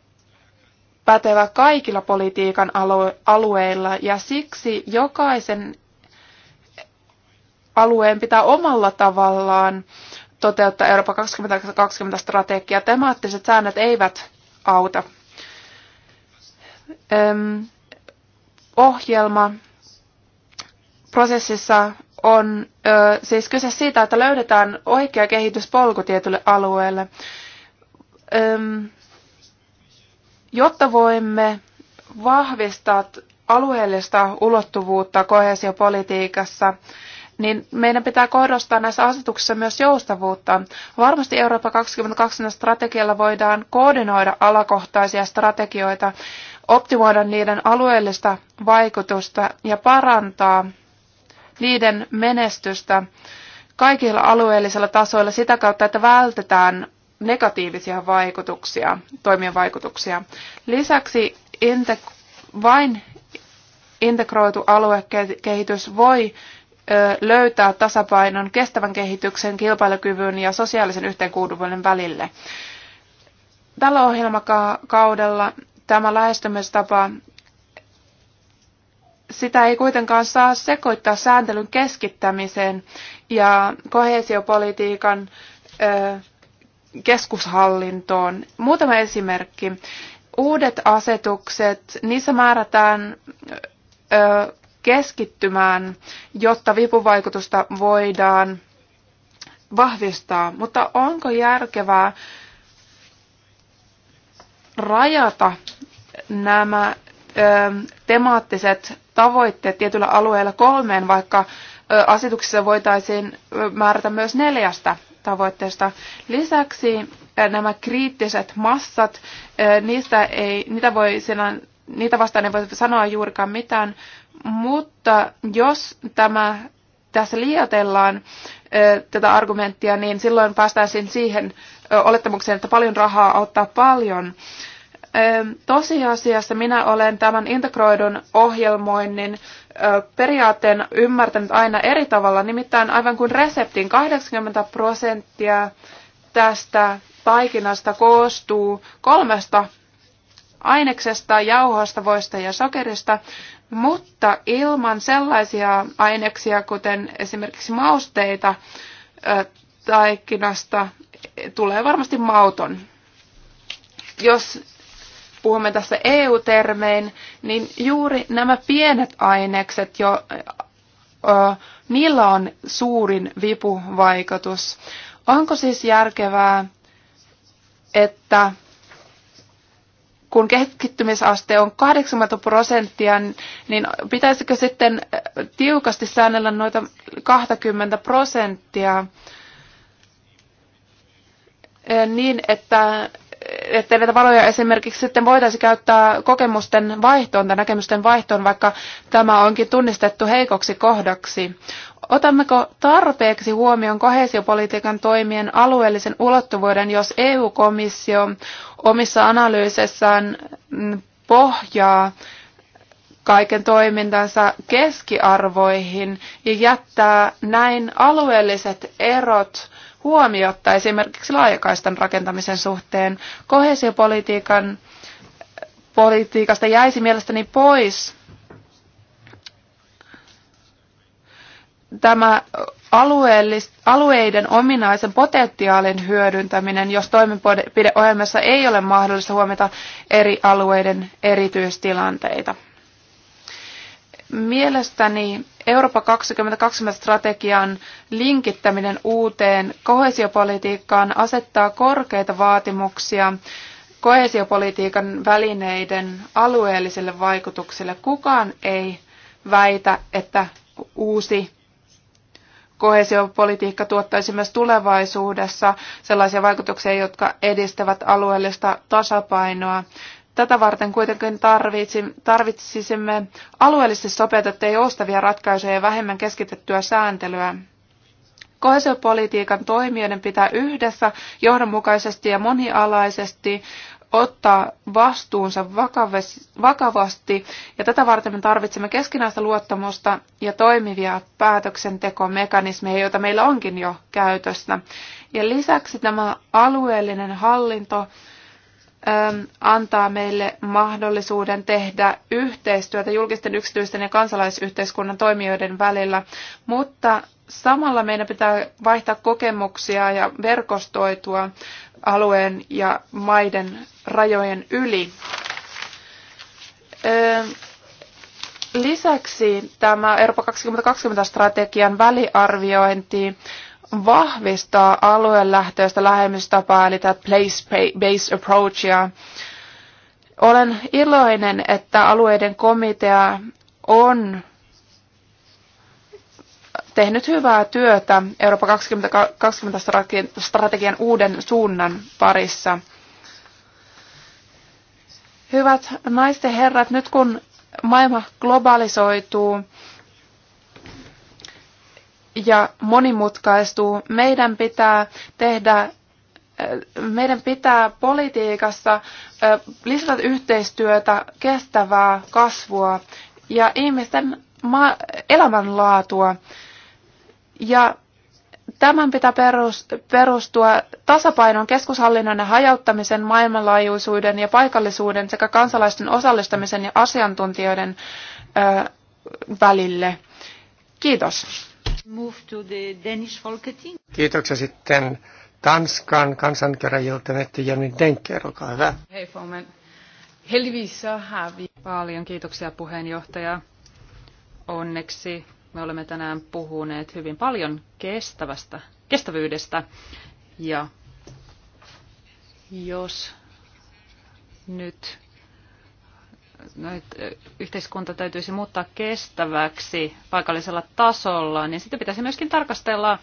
pätevä kaikilla politiikan alueilla ja siksi jokaisen alueen pitää omalla tavallaan toteuttaa Eurooppa 2020 strategia. Temaattiset säännöt eivät auta. Öm, ohjelma prosessissa on ö, siis kyse siitä, että löydetään oikea kehityspolku tietylle alueelle. Öm, jotta voimme vahvistaa alueellista ulottuvuutta kohesiopolitiikassa, niin meidän pitää korostaa näissä asetuksissa myös joustavuutta. Varmasti Eurooppa 2020 strategialla voidaan koordinoida alakohtaisia strategioita, optimoida niiden alueellista vaikutusta ja parantaa niiden menestystä kaikilla alueellisilla tasoilla sitä kautta, että vältetään negatiivisia vaikutuksia, toimien vaikutuksia. Lisäksi vain integroitu aluekehitys voi löytää tasapainon kestävän kehityksen, kilpailukyvyn ja sosiaalisen yhteenkuuluvuuden välille. Tällä ohjelmakaudella tämä lähestymistapa, sitä ei kuitenkaan saa sekoittaa sääntelyn keskittämiseen ja kohesiopolitiikan keskushallintoon. Muutama esimerkki. Uudet asetukset, niissä määrätään keskittymään, jotta vipuvaikutusta voidaan vahvistaa. Mutta onko järkevää rajata nämä ö, temaattiset tavoitteet tietyllä alueella kolmeen, vaikka ö, asetuksessa voitaisiin määrätä myös neljästä tavoitteesta. Lisäksi nämä kriittiset massat, niistä ei, niitä voi sinä, niitä vastaan ei voi sanoa juurikaan mitään, mutta jos tämä tässä liioitellaan tätä argumenttia, niin silloin päästäisiin siihen olettamukseen, että paljon rahaa auttaa paljon. Tosiasiassa minä olen tämän integroidun ohjelmoinnin periaatteen ymmärtänyt aina eri tavalla, nimittäin aivan kuin reseptin 80 prosenttia tästä taikinasta koostuu kolmesta aineksesta, jauhosta, voista ja sokerista, mutta ilman sellaisia aineksia, kuten esimerkiksi mausteita taikinasta, tulee varmasti mauton. Jos puhumme tässä EU-termein, niin juuri nämä pienet ainekset jo, niillä on suurin vipuvaikutus. Onko siis järkevää, että kun keskittymisaste on 80 prosenttia, niin pitäisikö sitten äh, tiukasti säännellä noita 20 prosenttia äh, niin, että että näitä valoja esimerkiksi sitten voitaisiin käyttää kokemusten vaihtoon tai näkemysten vaihtoon, vaikka tämä onkin tunnistettu heikoksi kohdaksi. Otammeko tarpeeksi huomioon kohesiopolitiikan toimien alueellisen ulottuvuuden, jos EU-komissio omissa analyysissään mm, pohjaa kaiken toimintansa keskiarvoihin ja jättää näin alueelliset erot huomiotta esimerkiksi laajakaistan rakentamisen suhteen. Kohesiopolitiikan eh, politiikasta jäisi mielestäni pois tämä alueiden ominaisen potentiaalin hyödyntäminen, jos toimenpideohjelmassa ei ole mahdollista huomata eri alueiden erityistilanteita. Mielestäni Eurooppa 2020 strategian linkittäminen uuteen kohesiopolitiikkaan asettaa korkeita vaatimuksia kohesiopolitiikan välineiden alueellisille vaikutuksille. Kukaan ei väitä, että uusi koheesiopolitiikka tuottaisi myös tulevaisuudessa sellaisia vaikutuksia, jotka edistävät alueellista tasapainoa. Tätä varten kuitenkin tarvitsisimme alueellisesti sopeutettuja joustavia ratkaisuja ja vähemmän keskitettyä sääntelyä. Koheesiopolitiikan toimijoiden pitää yhdessä johdonmukaisesti ja monialaisesti ottaa vastuunsa vakavasti, ja tätä varten me tarvitsemme keskinäistä luottamusta ja toimivia päätöksentekomekanismeja, joita meillä onkin jo käytössä. Ja lisäksi tämä alueellinen hallinto antaa meille mahdollisuuden tehdä yhteistyötä julkisten, yksityisten ja kansalaisyhteiskunnan toimijoiden välillä, mutta samalla meidän pitää vaihtaa kokemuksia ja verkostoitua alueen ja maiden rajojen yli. Öö, lisäksi tämä Eurooppa 2020-strategian väliarviointi vahvistaa lähtöistä lähemmistapaa, eli tätä place-based approachia. Olen iloinen, että alueiden komitea on tehnyt hyvää työtä Euroopan 2020-strategian uuden suunnan parissa. Hyvät naisten herrat, nyt kun maailma globalisoituu ja monimutkaistuu, meidän pitää tehdä äh, meidän pitää politiikassa äh, lisätä yhteistyötä, kestävää kasvua ja ihmisten elämänlaatua. Ja tämän pitää perustua tasapainon keskushallinnon ja hajauttamisen, maailmanlaajuisuuden ja paikallisuuden sekä kansalaisten osallistamisen ja asiantuntijoiden ö, välille. Kiitos. Move to the Danish Folketing. Kiitoksia sitten Tanskan kansankeräjiltä Mette Jenny Denker, olkaa hyvä. Hei Fomen. Helvissä har paljon kiitoksia puheenjohtaja. Onneksi me olemme tänään puhuneet hyvin paljon kestävästä, kestävyydestä ja jos nyt no, yhteiskunta täytyisi muuttaa kestäväksi paikallisella tasolla, niin sitten pitäisi myöskin tarkastella,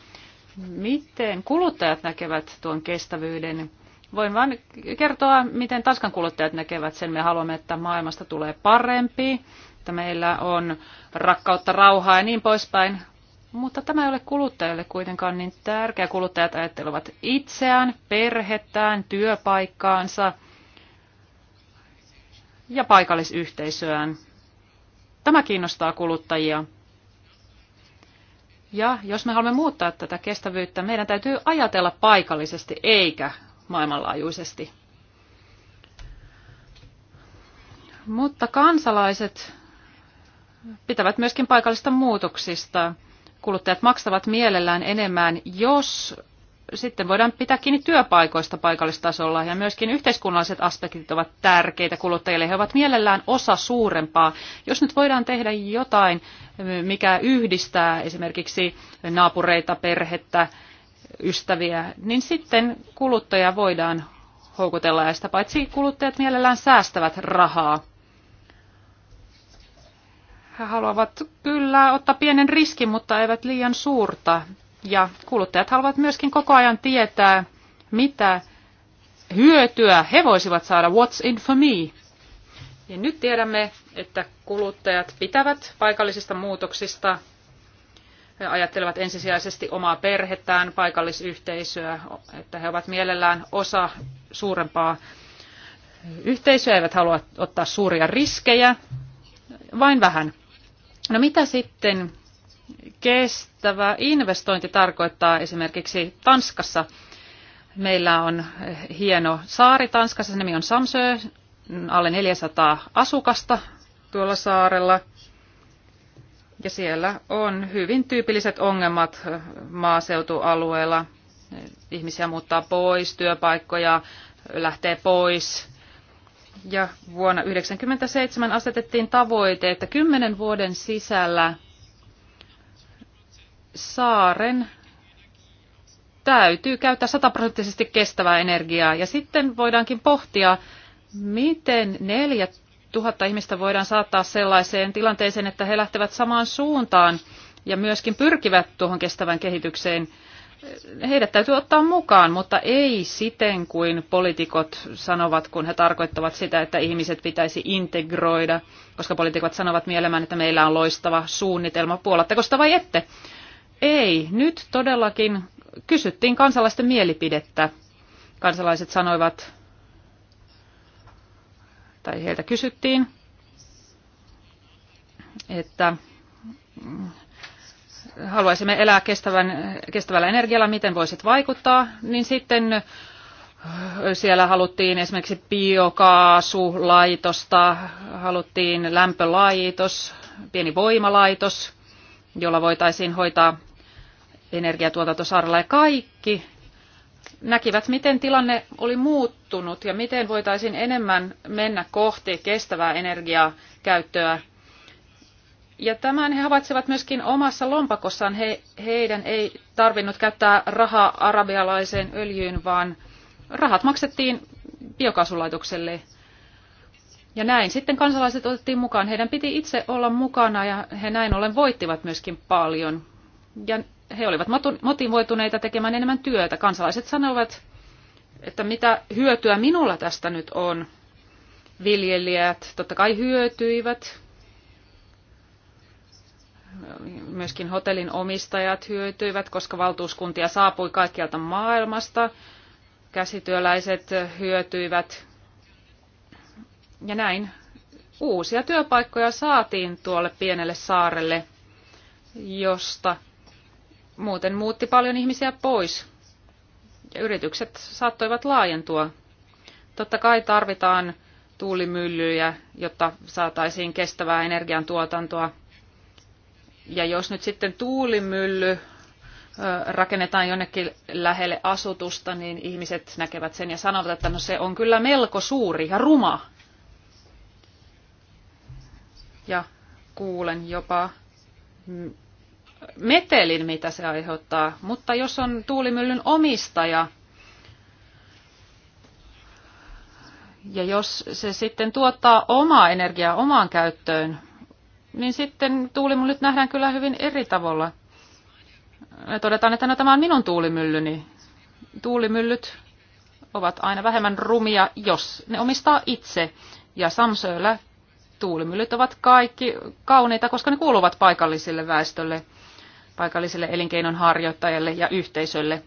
miten kuluttajat näkevät tuon kestävyyden. Voin vain kertoa, miten Tanskan kuluttajat näkevät sen. Me haluamme, että maailmasta tulee parempi, että meillä on rakkautta, rauhaa ja niin poispäin. Mutta tämä ei ole kuluttajalle kuitenkaan niin tärkeä. Kuluttajat ajattelevat itseään, perhettään, työpaikkaansa ja paikallisyhteisöään. Tämä kiinnostaa kuluttajia. Ja jos me haluamme muuttaa tätä kestävyyttä, meidän täytyy ajatella paikallisesti eikä maailmanlaajuisesti. Mutta kansalaiset pitävät myöskin paikallista muutoksista. Kuluttajat maksavat mielellään enemmän, jos sitten voidaan pitää kiinni työpaikoista paikallistasolla ja myöskin yhteiskunnalliset aspektit ovat tärkeitä kuluttajille. He ovat mielellään osa suurempaa. Jos nyt voidaan tehdä jotain, mikä yhdistää esimerkiksi naapureita, perhettä, ystäviä, niin sitten kuluttaja voidaan houkutella ja sitä paitsi kuluttajat mielellään säästävät rahaa. He haluavat kyllä ottaa pienen riskin, mutta eivät liian suurta. Ja kuluttajat haluavat myöskin koko ajan tietää, mitä hyötyä he voisivat saada What's in for me? Ja nyt tiedämme, että kuluttajat pitävät paikallisista muutoksista, he ajattelevat ensisijaisesti omaa perhettään, paikallisyhteisöä, että he ovat mielellään osa suurempaa yhteisöä, eivät halua ottaa suuria riskejä, vain vähän. No mitä sitten kestävä investointi tarkoittaa esimerkiksi Tanskassa? Meillä on hieno saari Tanskassa, se nimi on Samsö, alle 400 asukasta tuolla saarella. Ja siellä on hyvin tyypilliset ongelmat maaseutualueella. Ihmisiä muuttaa pois, työpaikkoja lähtee pois, ja vuonna 1997 asetettiin tavoite, että kymmenen vuoden sisällä saaren täytyy käyttää sataprosenttisesti kestävää energiaa. Ja sitten voidaankin pohtia, miten neljä tuhatta ihmistä voidaan saattaa sellaiseen tilanteeseen, että he lähtevät samaan suuntaan ja myöskin pyrkivät tuohon kestävään kehitykseen – heidät täytyy ottaa mukaan, mutta ei siten kuin poliitikot sanovat, kun he tarkoittavat sitä, että ihmiset pitäisi integroida, koska poliitikot sanovat mielemään, että meillä on loistava suunnitelma, puolatteko sitä vai ette? Ei, nyt todellakin kysyttiin kansalaisten mielipidettä. Kansalaiset sanoivat, tai heiltä kysyttiin, että haluaisimme elää kestävän, kestävällä energialla, miten voisit vaikuttaa, niin sitten siellä haluttiin esimerkiksi biokaasulaitosta, haluttiin lämpölaitos, pieni voimalaitos, jolla voitaisiin hoitaa energiatuotanto ja kaikki näkivät, miten tilanne oli muuttunut ja miten voitaisiin enemmän mennä kohti kestävää energiakäyttöä ja tämän he havaitsevat myöskin omassa lompakossaan. He, heidän ei tarvinnut käyttää rahaa arabialaiseen öljyyn, vaan rahat maksettiin biokaasulaitokselle. Ja näin sitten kansalaiset otettiin mukaan. Heidän piti itse olla mukana ja he näin ollen voittivat myöskin paljon. Ja he olivat motivoituneita tekemään enemmän työtä. Kansalaiset sanovat, että mitä hyötyä minulla tästä nyt on. Viljelijät totta kai hyötyivät, Myöskin hotellin omistajat hyötyivät, koska valtuuskuntia saapui kaikkialta maailmasta. Käsityöläiset hyötyivät. Ja näin uusia työpaikkoja saatiin tuolle pienelle saarelle, josta muuten muutti paljon ihmisiä pois. Ja yritykset saattoivat laajentua. Totta kai tarvitaan tuulimyllyjä, jotta saataisiin kestävää energiantuotantoa – ja jos nyt sitten tuulimylly rakennetaan jonnekin lähelle asutusta, niin ihmiset näkevät sen ja sanovat, että no se on kyllä melko suuri ja ruma. Ja kuulen jopa metelin, mitä se aiheuttaa. Mutta jos on tuulimyllyn omistaja, ja jos se sitten tuottaa omaa energiaa omaan käyttöön, niin sitten tuulimyllyt nähdään kyllä hyvin eri tavalla. Me todetaan, että no, tämä on minun tuulimyllyni. Tuulimyllyt ovat aina vähemmän rumia, jos ne omistaa itse. Ja Samsöllä tuulimyllyt ovat kaikki kauniita, koska ne kuuluvat paikallisille väestölle, paikalliselle elinkeinon harjoittajille ja yhteisölle.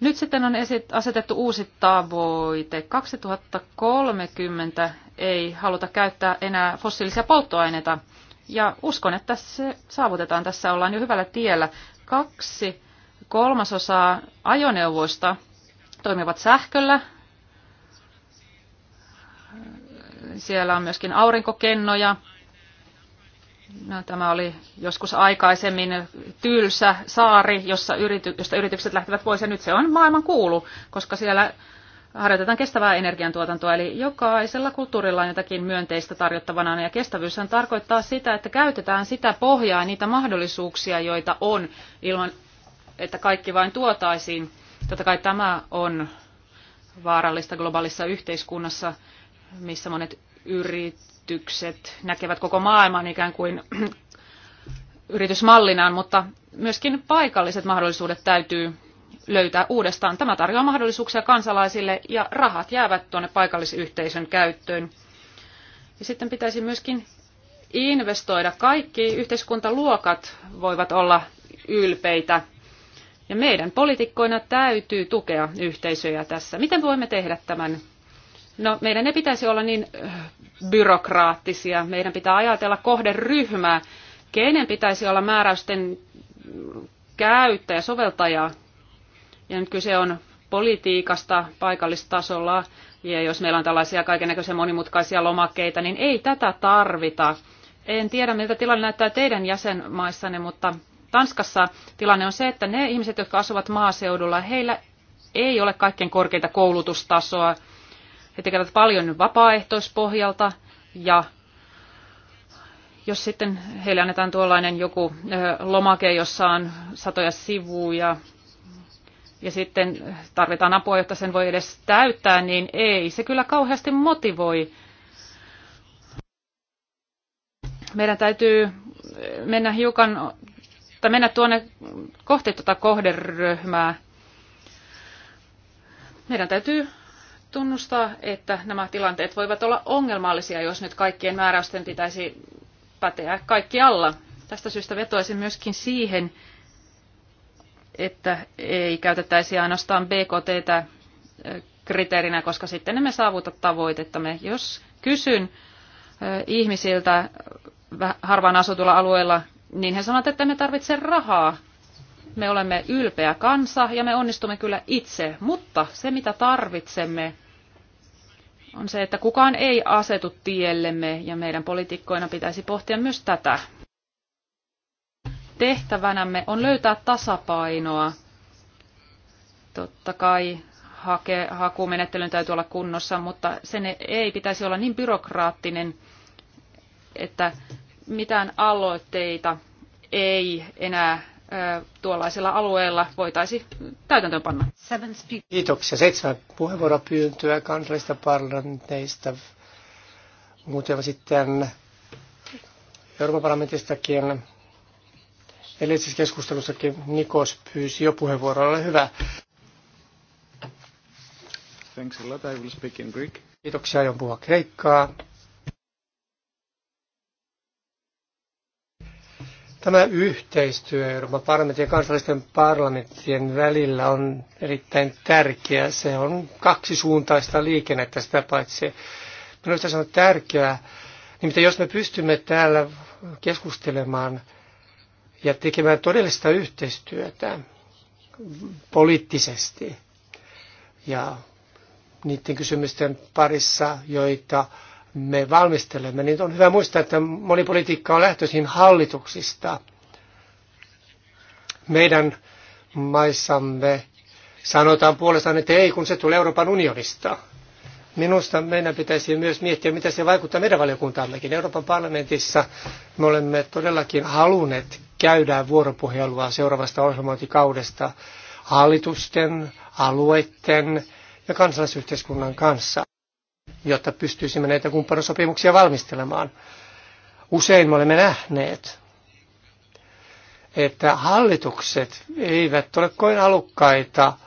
Nyt sitten on esit, asetettu uusi tavoite. 2030 ei haluta käyttää enää fossiilisia polttoaineita – ja uskon, että se saavutetaan. Tässä ollaan jo hyvällä tiellä. Kaksi kolmasosaa ajoneuvoista toimivat sähköllä. Siellä on myöskin aurinkokennoja. No, tämä oli joskus aikaisemmin tylsä saari, jossa yrity, josta yritykset lähtivät pois, ja nyt se on maailman kuulu, koska siellä harjoitetaan kestävää energiantuotantoa, eli jokaisella kulttuurilla on jotakin myönteistä tarjottavana, ja kestävyyshän tarkoittaa sitä, että käytetään sitä pohjaa, niitä mahdollisuuksia, joita on, ilman että kaikki vain tuotaisiin. Totta kai tämä on vaarallista globaalissa yhteiskunnassa, missä monet yritykset näkevät koko maailman ikään kuin yritysmallinaan, mutta myöskin paikalliset mahdollisuudet täytyy löytää uudestaan. Tämä tarjoaa mahdollisuuksia kansalaisille ja rahat jäävät tuonne paikallisyhteisön käyttöön. Ja sitten pitäisi myöskin investoida. Kaikki yhteiskuntaluokat voivat olla ylpeitä. Ja meidän poliitikkoina täytyy tukea yhteisöjä tässä. Miten voimme tehdä tämän? No, meidän ei pitäisi olla niin byrokraattisia. Meidän pitää ajatella kohderyhmää. Kenen pitäisi olla määräysten käyttäjä, soveltaja, ja nyt kyse on politiikasta paikallistasolla, ja jos meillä on tällaisia kaikenlaisia monimutkaisia lomakkeita, niin ei tätä tarvita. En tiedä, miltä tilanne näyttää teidän jäsenmaissanne, mutta Tanskassa tilanne on se, että ne ihmiset, jotka asuvat maaseudulla, heillä ei ole kaikkein korkeinta koulutustasoa. He tekevät paljon vapaaehtoispohjalta ja jos sitten heille annetaan tuollainen joku lomake, jossa on satoja sivuja, ja sitten tarvitaan apua, jotta sen voi edes täyttää, niin ei se kyllä kauheasti motivoi. Meidän täytyy mennä hiukan, tai mennä tuonne kohti tuota kohderyhmää. Meidän täytyy tunnustaa, että nämä tilanteet voivat olla ongelmallisia, jos nyt kaikkien määräysten pitäisi päteä kaikkialla. Tästä syystä vetoisin myöskin siihen, että ei käytettäisi ainoastaan BKT äh, kriteerinä, koska sitten emme saavuta tavoitettamme. Jos kysyn äh, ihmisiltä äh, harvaan asutulla alueella, niin he sanovat, että me tarvitse rahaa. Me olemme ylpeä kansa ja me onnistumme kyllä itse, mutta se mitä tarvitsemme on se, että kukaan ei asetu tiellemme ja meidän poliitikkoina pitäisi pohtia myös tätä tehtävänämme on löytää tasapainoa. Totta kai hake, hakumenettelyn täytyy olla kunnossa, mutta sen ei pitäisi olla niin byrokraattinen, että mitään aloitteita ei enää tuollaisella alueella voitaisiin täytäntöönpanna. Kiitoksia. Seitsemän puheenvuoropyyntöä kansallista parlamenteista. Muuten sitten Euroopan parlamentistakin edellisessä keskustelussakin Nikos pyysi jo puheenvuoroa. Ole hyvä. Thanks a lot. I will speak in Greek. Kiitoksia, aion puhua kreikkaa. Tämä yhteistyö Euroopan parlamentin ja kansallisten parlamenttien välillä on erittäin tärkeää. Se on kaksisuuntaista liikennettä sitä paitsi. Minusta se on tärkeää. Nimittäin jos me pystymme täällä keskustelemaan ja tekemään todellista yhteistyötä poliittisesti ja niiden kysymysten parissa, joita me valmistelemme, niin on hyvä muistaa, että monipolitiikka on lähtöisin hallituksista. Meidän maissamme sanotaan puolestaan, että ei, kun se tulee Euroopan unionista. Minusta meidän pitäisi myös miettiä, mitä se vaikuttaa meidän valiokuntaammekin. Euroopan parlamentissa me olemme todellakin halunneet käydä vuoropuhelua seuraavasta ohjelmointikaudesta hallitusten, alueiden ja kansalaisyhteiskunnan kanssa, jotta pystyisimme näitä kumppanosopimuksia valmistelemaan. Usein me olemme nähneet, että hallitukset eivät ole kovin halukkaita –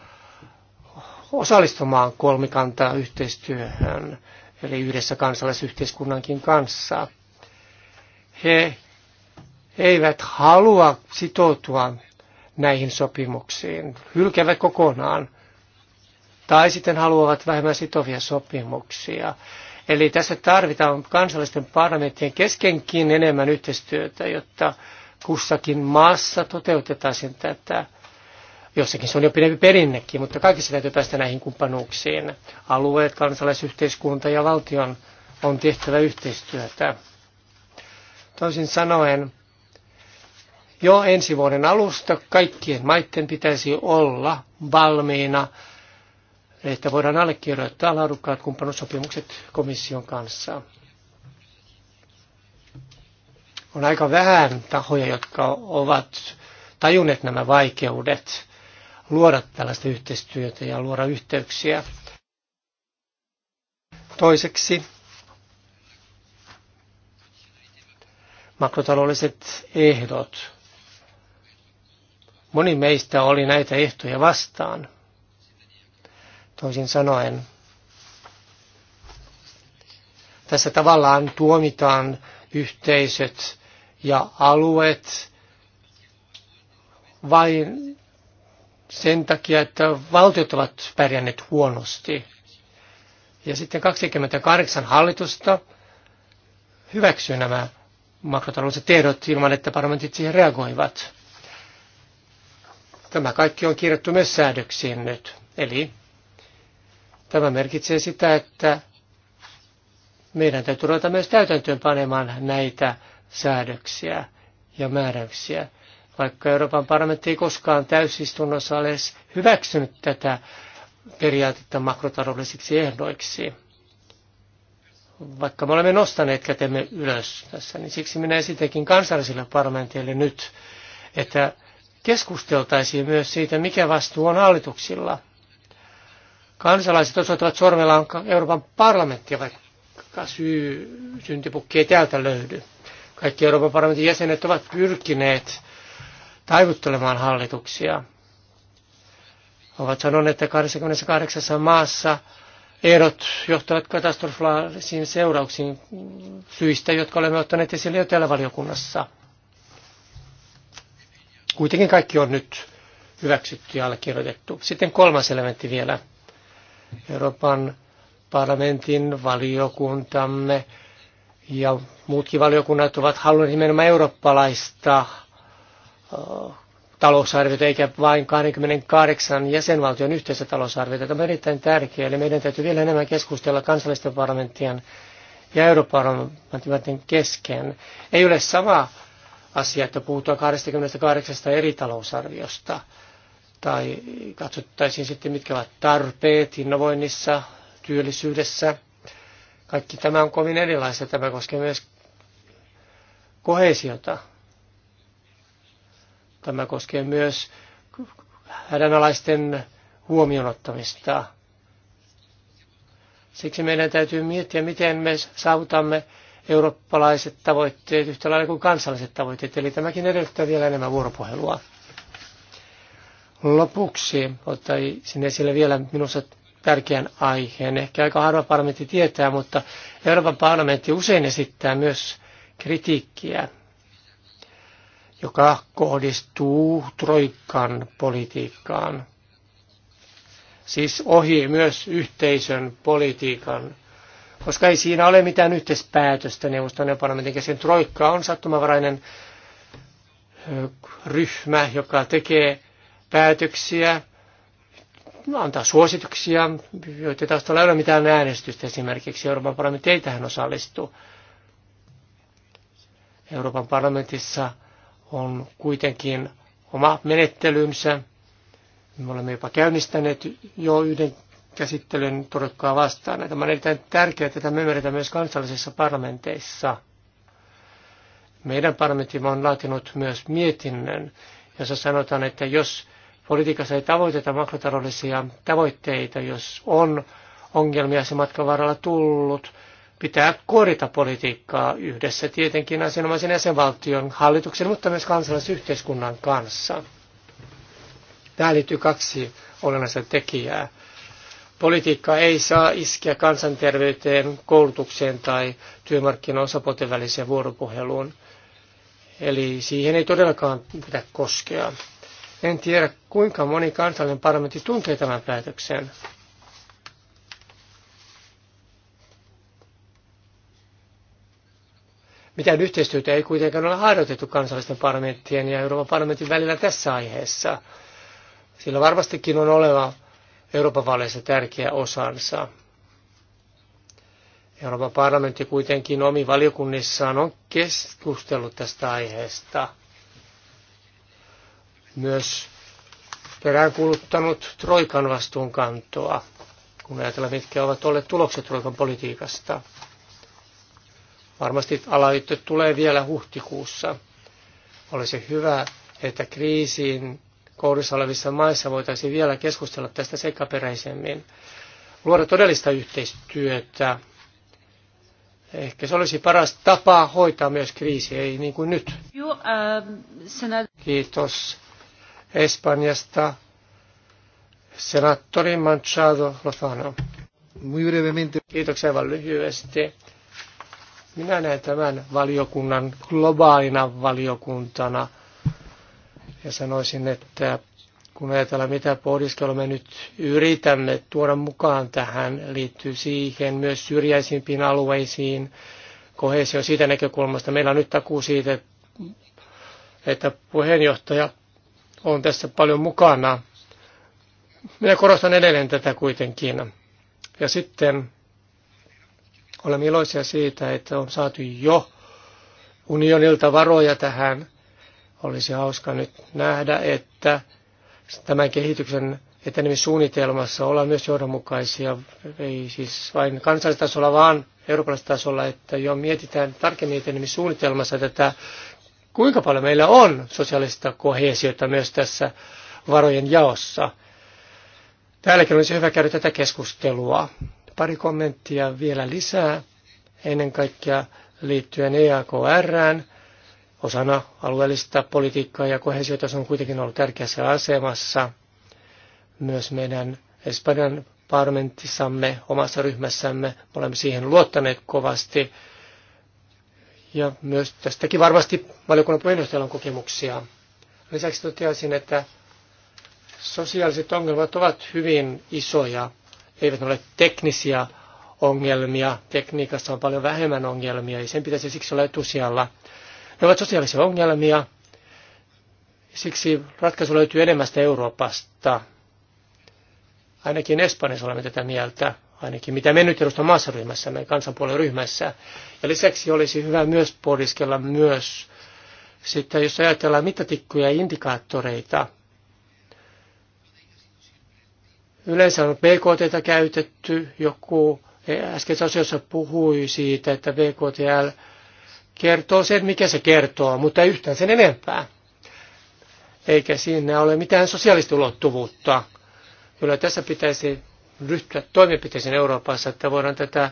osallistumaan kolmikantaa yhteistyöhön, eli yhdessä kansalaisyhteiskunnankin kanssa. He eivät halua sitoutua näihin sopimuksiin, hylkäävät kokonaan, tai sitten haluavat vähemmän sitovia sopimuksia. Eli tässä tarvitaan kansallisten parlamenttien keskenkin enemmän yhteistyötä, jotta kussakin maassa toteutetaan tätä. Jossakin se on jo pidempi perinnekin, mutta kaikissa täytyy päästä näihin kumppanuuksiin. Alueet, kansalaisyhteiskunta ja valtion on tehtävä yhteistyötä. Toisin sanoen, jo ensi vuoden alusta kaikkien maiden pitäisi olla valmiina, että voidaan allekirjoittaa laadukkaat kumppanuussopimukset komission kanssa. On aika vähän tahoja, jotka ovat tajunneet nämä vaikeudet luoda tällaista yhteistyötä ja luoda yhteyksiä. Toiseksi makrotaloudelliset ehdot. Moni meistä oli näitä ehtoja vastaan. Toisin sanoen, tässä tavallaan tuomitaan yhteisöt ja alueet vain sen takia, että valtiot ovat pärjänneet huonosti. Ja sitten 28 hallitusta hyväksyy nämä makrotaloudelliset tiedot ilman, että parlamentit siihen reagoivat. Tämä kaikki on kirjattu myös säädöksiin nyt. Eli tämä merkitsee sitä, että meidän täytyy ruveta myös täytäntöön panemaan näitä säädöksiä ja määräyksiä vaikka Euroopan parlamentti ei koskaan täysistunnossa ole edes hyväksynyt tätä periaatetta makrotaloudellisiksi ehdoiksi. Vaikka me olemme nostaneet kätemme ylös tässä, niin siksi minä esitänkin kansallisille parlamenteille nyt, että keskusteltaisiin myös siitä, mikä vastuu on hallituksilla. Kansalaiset osoittavat sormellaan Euroopan parlamenttia, vaikka syy syntipukki ei täältä löydy. Kaikki Euroopan parlamentin jäsenet ovat pyrkineet taivuttelemaan hallituksia. Ovat sanoneet, että 28 maassa erot johtavat katastrofaalisiin seurauksiin syistä, jotka olemme ottaneet esille jo täällä valiokunnassa. Kuitenkin kaikki on nyt hyväksytty ja allekirjoitettu. Sitten kolmas elementti vielä. Euroopan parlamentin valiokuntamme ja muutkin valiokunnat ovat halunneet nimenomaan eurooppalaista talousarviota, eikä vain 28 jäsenvaltion yhteistä talousarviota. Tämä on erittäin tärkeää, eli meidän täytyy vielä enemmän keskustella kansallisten parlamenttien ja europarlamentin kesken. Ei ole sama asia, että puhutaan 28 eri talousarviosta, tai katsottaisiin sitten, mitkä ovat tarpeet innovoinnissa, työllisyydessä. Kaikki tämä on kovin erilaista. Tämä koskee myös kohesiota Tämä koskee myös hädänalaisten huomionottamista. Siksi meidän täytyy miettiä, miten me saavutamme eurooppalaiset tavoitteet yhtä lailla kuin kansalliset tavoitteet. Eli tämäkin edellyttää vielä enemmän vuoropuhelua. Lopuksi ottaisin esille vielä minusta tärkeän aiheen. Ehkä aika harva parlamentti tietää, mutta Euroopan parlamentti usein esittää myös kritiikkiä joka kohdistuu troikan politiikkaan. Siis ohi myös yhteisön politiikan, koska ei siinä ole mitään yhteispäätöstä neuvoston ja parlamentin kesken. Troikka on sattumavarainen ryhmä, joka tekee päätöksiä, antaa suosituksia, joita taas ei ole mitään äänestystä esimerkiksi. Euroopan parlamentti ei tähän osallistu. Euroopan parlamentissa on kuitenkin oma menettelynsä. Me olemme jopa käynnistäneet jo yhden käsittelyn todekkaa vastaan. Tämä on erittäin tärkeää, että tämä ymmärretään myös kansallisissa parlamenteissa. Meidän parlamenttimme on laatinut myös mietinnön, jossa sanotaan, että jos politiikassa ei tavoiteta makrotaloudellisia tavoitteita, jos on ongelmia se matkan varrella tullut, pitää korita politiikkaa yhdessä tietenkin asianomaisen jäsenvaltion hallituksen, mutta myös kansalaisyhteiskunnan kanssa. Tähän liittyy kaksi olennaista tekijää. Politiikka ei saa iskeä kansanterveyteen, koulutukseen tai osapuolten väliseen vuoropuheluun. Eli siihen ei todellakaan pidä koskea. En tiedä, kuinka moni kansallinen parlamentti tuntee tämän päätöksen. Mitään yhteistyötä ei kuitenkaan ole harjoitettu kansallisten parlamenttien ja Euroopan parlamentin välillä tässä aiheessa. Sillä varmastikin on oleva Euroopan vaaleissa tärkeä osansa. Euroopan parlamentti kuitenkin omi valiokunnissaan on keskustellut tästä aiheesta. Myös peräänkuuluttanut Troikan vastuunkantoa, kun ajatellaan, mitkä ovat olleet tulokset Troikan politiikasta. Varmasti aloite tulee vielä huhtikuussa. Olisi hyvä, että kriisiin koulussa olevissa maissa voitaisiin vielä keskustella tästä sekaperäisemmin. Luoda todellista yhteistyötä. Ehkä se olisi paras tapa hoitaa myös kriisi, ei niin kuin nyt. Um, Kiitos Espanjasta. Senaattori Manchado Lozano. Kiitoksia vain lyhyesti. Minä näen tämän valiokunnan globaalina valiokuntana ja sanoisin, että kun ajatellaan mitä pohdiskelua me nyt yritämme tuoda mukaan tähän, liittyy siihen myös syrjäisimpiin alueisiin, kohesio siitä näkökulmasta. Meillä on nyt takuu siitä, että puheenjohtaja on tässä paljon mukana. Minä korostan edelleen tätä kuitenkin. Ja sitten Olemme iloisia siitä, että on saatu jo unionilta varoja tähän. Olisi hauska nyt nähdä, että tämän kehityksen etenemissuunnitelmassa ollaan myös johdonmukaisia, ei siis vain kansallistasolla, vaan eurooppalaisella tasolla, että jo mietitään tarkemmin etenemissuunnitelmassa tätä, kuinka paljon meillä on sosiaalista kohesiota myös tässä varojen jaossa. Täälläkin olisi hyvä käydä tätä keskustelua. Pari kommenttia vielä lisää, ennen kaikkea liittyen EAKRään. Osana alueellista politiikkaa ja kohesiota, on kuitenkin ollut tärkeässä asemassa. Myös meidän Espanjan parlamentissamme, omassa ryhmässämme, olemme siihen luottaneet kovasti. Ja myös tästäkin varmasti valiokunnan puheenjohtajalla on kokemuksia. Lisäksi toteaisin, että sosiaaliset ongelmat ovat hyvin isoja eivät ole teknisiä ongelmia. Tekniikassa on paljon vähemmän ongelmia ja sen pitäisi siksi olla etusijalla. Ne ovat sosiaalisia ongelmia. Siksi ratkaisu löytyy enemmästä Euroopasta. Ainakin Espanjassa olemme tätä mieltä, ainakin mitä me nyt edustamme maassa meidän kansanpuolen ryhmässä. Ja lisäksi olisi hyvä myös pohdiskella myös sitten jos ajatellaan mittatikkuja ja indikaattoreita, Yleensä on BKT käytetty, joku äskeisessä osiossa puhui siitä, että BKTL kertoo sen, mikä se kertoo, mutta ei yhtään sen enempää. Eikä siinä ole mitään sosiaalista ulottuvuutta. Kyllä tässä pitäisi ryhtyä toimenpiteisiin Euroopassa, että voidaan tätä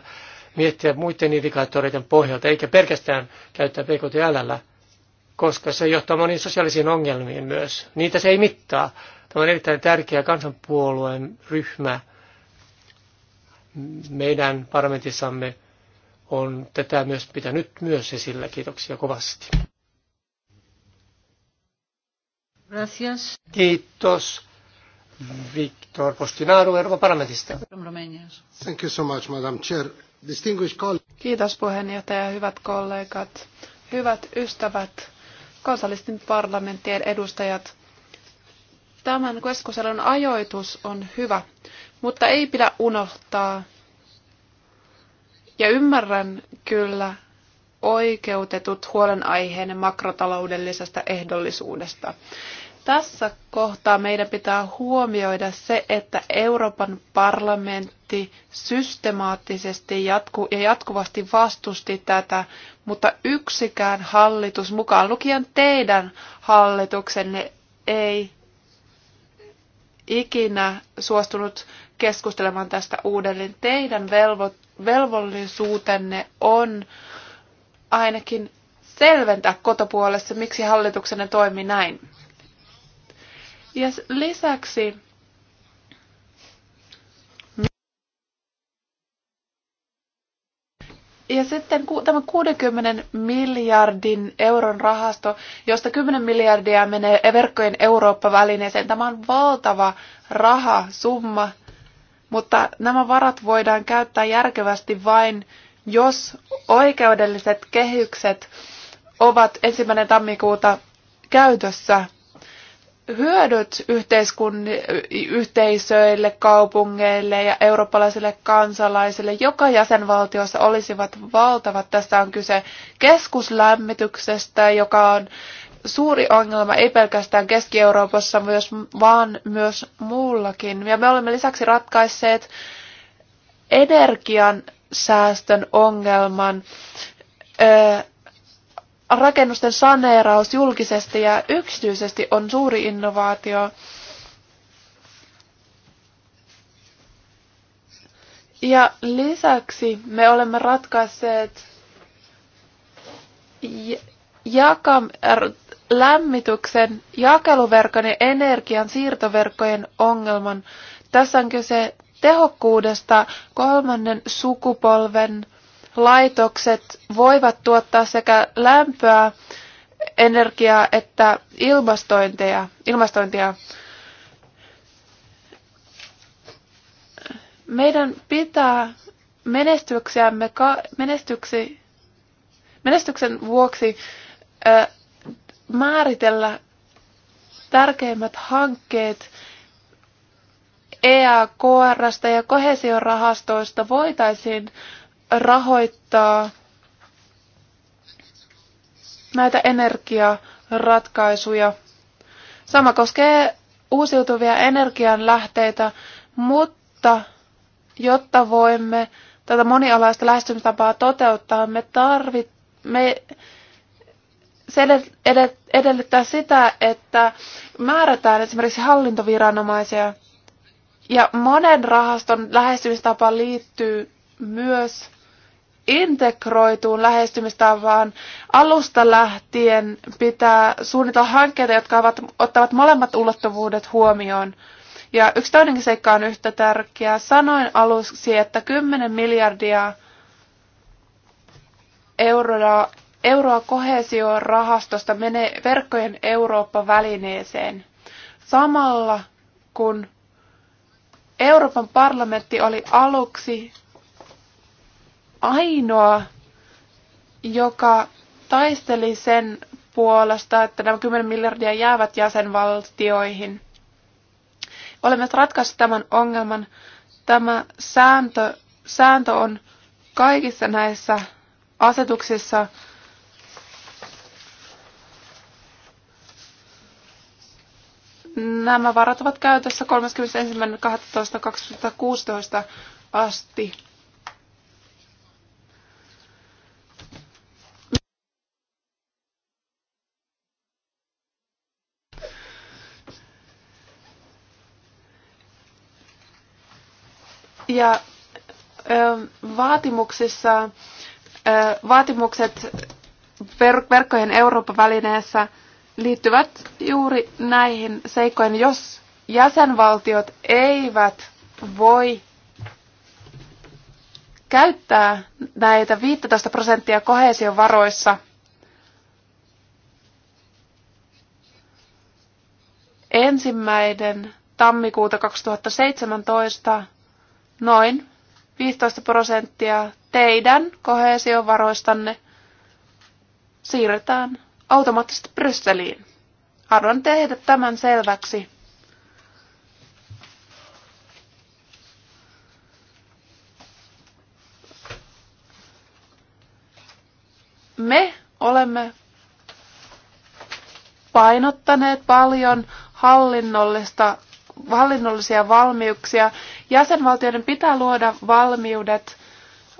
miettiä muiden indikaattoreiden pohjalta, eikä pelkästään käyttää BKTL koska se johtaa moniin sosiaalisiin ongelmiin myös. Niitä se ei mittaa. Tämä on erittäin tärkeä kansanpuolueen ryhmä. Meidän parlamentissamme on tätä myös pitänyt myös esillä. Kiitoksia kovasti. Gracias. Kiitos. Victor Postinaru, Euroopan parlamentista. Thank you so much, Madam Chair. Distinguished colleagues. Kiitos puheenjohtaja, hyvät kollegat, hyvät ystävät kansallisten parlamenttien edustajat. Tämän keskustelun ajoitus on hyvä, mutta ei pidä unohtaa. Ja ymmärrän kyllä oikeutetut huolenaiheenne makrotaloudellisesta ehdollisuudesta. Tässä kohtaa meidän pitää huomioida se, että Euroopan parlamentti systemaattisesti jatku- ja jatkuvasti vastusti tätä, mutta yksikään hallitus, mukaan lukien teidän hallituksenne, ei ikinä suostunut keskustelemaan tästä uudelleen. Teidän velvo- velvollisuutenne on ainakin selventää kotopuolessa, miksi hallituksenne toimi näin. Ja lisäksi Ja sitten tämä 60 miljardin euron rahasto, josta 10 miljardia menee verkkojen Eurooppa-välineeseen. Tämä on valtava rahasumma, mutta nämä varat voidaan käyttää järkevästi vain, jos oikeudelliset kehykset ovat ensimmäinen tammikuuta käytössä hyödyt yhteisöille, kaupungeille ja eurooppalaisille kansalaisille joka jäsenvaltiossa olisivat valtavat. Tässä on kyse keskuslämmityksestä, joka on suuri ongelma ei pelkästään Keski-Euroopassa, myös, vaan myös muullakin. Ja me olemme lisäksi ratkaisseet energian säästön ongelman. Öö, rakennusten saneeraus julkisesti ja yksityisesti on suuri innovaatio. Ja lisäksi me olemme ratkaisseet jakam, er- lämmityksen, jakeluverkon ja energian siirtoverkkojen ongelman. Tässä on kyse tehokkuudesta kolmannen sukupolven laitokset voivat tuottaa sekä lämpöä, energiaa että ilmastointeja, ilmastointia. Meidän pitää menestyksiämme, menestyksi, menestyksen vuoksi ö, määritellä tärkeimmät hankkeet EAKRstä ja kohesiorahastoista voitaisiin rahoittaa näitä energiaratkaisuja. Sama koskee uusiutuvia energianlähteitä, mutta jotta voimme tätä monialaista lähestymistapaa toteuttaa, me, tarvit, me se edellyttää sitä, että määrätään esimerkiksi hallintoviranomaisia. Ja monen rahaston lähestymistapa liittyy myös integroituun lähestymistavaan. Alusta lähtien pitää suunnitella hankkeita, jotka ovat, ottavat molemmat ulottuvuudet huomioon. Ja yksi toinenkin seikka on yhtä tärkeä. Sanoin aluksi, että 10 miljardia euroa, euroa rahastosta menee verkkojen Eurooppa-välineeseen. Samalla kun Euroopan parlamentti oli aluksi ainoa, joka taisteli sen puolesta, että nämä 10 miljardia jäävät jäsenvaltioihin. Olemme ratkaisseet tämän ongelman. Tämä sääntö, sääntö on kaikissa näissä asetuksissa Nämä varat ovat käytössä 31.12.2016 asti. Ja vaatimuksissa, vaatimukset verkkojen Euroopan välineessä liittyvät juuri näihin seikkoihin, jos jäsenvaltiot eivät voi käyttää näitä 15 prosenttia kohesiovaroissa, ensimmäinen tammikuuta 2017 noin 15 prosenttia teidän kohesiovaroistanne siirretään automaattisesti Brysseliin. Haluan tehdä tämän selväksi. Me olemme painottaneet paljon hallinnollista hallinnollisia valmiuksia. Jäsenvaltioiden pitää luoda valmiudet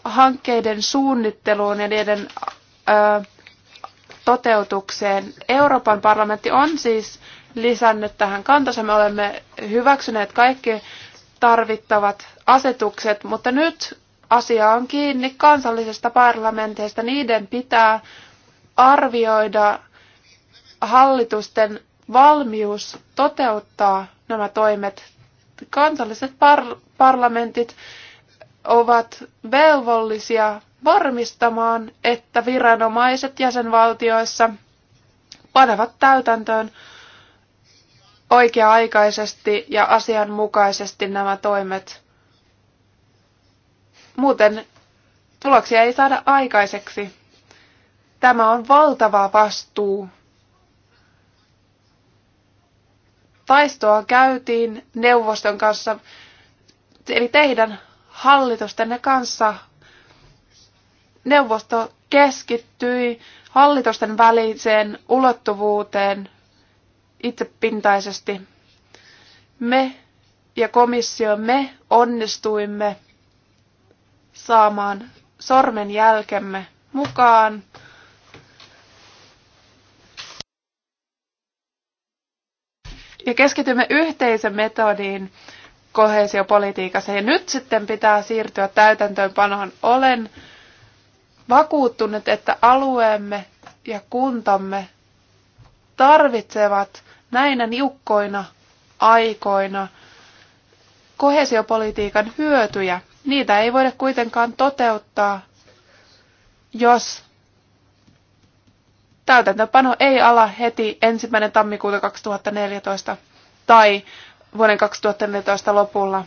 hankkeiden suunnitteluun ja niiden ö, toteutukseen. Euroopan parlamentti on siis lisännyt tähän kantansa. Me olemme hyväksyneet kaikki tarvittavat asetukset, mutta nyt asia on kiinni kansallisesta parlamenteista. Niiden pitää arvioida hallitusten valmius toteuttaa nämä toimet. Kansalliset par- parlamentit ovat velvollisia varmistamaan, että viranomaiset jäsenvaltioissa panevat täytäntöön oikea-aikaisesti ja asianmukaisesti nämä toimet. Muuten tuloksia ei saada aikaiseksi. Tämä on valtava vastuu taistoa käytiin neuvoston kanssa, eli teidän hallitustenne kanssa. Neuvosto keskittyi hallitusten väliseen ulottuvuuteen itsepintaisesti. Me ja komissio, me onnistuimme saamaan sormen jälkemme mukaan ja keskitymme yhteisen metodiin kohesiopolitiikassa. Ja nyt sitten pitää siirtyä täytäntöönpanoon. Olen vakuuttunut, että alueemme ja kuntamme tarvitsevat näinä niukkoina aikoina kohesiopolitiikan hyötyjä. Niitä ei voida kuitenkaan toteuttaa, jos täytäntöpano ei ala heti ensimmäinen tammikuuta 2014 tai vuoden 2014 lopulla.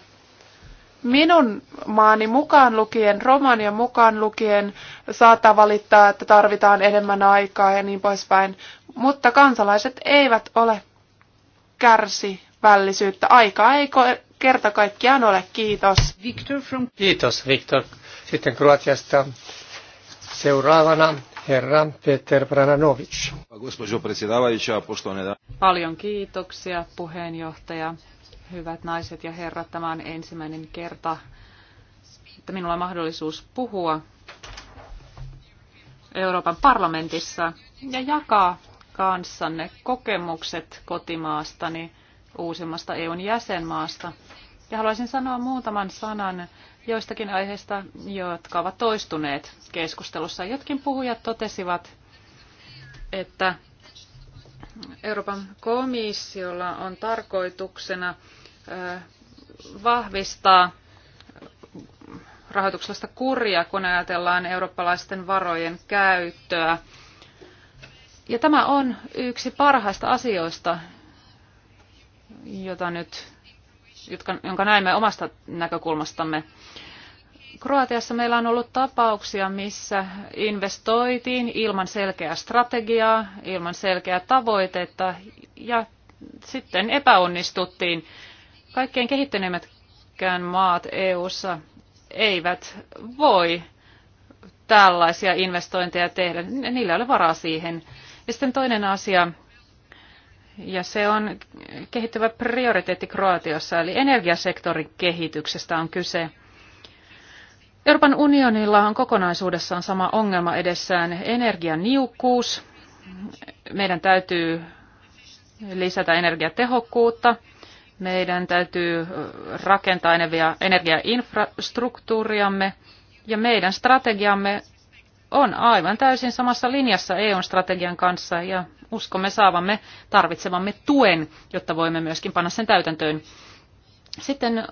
Minun maani mukaan lukien, Romania mukaan lukien, saattaa valittaa, että tarvitaan enemmän aikaa ja niin poispäin, mutta kansalaiset eivät ole kärsivällisyyttä. Aikaa ei kerta kaikkiaan ole. Kiitos. Victor from... Kiitos, Viktor. Sitten Kroatiasta seuraavana herra Peter Brananovic. Paljon kiitoksia puheenjohtaja. Hyvät naiset ja herrat, tämä on ensimmäinen kerta, että minulla on mahdollisuus puhua Euroopan parlamentissa ja jakaa kanssanne kokemukset kotimaastani, uusimmasta EUn jäsenmaasta. Ja haluaisin sanoa muutaman sanan joistakin aiheista, jotka ovat toistuneet keskustelussa. Jotkin puhujat totesivat, että Euroopan komissiolla on tarkoituksena vahvistaa rahoituksesta kuria, kun ajatellaan eurooppalaisten varojen käyttöä. Ja tämä on yksi parhaista asioista, jota nyt jotka, jonka näemme omasta näkökulmastamme. Kroatiassa meillä on ollut tapauksia, missä investoitiin ilman selkeää strategiaa, ilman selkeää tavoitetta ja sitten epäonnistuttiin. Kaikkein kehittyneimmätkään maat EU:ssa eivät voi tällaisia investointeja tehdä. Niillä ei ole varaa siihen. Ja sitten toinen asia, ja se on kehittyvä prioriteetti Kroatiassa, eli energiasektorin kehityksestä on kyse. Euroopan unionilla on kokonaisuudessaan sama ongelma edessään, niukkuus. Meidän täytyy lisätä energiatehokkuutta, meidän täytyy rakentaa energiainfrastruktuuriamme ja meidän strategiamme on aivan täysin samassa linjassa EUn strategian kanssa ja uskomme saavamme tarvitsemamme tuen, jotta voimme myöskin panna sen täytäntöön. Sitten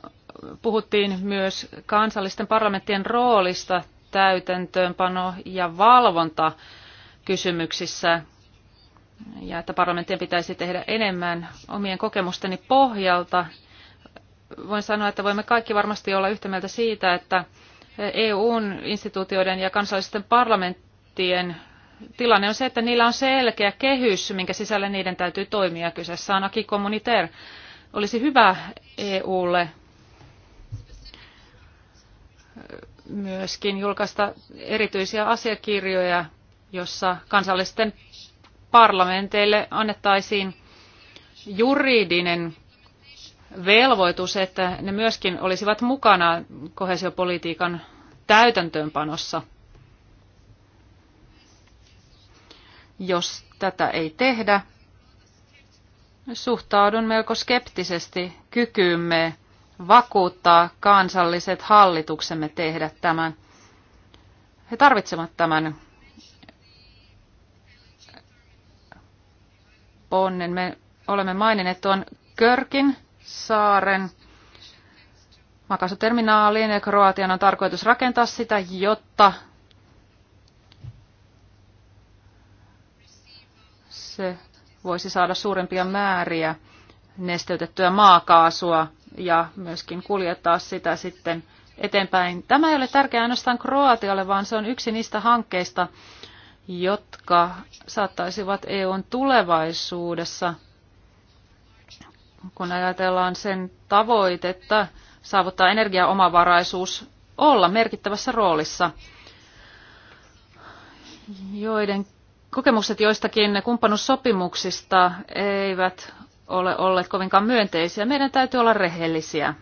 puhuttiin myös kansallisten parlamenttien roolista täytäntöönpano- ja kysymyksissä ja että parlamenttien pitäisi tehdä enemmän omien kokemusteni pohjalta. Voin sanoa, että voimme kaikki varmasti olla yhtä mieltä siitä, että EUn instituutioiden ja kansallisten parlamenttien tilanne on se, että niillä on selkeä kehys, minkä sisällä niiden täytyy toimia. Kyseessä on aki communitaire. Olisi hyvä EUlle myöskin julkaista erityisiä asiakirjoja, jossa kansallisten parlamenteille annettaisiin juridinen velvoitus, että ne myöskin olisivat mukana kohesiopolitiikan täytäntöönpanossa – Jos tätä ei tehdä, suhtaudun melko skeptisesti kykyymme vakuuttaa kansalliset hallituksemme tehdä tämän. He tarvitsevat tämän ponnen. Me olemme maininneet tuon Körkin saaren makasuterminaaliin ja Kroatian on tarkoitus rakentaa sitä, jotta se voisi saada suurempia määriä nesteytettyä maakaasua ja myöskin kuljettaa sitä sitten eteenpäin. Tämä ei ole tärkeää ainoastaan Kroatialle, vaan se on yksi niistä hankkeista, jotka saattaisivat EUn tulevaisuudessa, kun ajatellaan sen tavoitetta saavuttaa energiaomavaraisuus, olla merkittävässä roolissa. Joiden kokemukset joistakin kumppanussopimuksista eivät ole olleet kovinkaan myönteisiä. Meidän täytyy olla rehellisiä.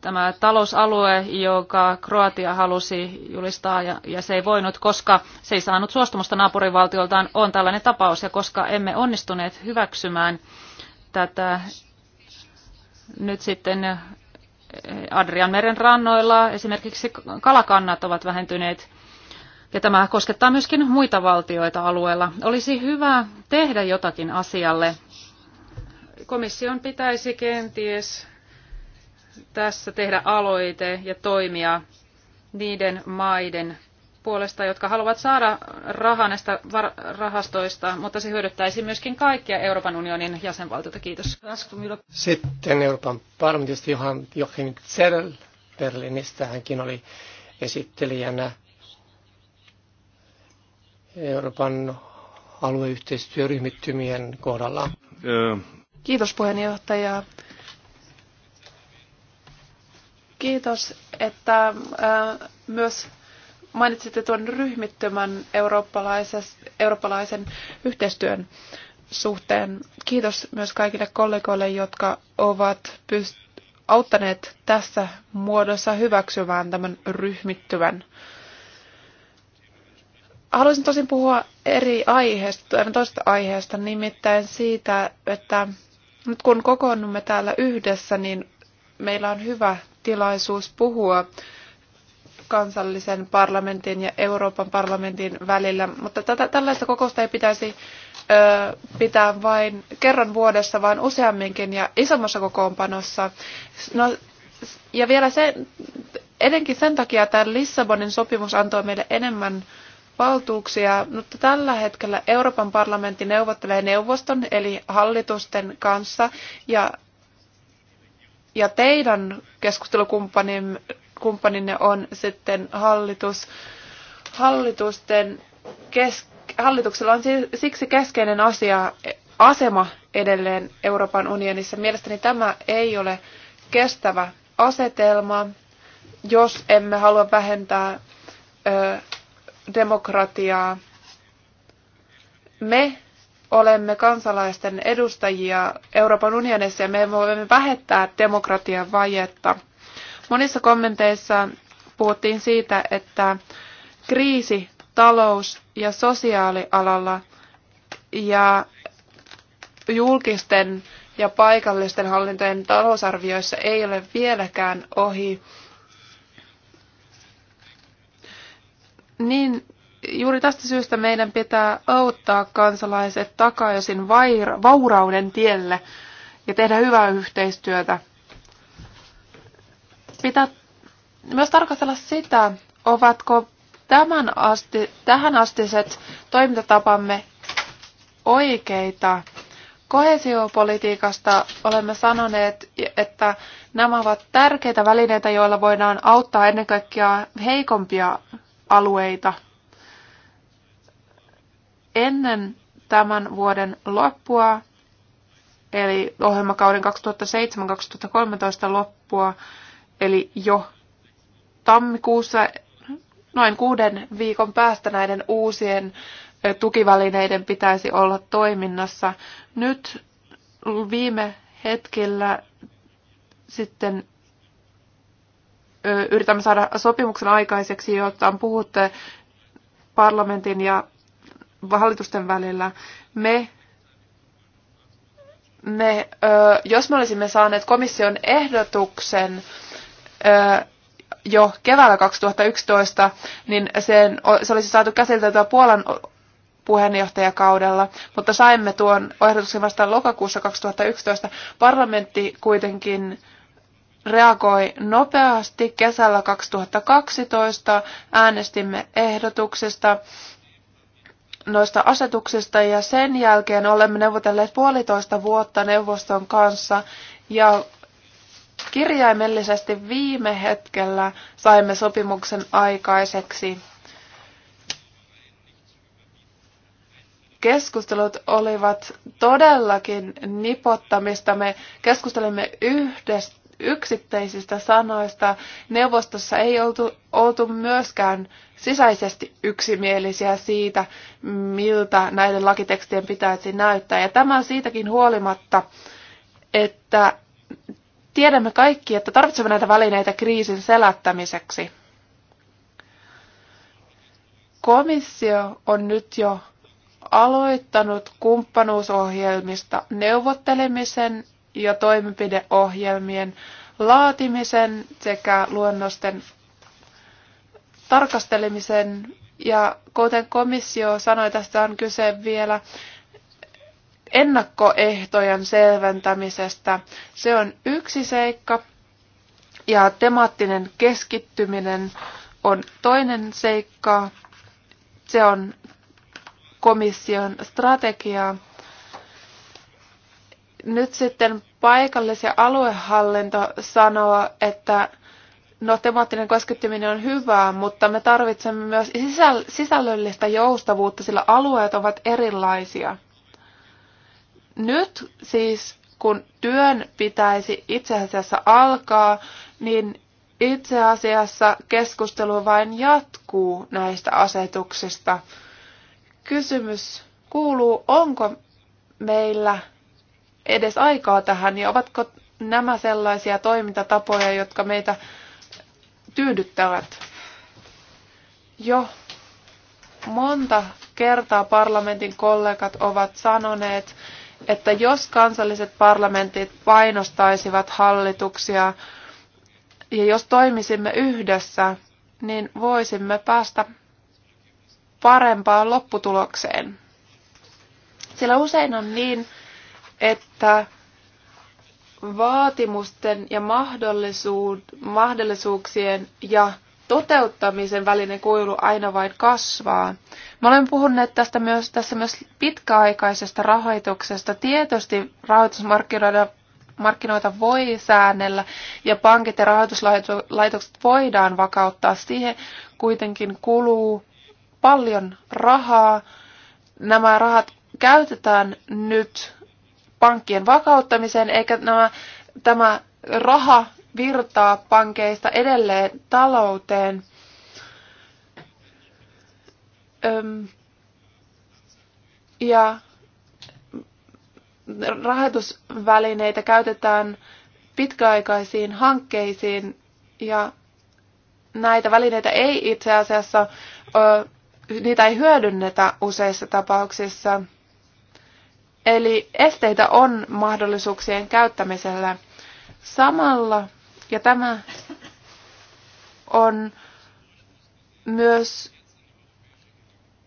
Tämä talousalue, joka Kroatia halusi julistaa ja, ja se ei voinut, koska se ei saanut suostumusta naapurivaltioltaan, on tällainen tapaus. Ja koska emme onnistuneet hyväksymään tätä nyt sitten Adrianmeren rannoilla esimerkiksi kalakannat ovat vähentyneet ja tämä koskettaa myöskin muita valtioita alueella. Olisi hyvä tehdä jotakin asialle. Komission pitäisi kenties tässä tehdä aloite ja toimia niiden maiden puolesta, jotka haluavat saada rahaa näistä rahastoista, mutta se hyödyttäisi myöskin kaikkia Euroopan unionin jäsenvaltioita. Kiitos. Sitten Euroopan parlamentista Johan Joachim Zerl Berliinistä. Hänkin oli esittelijänä Euroopan alueyhteistyöryhmittymien kohdalla. Kiitos puheenjohtaja. Kiitos, että äh, myös mainitsitte tuon ryhmittömän eurooppalaisen yhteistyön suhteen. Kiitos myös kaikille kollegoille, jotka ovat pyst- auttaneet tässä muodossa hyväksymään tämän ryhmittyvän. Haluaisin tosin puhua eri aiheesta, toista aiheesta, nimittäin siitä, että nyt kun kokoonnumme täällä yhdessä, niin meillä on hyvä tilaisuus puhua kansallisen parlamentin ja Euroopan parlamentin välillä, mutta tätä, tällaista kokousta ei pitäisi ö, pitää vain kerran vuodessa, vaan useamminkin ja isommassa kokoonpanossa. No, ja vielä se, etenkin sen takia tämä Lissabonin sopimus antoi meille enemmän valtuuksia, mutta tällä hetkellä Euroopan parlamentti neuvottelee neuvoston eli hallitusten kanssa ja ja teidän keskustelukumppanin, kumppaninne on sitten hallitus. Hallitusten kesk- hallituksella on siksi keskeinen asia, asema edelleen Euroopan unionissa. Mielestäni tämä ei ole kestävä asetelma, jos emme halua vähentää ö, demokratiaa. Me olemme kansalaisten edustajia Euroopan unionissa ja me voimme vähettää demokratian vajetta – Monissa kommenteissa puhuttiin siitä, että kriisi talous- ja sosiaalialalla ja julkisten ja paikallisten hallintojen talousarvioissa ei ole vieläkään ohi. Niin juuri tästä syystä meidän pitää auttaa kansalaiset takaisin vaurauden tielle ja tehdä hyvää yhteistyötä pitää myös tarkastella sitä, ovatko tämän asti, tähän astiset toimintatapamme oikeita. Kohesiopolitiikasta olemme sanoneet, että nämä ovat tärkeitä välineitä, joilla voidaan auttaa ennen kaikkea heikompia alueita. Ennen tämän vuoden loppua, eli ohjelmakauden 2007-2013 loppua, Eli jo tammikuussa noin kuuden viikon päästä näiden uusien tukivälineiden pitäisi olla toiminnassa. Nyt viime hetkellä sitten yritämme saada sopimuksen aikaiseksi, jotta on puhutte parlamentin ja hallitusten välillä. Me, me, jos me olisimme saaneet komission ehdotuksen, jo keväällä 2011, niin sen, se olisi saatu käsiteltyä Puolan puheenjohtajakaudella, mutta saimme tuon ehdotuksen vasta lokakuussa 2011. Parlamentti kuitenkin reagoi nopeasti kesällä 2012, äänestimme ehdotuksesta noista asetuksista ja sen jälkeen olemme neuvotelleet puolitoista vuotta neuvoston kanssa ja Kirjaimellisesti viime hetkellä saimme sopimuksen aikaiseksi. Keskustelut olivat todellakin nipottamista. Me keskustelimme yhdestä yksittäisistä sanoista. Neuvostossa ei oltu, oltu myöskään sisäisesti yksimielisiä siitä, miltä näiden lakitekstien pitäisi näyttää. Ja tämä siitäkin huolimatta, että Tiedämme kaikki, että tarvitsemme näitä välineitä kriisin selättämiseksi. Komissio on nyt jo aloittanut kumppanuusohjelmista neuvottelemisen ja toimenpideohjelmien laatimisen sekä luonnosten tarkastelemisen. Ja kuten komissio sanoi, tästä on kyse vielä ennakkoehtojen selventämisestä. Se on yksi seikka ja temaattinen keskittyminen on toinen seikka. Se on komission strategia Nyt sitten paikallis- ja aluehallinto sanoo, että no temaattinen keskittyminen on hyvää, mutta me tarvitsemme myös sisällöllistä joustavuutta, sillä alueet ovat erilaisia. Nyt siis kun työn pitäisi itse asiassa alkaa, niin itse asiassa keskustelu vain jatkuu näistä asetuksista. Kysymys kuuluu, onko meillä edes aikaa tähän ja ovatko nämä sellaisia toimintatapoja, jotka meitä tyydyttävät. Jo monta kertaa parlamentin kollegat ovat sanoneet, että jos kansalliset parlamentit painostaisivat hallituksia ja jos toimisimme yhdessä, niin voisimme päästä parempaan lopputulokseen. Sillä usein on niin, että vaatimusten ja mahdollisuuksien ja toteuttamisen välinen kuilu aina vain kasvaa. Me olemme puhuneet tästä myös, tässä myös pitkäaikaisesta rahoituksesta. Tietysti rahoitusmarkkinoiden markkinoita voi säännellä ja pankit ja rahoituslaitokset voidaan vakauttaa. Siihen kuitenkin kuluu paljon rahaa. Nämä rahat käytetään nyt pankkien vakauttamiseen, eikä nämä, tämä raha virtaa pankeista edelleen talouteen. Öm, ja rahoitusvälineitä käytetään pitkäaikaisiin hankkeisiin ja näitä välineitä ei itse asiassa, ö, niitä ei hyödynnetä useissa tapauksissa. Eli esteitä on mahdollisuuksien käyttämiselle. Samalla ja tämä on myös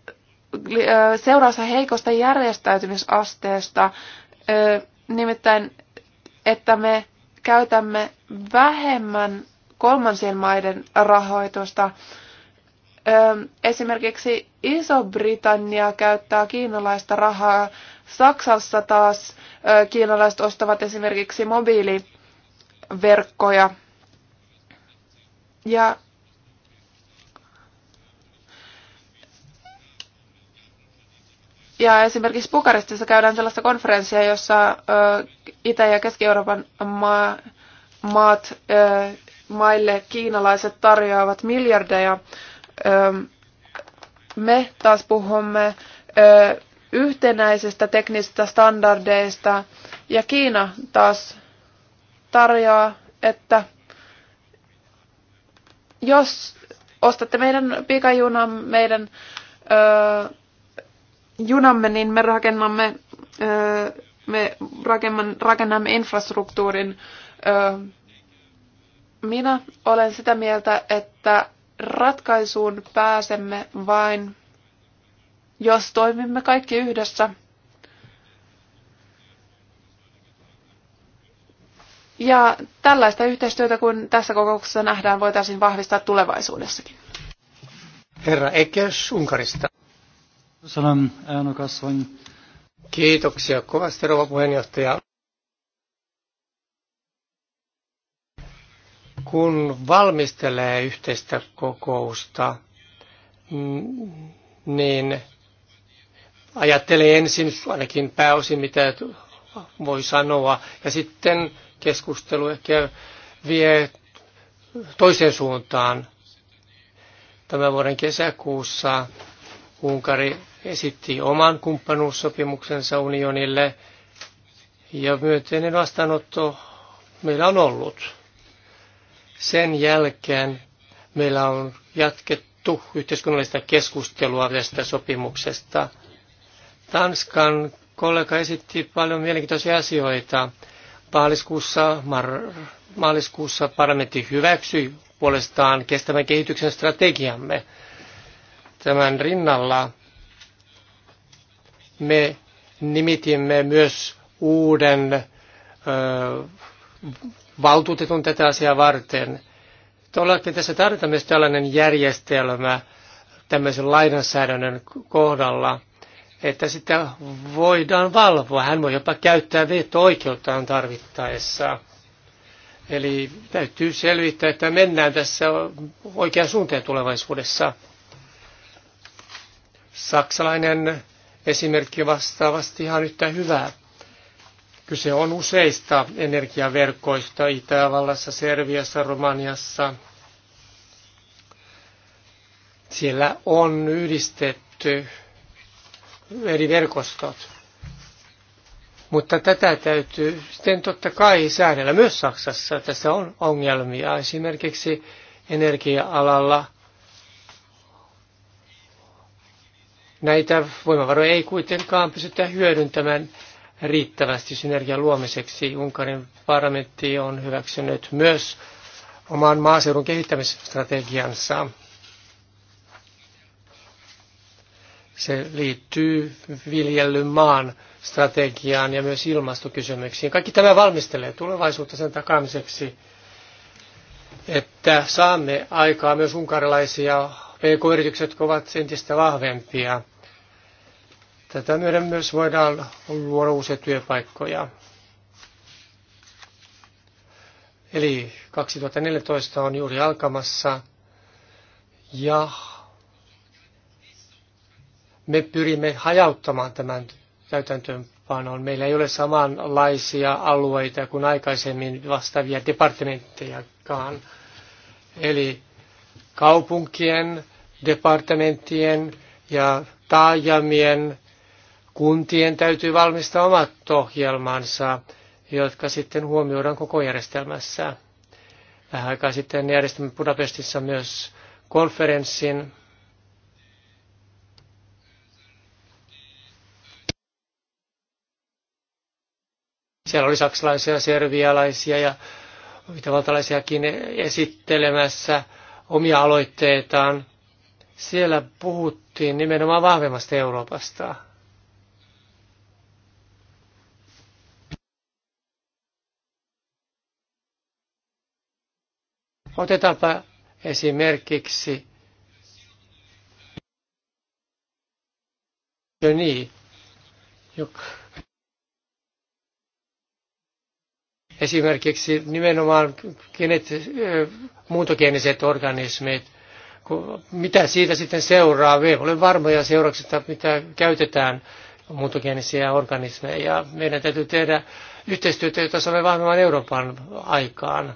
äh, seurausta heikosta järjestäytymisasteesta, äh, nimittäin että me käytämme vähemmän kolmansien maiden rahoitusta. Ähm, esimerkiksi Iso-Britannia käyttää kiinalaista rahaa. Saksassa taas äh, kiinalaiset ostavat esimerkiksi mobiili verkkoja. Ja Ja esimerkiksi Bukarestissa käydään sellaista konferenssia, jossa ö, Itä- ja Keski-Euroopan maa, maat, ö, maille kiinalaiset tarjoavat miljardeja. Ö, me taas puhumme ö, yhtenäisistä teknisistä standardeista ja Kiina taas tarjoaa, että jos ostatte meidän pikajunan, meidän ö, junamme, niin me rakennamme, ö, me rakennamme, rakennamme infrastruktuurin. Ö, minä olen sitä mieltä, että ratkaisuun pääsemme vain, jos toimimme kaikki yhdessä – Ja tällaista yhteistyötä, kun tässä kokouksessa nähdään, voitaisiin vahvistaa tulevaisuudessakin. Herra Ekes Unkarista. Salam, Kiitoksia kovasti, rouva puheenjohtaja. Kun valmistelee yhteistä kokousta, mm, niin ajattelee ensin ainakin pääosin, mitä voi sanoa, ja sitten keskustelu ehkä vie toiseen suuntaan. Tämän vuoden kesäkuussa Unkari esitti oman kumppanuussopimuksensa unionille ja myönteinen vastaanotto meillä on ollut. Sen jälkeen meillä on jatkettu yhteiskunnallista keskustelua tästä sopimuksesta. Tanskan kollega esitti paljon mielenkiintoisia asioita Maaliskuussa, mar- maaliskuussa parlamentti hyväksyi puolestaan kestävän kehityksen strategiamme. Tämän rinnalla me nimitimme myös uuden ö, valtuutetun tätä asiaa varten. Todellakin tässä tarvitaan myös tällainen järjestelmä tämmöisen lainsäädännön kohdalla – että sitä voidaan valvoa. Hän voi jopa käyttää veto-oikeuttaan tarvittaessa. Eli täytyy selvittää, että mennään tässä oikeaan suuntaan tulevaisuudessa. Saksalainen esimerkki vastaavasti ihan yhtä hyvää. Kyse on useista energiaverkoista Itävallassa, Serviassa, Romaniassa. Siellä on yhdistetty eri verkostot. Mutta tätä täytyy sitten totta kai säädellä. Myös Saksassa tässä on ongelmia. Esimerkiksi energia-alalla näitä voimavaroja ei kuitenkaan pystytä hyödyntämään riittävästi synergian luomiseksi. Unkarin parlamentti on hyväksynyt myös oman maaseudun kehittämisstrategiansa. Se liittyy viljellyn maan strategiaan ja myös ilmastokysymyksiin. Kaikki tämä valmistelee tulevaisuutta sen takaamiseksi, että saamme aikaa myös unkarilaisia PK-yritykset ovat entistä vahvempia. Tätä myöden myös voidaan luoda uusia työpaikkoja. Eli 2014 on juuri alkamassa ja me pyrimme hajauttamaan tämän täytäntöönpanon. Meillä ei ole samanlaisia alueita kuin aikaisemmin vastaavia departementtejakaan. Eli kaupunkien, departementtien ja taajamien kuntien täytyy valmistaa omat ohjelmansa, jotka sitten huomioidaan koko järjestelmässä. Vähän aikaa sitten järjestämme Budapestissa myös konferenssin Siellä oli saksalaisia, servialaisia ja itävaltalaisiakin esittelemässä omia aloitteitaan. Siellä puhuttiin nimenomaan vahvemmasta Euroopasta. Otetaanpa esimerkiksi Jöni, joka Esimerkiksi nimenomaan genet, muuntogeeniset organismit, mitä siitä sitten seuraa, me ei ole varmoja seurauksista, mitä käytetään muuntogeenisiä organismeja. Ja meidän täytyy tehdä yhteistyötä, jota saamme vahvemman Euroopan aikaan.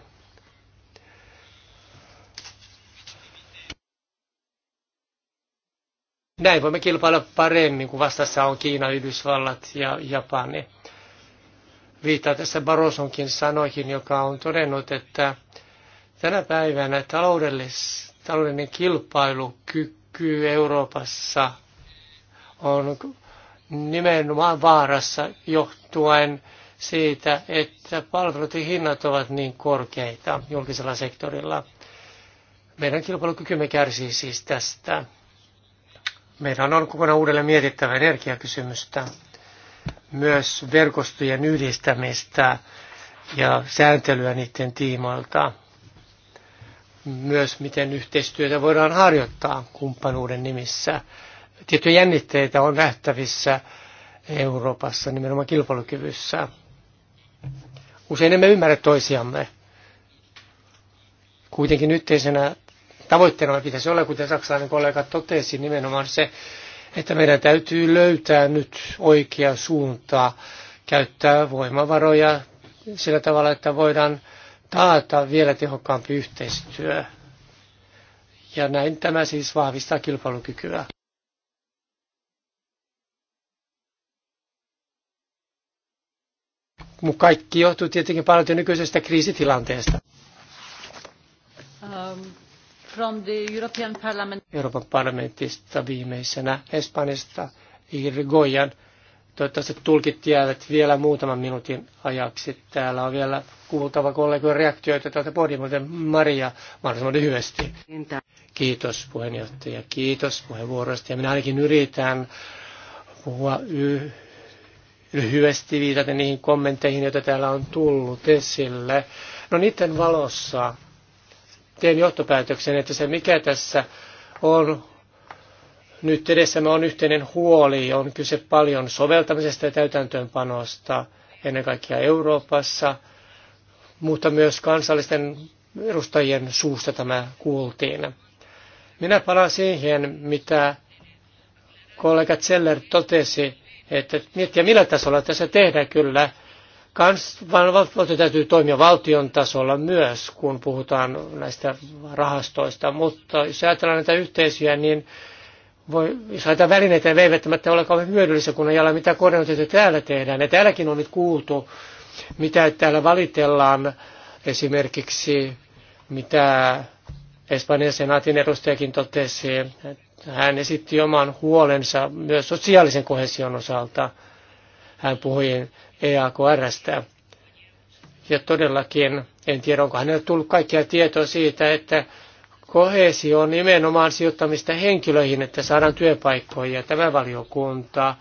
Näin voimme kilpailla paremmin, kun vastassa on Kiina, Yhdysvallat ja Japani. Viittaa tässä Barosonkin sanoihin, joka on todennut, että tänä päivänä taloudellinen kilpailukyky Euroopassa on nimenomaan vaarassa johtuen siitä, että palvelut ja hinnat ovat niin korkeita julkisella sektorilla. Meidän kilpailukykymme kärsii siis tästä. Meidän on kokonaan uudelleen mietittävä energiakysymystä myös verkostojen yhdistämistä ja sääntelyä niiden tiimoilta. Myös miten yhteistyötä voidaan harjoittaa kumppanuuden nimissä. Tiettyjä jännitteitä on nähtävissä Euroopassa, nimenomaan kilpailukyvyssä. Usein emme ymmärrä toisiamme. Kuitenkin yhteisenä tavoitteena pitäisi olla, kuten saksalainen kollega totesi, nimenomaan se, että meidän täytyy löytää nyt oikea suunta, käyttää voimavaroja sillä tavalla, että voidaan taata vielä tehokkaampi yhteistyö. Ja näin tämä siis vahvistaa kilpailukykyä. Mutta kaikki johtuu tietenkin paljon nykyisestä kriisitilanteesta. Um from the European Parliament. Euroopan parlamentista viimeisenä Espanjasta Irgoyan. Toivottavasti tulkit jäävät vielä muutaman minuutin ajaksi. Täällä on vielä kuultava kollegojen reaktioita tältä podiumilta. Maria, mahdollisimman lyhyesti. Kiitos puheenjohtaja, kiitos puheenvuorosta. Ja minä ainakin yritän puhua y- lyhyesti viitaten niihin kommentteihin, joita täällä on tullut esille. No niiden valossa teen johtopäätöksen, että se mikä tässä on nyt edessämme on yhteinen huoli. On kyse paljon soveltamisesta ja täytäntöönpanosta ennen kaikkea Euroopassa, mutta myös kansallisten edustajien suusta tämä kuultiin. Minä palaan siihen, mitä kollega Zeller totesi, että miettiä millä tasolla tässä tehdään kyllä Kans, valtio täytyy toimia valtion tasolla myös, kun puhutaan näistä rahastoista, mutta jos ajatellaan näitä yhteisöjä, niin voi, jos ajatellaan välineitä, ne eivät ole kauhean hyödyllisiä, kun ei ole mitään koordinointia täällä tehdään. Ja täälläkin on nyt kuultu, mitä täällä valitellaan esimerkiksi, mitä Espanjan senaatin edustajakin totesi, että hän esitti oman huolensa myös sosiaalisen kohesion osalta. Hän puhui EAKRstä. Ja todellakin, en tiedä onko hänelle tullut kaikkia tietoa siitä, että kohesi on nimenomaan sijoittamista henkilöihin, että saadaan työpaikkoja. Tämä valiokunta,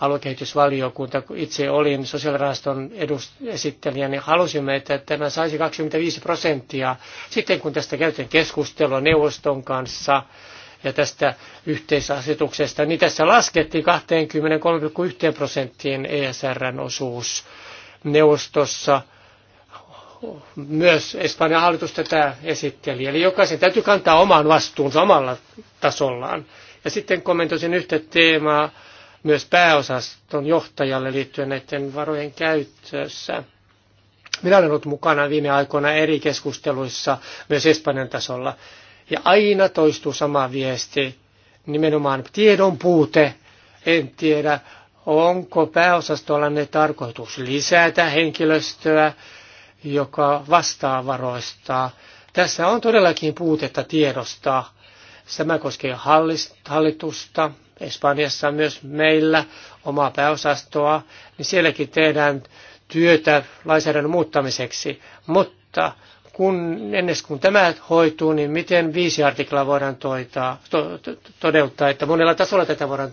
aluekehitysvaliokunta, kun itse olin sosiaalirahaston edust- esittelijä, niin halusimme, että tämä saisi 25 prosenttia. Sitten kun tästä käytiin keskustelua neuvoston kanssa, ja tästä yhteisasetuksesta, niin tässä laskettiin 23,1 prosenttiin ESRn osuus neuvostossa. Myös Espanjan hallitus tätä esitteli. Eli jokaisen täytyy kantaa oman vastuunsa omalla tasollaan. Ja sitten kommentoisin yhtä teemaa myös pääosaston johtajalle liittyen näiden varojen käytössä. Minä olen ollut mukana viime aikoina eri keskusteluissa myös Espanjan tasolla ja aina toistuu sama viesti, nimenomaan tiedon puute. En tiedä, onko pääosastolla ne tarkoitus lisätä henkilöstöä, joka vastaa varoista. Tässä on todellakin puutetta tiedosta. Tämä koskee hallitusta, Espanjassa myös meillä omaa pääosastoa, niin sielläkin tehdään työtä lainsäädännön muuttamiseksi. Mutta kun, ennen kuin tämä hoituu, niin miten viisi artiklaa voidaan toitaa, to, to, toteuttaa, että monella tasolla tätä voidaan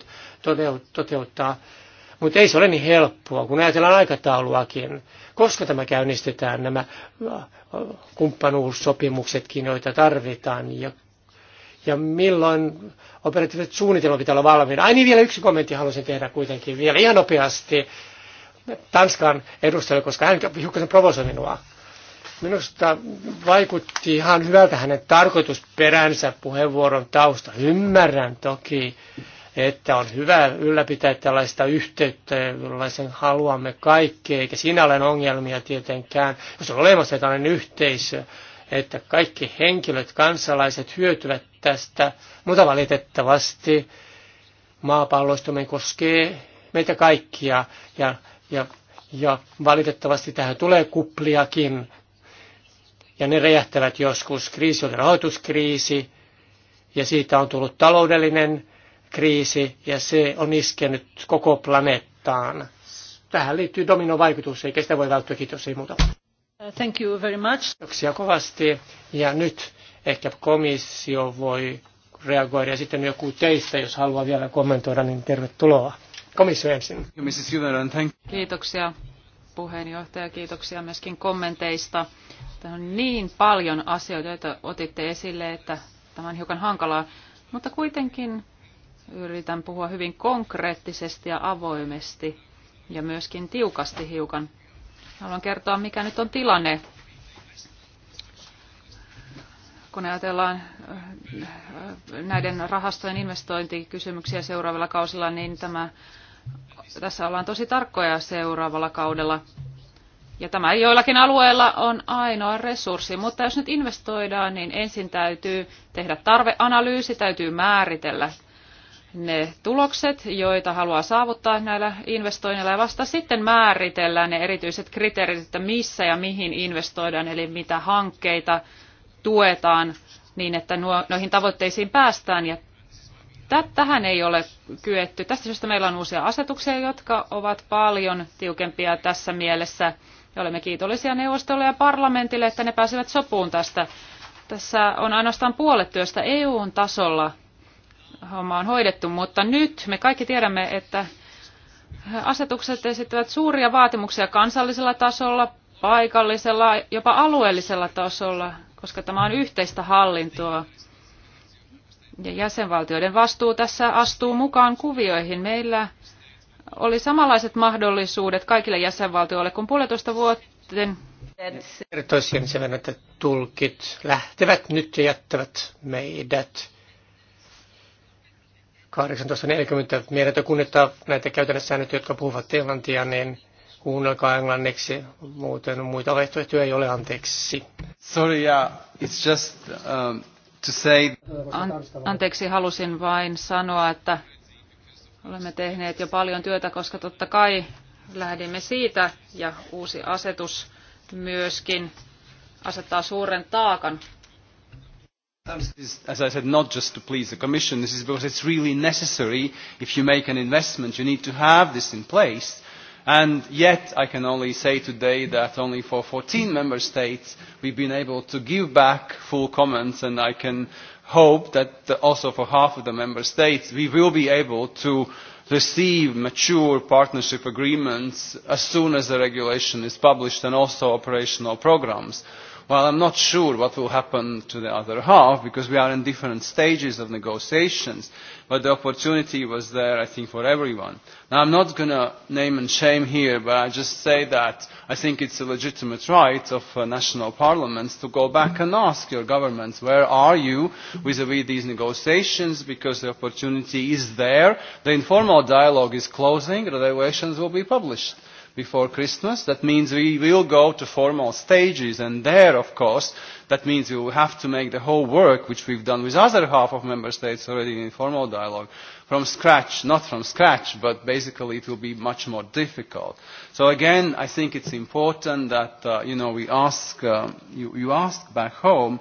toteuttaa. Mutta ei se ole niin helppoa, kun ajatellaan aikatauluakin. Koska tämä käynnistetään, nämä äh, kumppanuussopimuksetkin, joita tarvitaan, ja, ja milloin operatiiviset suunnitelmat pitää olla valmiina. Ai niin, vielä yksi kommentti haluaisin tehdä kuitenkin, vielä ihan nopeasti Tanskan edustajalle, koska hän hiukan provosoi minua Minusta vaikutti ihan hyvältä hänen tarkoitusperänsä puheenvuoron tausta. Ymmärrän toki, että on hyvä ylläpitää tällaista yhteyttä, jollaisen haluamme kaikki, eikä siinä ole ongelmia tietenkään. Jos on olemassa tällainen yhteisö, että kaikki henkilöt, kansalaiset hyötyvät tästä, mutta valitettavasti maapalloistuminen koskee meitä kaikkia ja, ja, ja valitettavasti tähän tulee kupliakin ja ne räjähtävät joskus. Kriisi oli rahoituskriisi ja siitä on tullut taloudellinen kriisi ja se on iskenyt koko planeettaan. Tähän liittyy dominovaikutus, eikä sitä voi välttää, kiitos, ei muuta. Uh, thank you very much. Kiitoksia kovasti. Ja nyt ehkä komissio voi reagoida ja sitten joku teistä, jos haluaa vielä kommentoida, niin tervetuloa. Komissio ensin. Kiitoksia puheenjohtaja, kiitoksia myöskin kommenteista. Tämä on niin paljon asioita, joita otitte esille, että tämä on hiukan hankalaa, mutta kuitenkin yritän puhua hyvin konkreettisesti ja avoimesti ja myöskin tiukasti hiukan. Haluan kertoa, mikä nyt on tilanne, kun ajatellaan äh, näiden rahastojen investointikysymyksiä seuraavalla kausilla, niin tämä, tässä ollaan tosi tarkkoja seuraavalla kaudella. Ja tämä joillakin alueilla on ainoa resurssi, mutta jos nyt investoidaan, niin ensin täytyy tehdä tarveanalyysi, täytyy määritellä ne tulokset, joita haluaa saavuttaa näillä investoinneilla ja vasta sitten määritellään ne erityiset kriteerit, että missä ja mihin investoidaan, eli mitä hankkeita tuetaan niin, että nuo, noihin tavoitteisiin päästään ja tähän ei ole kyetty. Tästä syystä meillä on uusia asetuksia, jotka ovat paljon tiukempia tässä mielessä ja olemme kiitollisia neuvostolle ja parlamentille, että ne pääsivät sopuun tästä. Tässä on ainoastaan puolet työstä EUn tasolla homma on hoidettu, mutta nyt me kaikki tiedämme, että asetukset esittävät suuria vaatimuksia kansallisella tasolla, paikallisella, jopa alueellisella tasolla, koska tämä on yhteistä hallintoa. Ja jäsenvaltioiden vastuu tässä astuu mukaan kuvioihin. Meillä oli samanlaiset mahdollisuudet kaikille jäsenvaltioille kuin puolitoista vuotten. Kertoisin sen että tulkit lähtevät nyt ja jättävät meidät 18.40. on kunnittaa näitä käytännössä säännöt, jotka puhuvat englantia, niin kuunnelkaa englanniksi, muuten muita vaihtoehtoja ei ole anteeksi. Sorry, yeah, it's just um, to say... An- anteeksi, halusin vain sanoa, että Olemme tehneet jo paljon työtä, koska totta kai lähdimme siitä ja uusi asetus myöskin asettaa suuren taakan as I said, not just to please the Commission. This is because it's really necessary. If you make an investment, you need to have this in place. And yet, I can only say today that only for 14 member states we've been able to give back full comments, and I can hope that also for half of the member states we will be able to receive mature partnership agreements as soon as the regulation is published and also operational programmes. Well, am not sure what will happen to the other half because we are in different stages of negotiations, but the opportunity was there, I think, for everyone. Now, am not going to name and shame here, but I just say that I think it is a legitimate right of uh, national parliaments to go back and ask your governments, where are you vis a vis these negotiations because the opportunity is there, the informal dialogue is closing, and the evaluations will be published before Christmas. That means we will go to formal stages and there, of course, that means we will have to make the whole work, which we've done with other half of member states already in formal dialogue, from scratch, not from scratch, but basically it will be much more difficult. So again, I think it's important that, uh, you know, we ask, uh, you, you ask back home,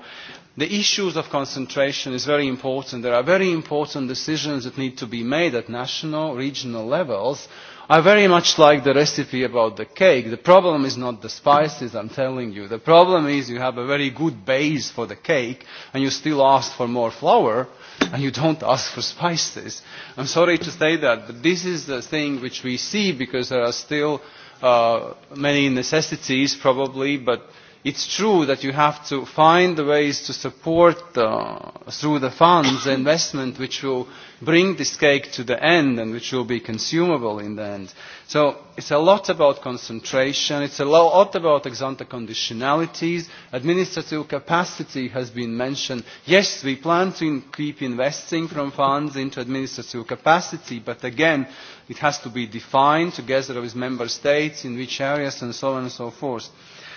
the issues of concentration is very important. There are very important decisions that need to be made at national, regional levels I very much like the recipe about the cake. The problem is not the spices, I'm telling you. The problem is you have a very good base for the cake and you still ask for more flour and you don't ask for spices. I'm sorry to say that, but this is the thing which we see because there are still uh, many necessities probably, but it is true that you have to find the ways to support uh, through the funds the investment which will bring this cake to the end and which will be consumable in the end. So it is a lot about concentration, it is a lot about ex ante conditionalities, administrative capacity has been mentioned. Yes, we plan to in keep investing from funds into administrative capacity, but again, it has to be defined together with member states in which areas and so on and so forth.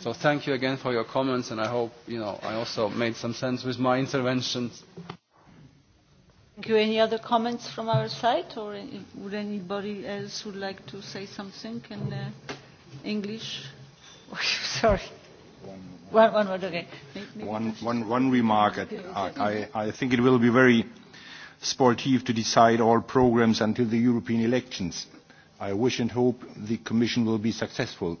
So thank you again for your comments, and I hope you know I also made some sense with my interventions. Thank you. Any other comments from our side, or any, would anybody else would like to say something in uh, English? Oh, sorry. One, one, word, okay. one, one, one remark. At, I, I, I think it will be very sportive to decide all programs until the European elections. I wish and hope the Commission will be successful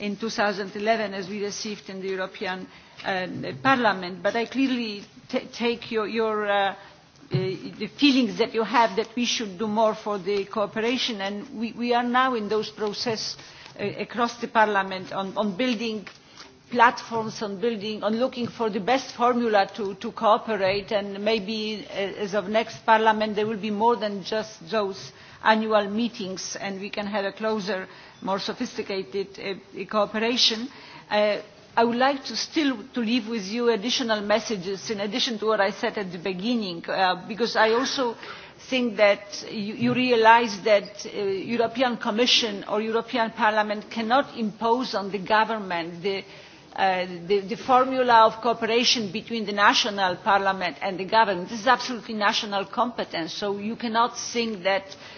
in 2011 as we received in the European uh, Parliament. But I clearly t take your, your uh, uh, the feelings that you have that we should do more for the cooperation and we, we are now in those processes uh, across the parliament on, on building platforms on building on looking for the best formula to, to cooperate and maybe uh, as of next parliament there will be more than just those annual meetings and we can have a closer uh, more sophisticated uh, cooperation. Uh, I would like to still to leave with you additional messages in addition to what I said at the beginning, uh, because I also think that you, you realise that uh, European Commission or European Parliament cannot impose on the government the Uh, the, the formula of cooperation between the national parliament and the government. This is absolutely national competence, so you cannot think that uh,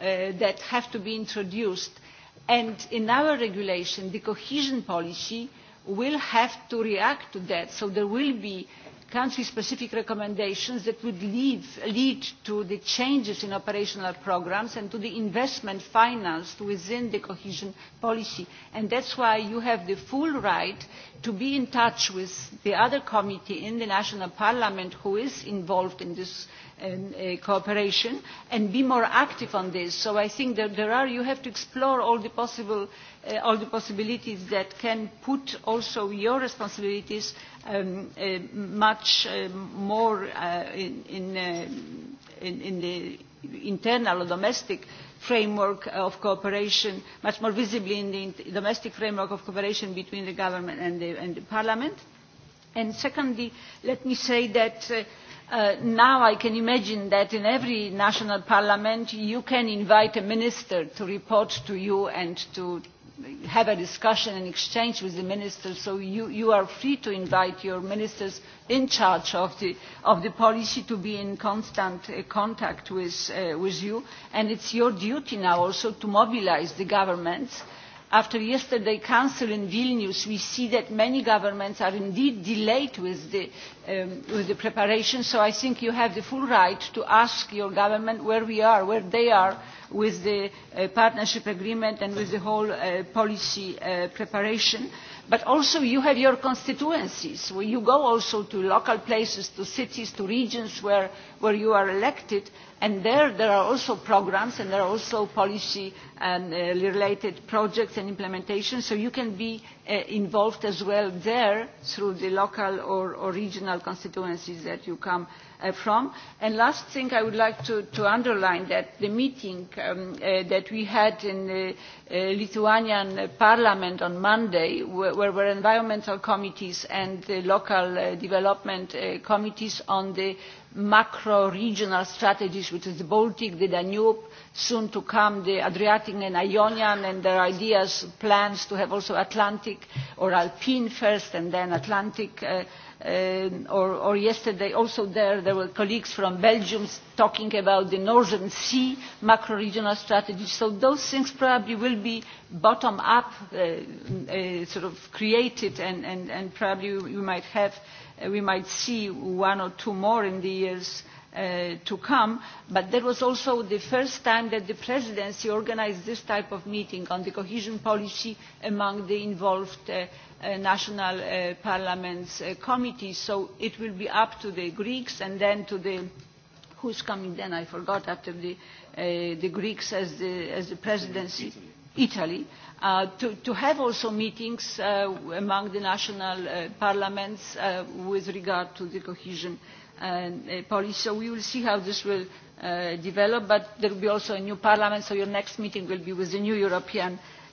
Uh, that have to be introduced. And in our regulation, the cohesion policy will have to react to that. So there will be country-specific recommendations that would lead, lead to the changes in operational programmes and to the investment financed within the cohesion policy. And that's why you have the full right to be in touch with the other committee in the national parliament who is involved in this Uh, cooperation and be more active on this. So I think that there are, you have to explore all the, possible, uh, all the possibilities that can put also your responsibilities um, uh, much more in, the internal or domestic framework of cooperation, much more visibly in the domestic framework of cooperation between the government and the, parliament. And secondly, let me say that Uh, now i can imagine that in every national parliament you can invite a minister to report to you and to have a discussion and exchange with the minister so you, you are free to invite your ministers in charge of the, of the policy to be in constant uh, contact with, uh, with you and it's your duty now also to mobilise the governments uh, after yesterday's council in vilnius we see that many governments are indeed delayed with the, um, preparations. so i think you have the full right to ask your government where we are where they are with the uh, partnership agreement and with the whole uh, policy uh, preparation but also you have your constituencies where you go also to local places to cities to regions where, where you are elected and there there are also programmes and there are also policy uh, related projects and implementation so you can be uh, involved as well there through the local or regional constituencies that you come Uh, from. And last thing I would like to, to underline that the meeting um, uh, that we had in the uh, uh, Lithuanian parliament on Monday, where, where were environmental committees and the local uh, development uh, committees on the macro-regional strategies, which is the Baltic, the Danube, soon to come the Adriatic and Ionian, and their ideas, plans to have also Atlantic or Alpine first and then Atlantic uh, Uh, or, yesterday also there, there were colleagues from Belgium talking about the Northern Sea macro-regional strategy. So those things probably will be bottom-up uh, uh, sort of created and, probably we might see one or two more in the years uh, Uh, to come but that was also the first time that the presidency organised this type of meeting on the cohesion policy among the involved uh, uh, national parliaments committees so it will be up to the greeks and then to the who is coming then i forgot after the, greeks as the, presidency italy to, have also meetings among the national parliaments with regard to the cohesion Uh, policy so we will see how this will uh, develop but there will also be a new parliament so your next meeting will be with the new european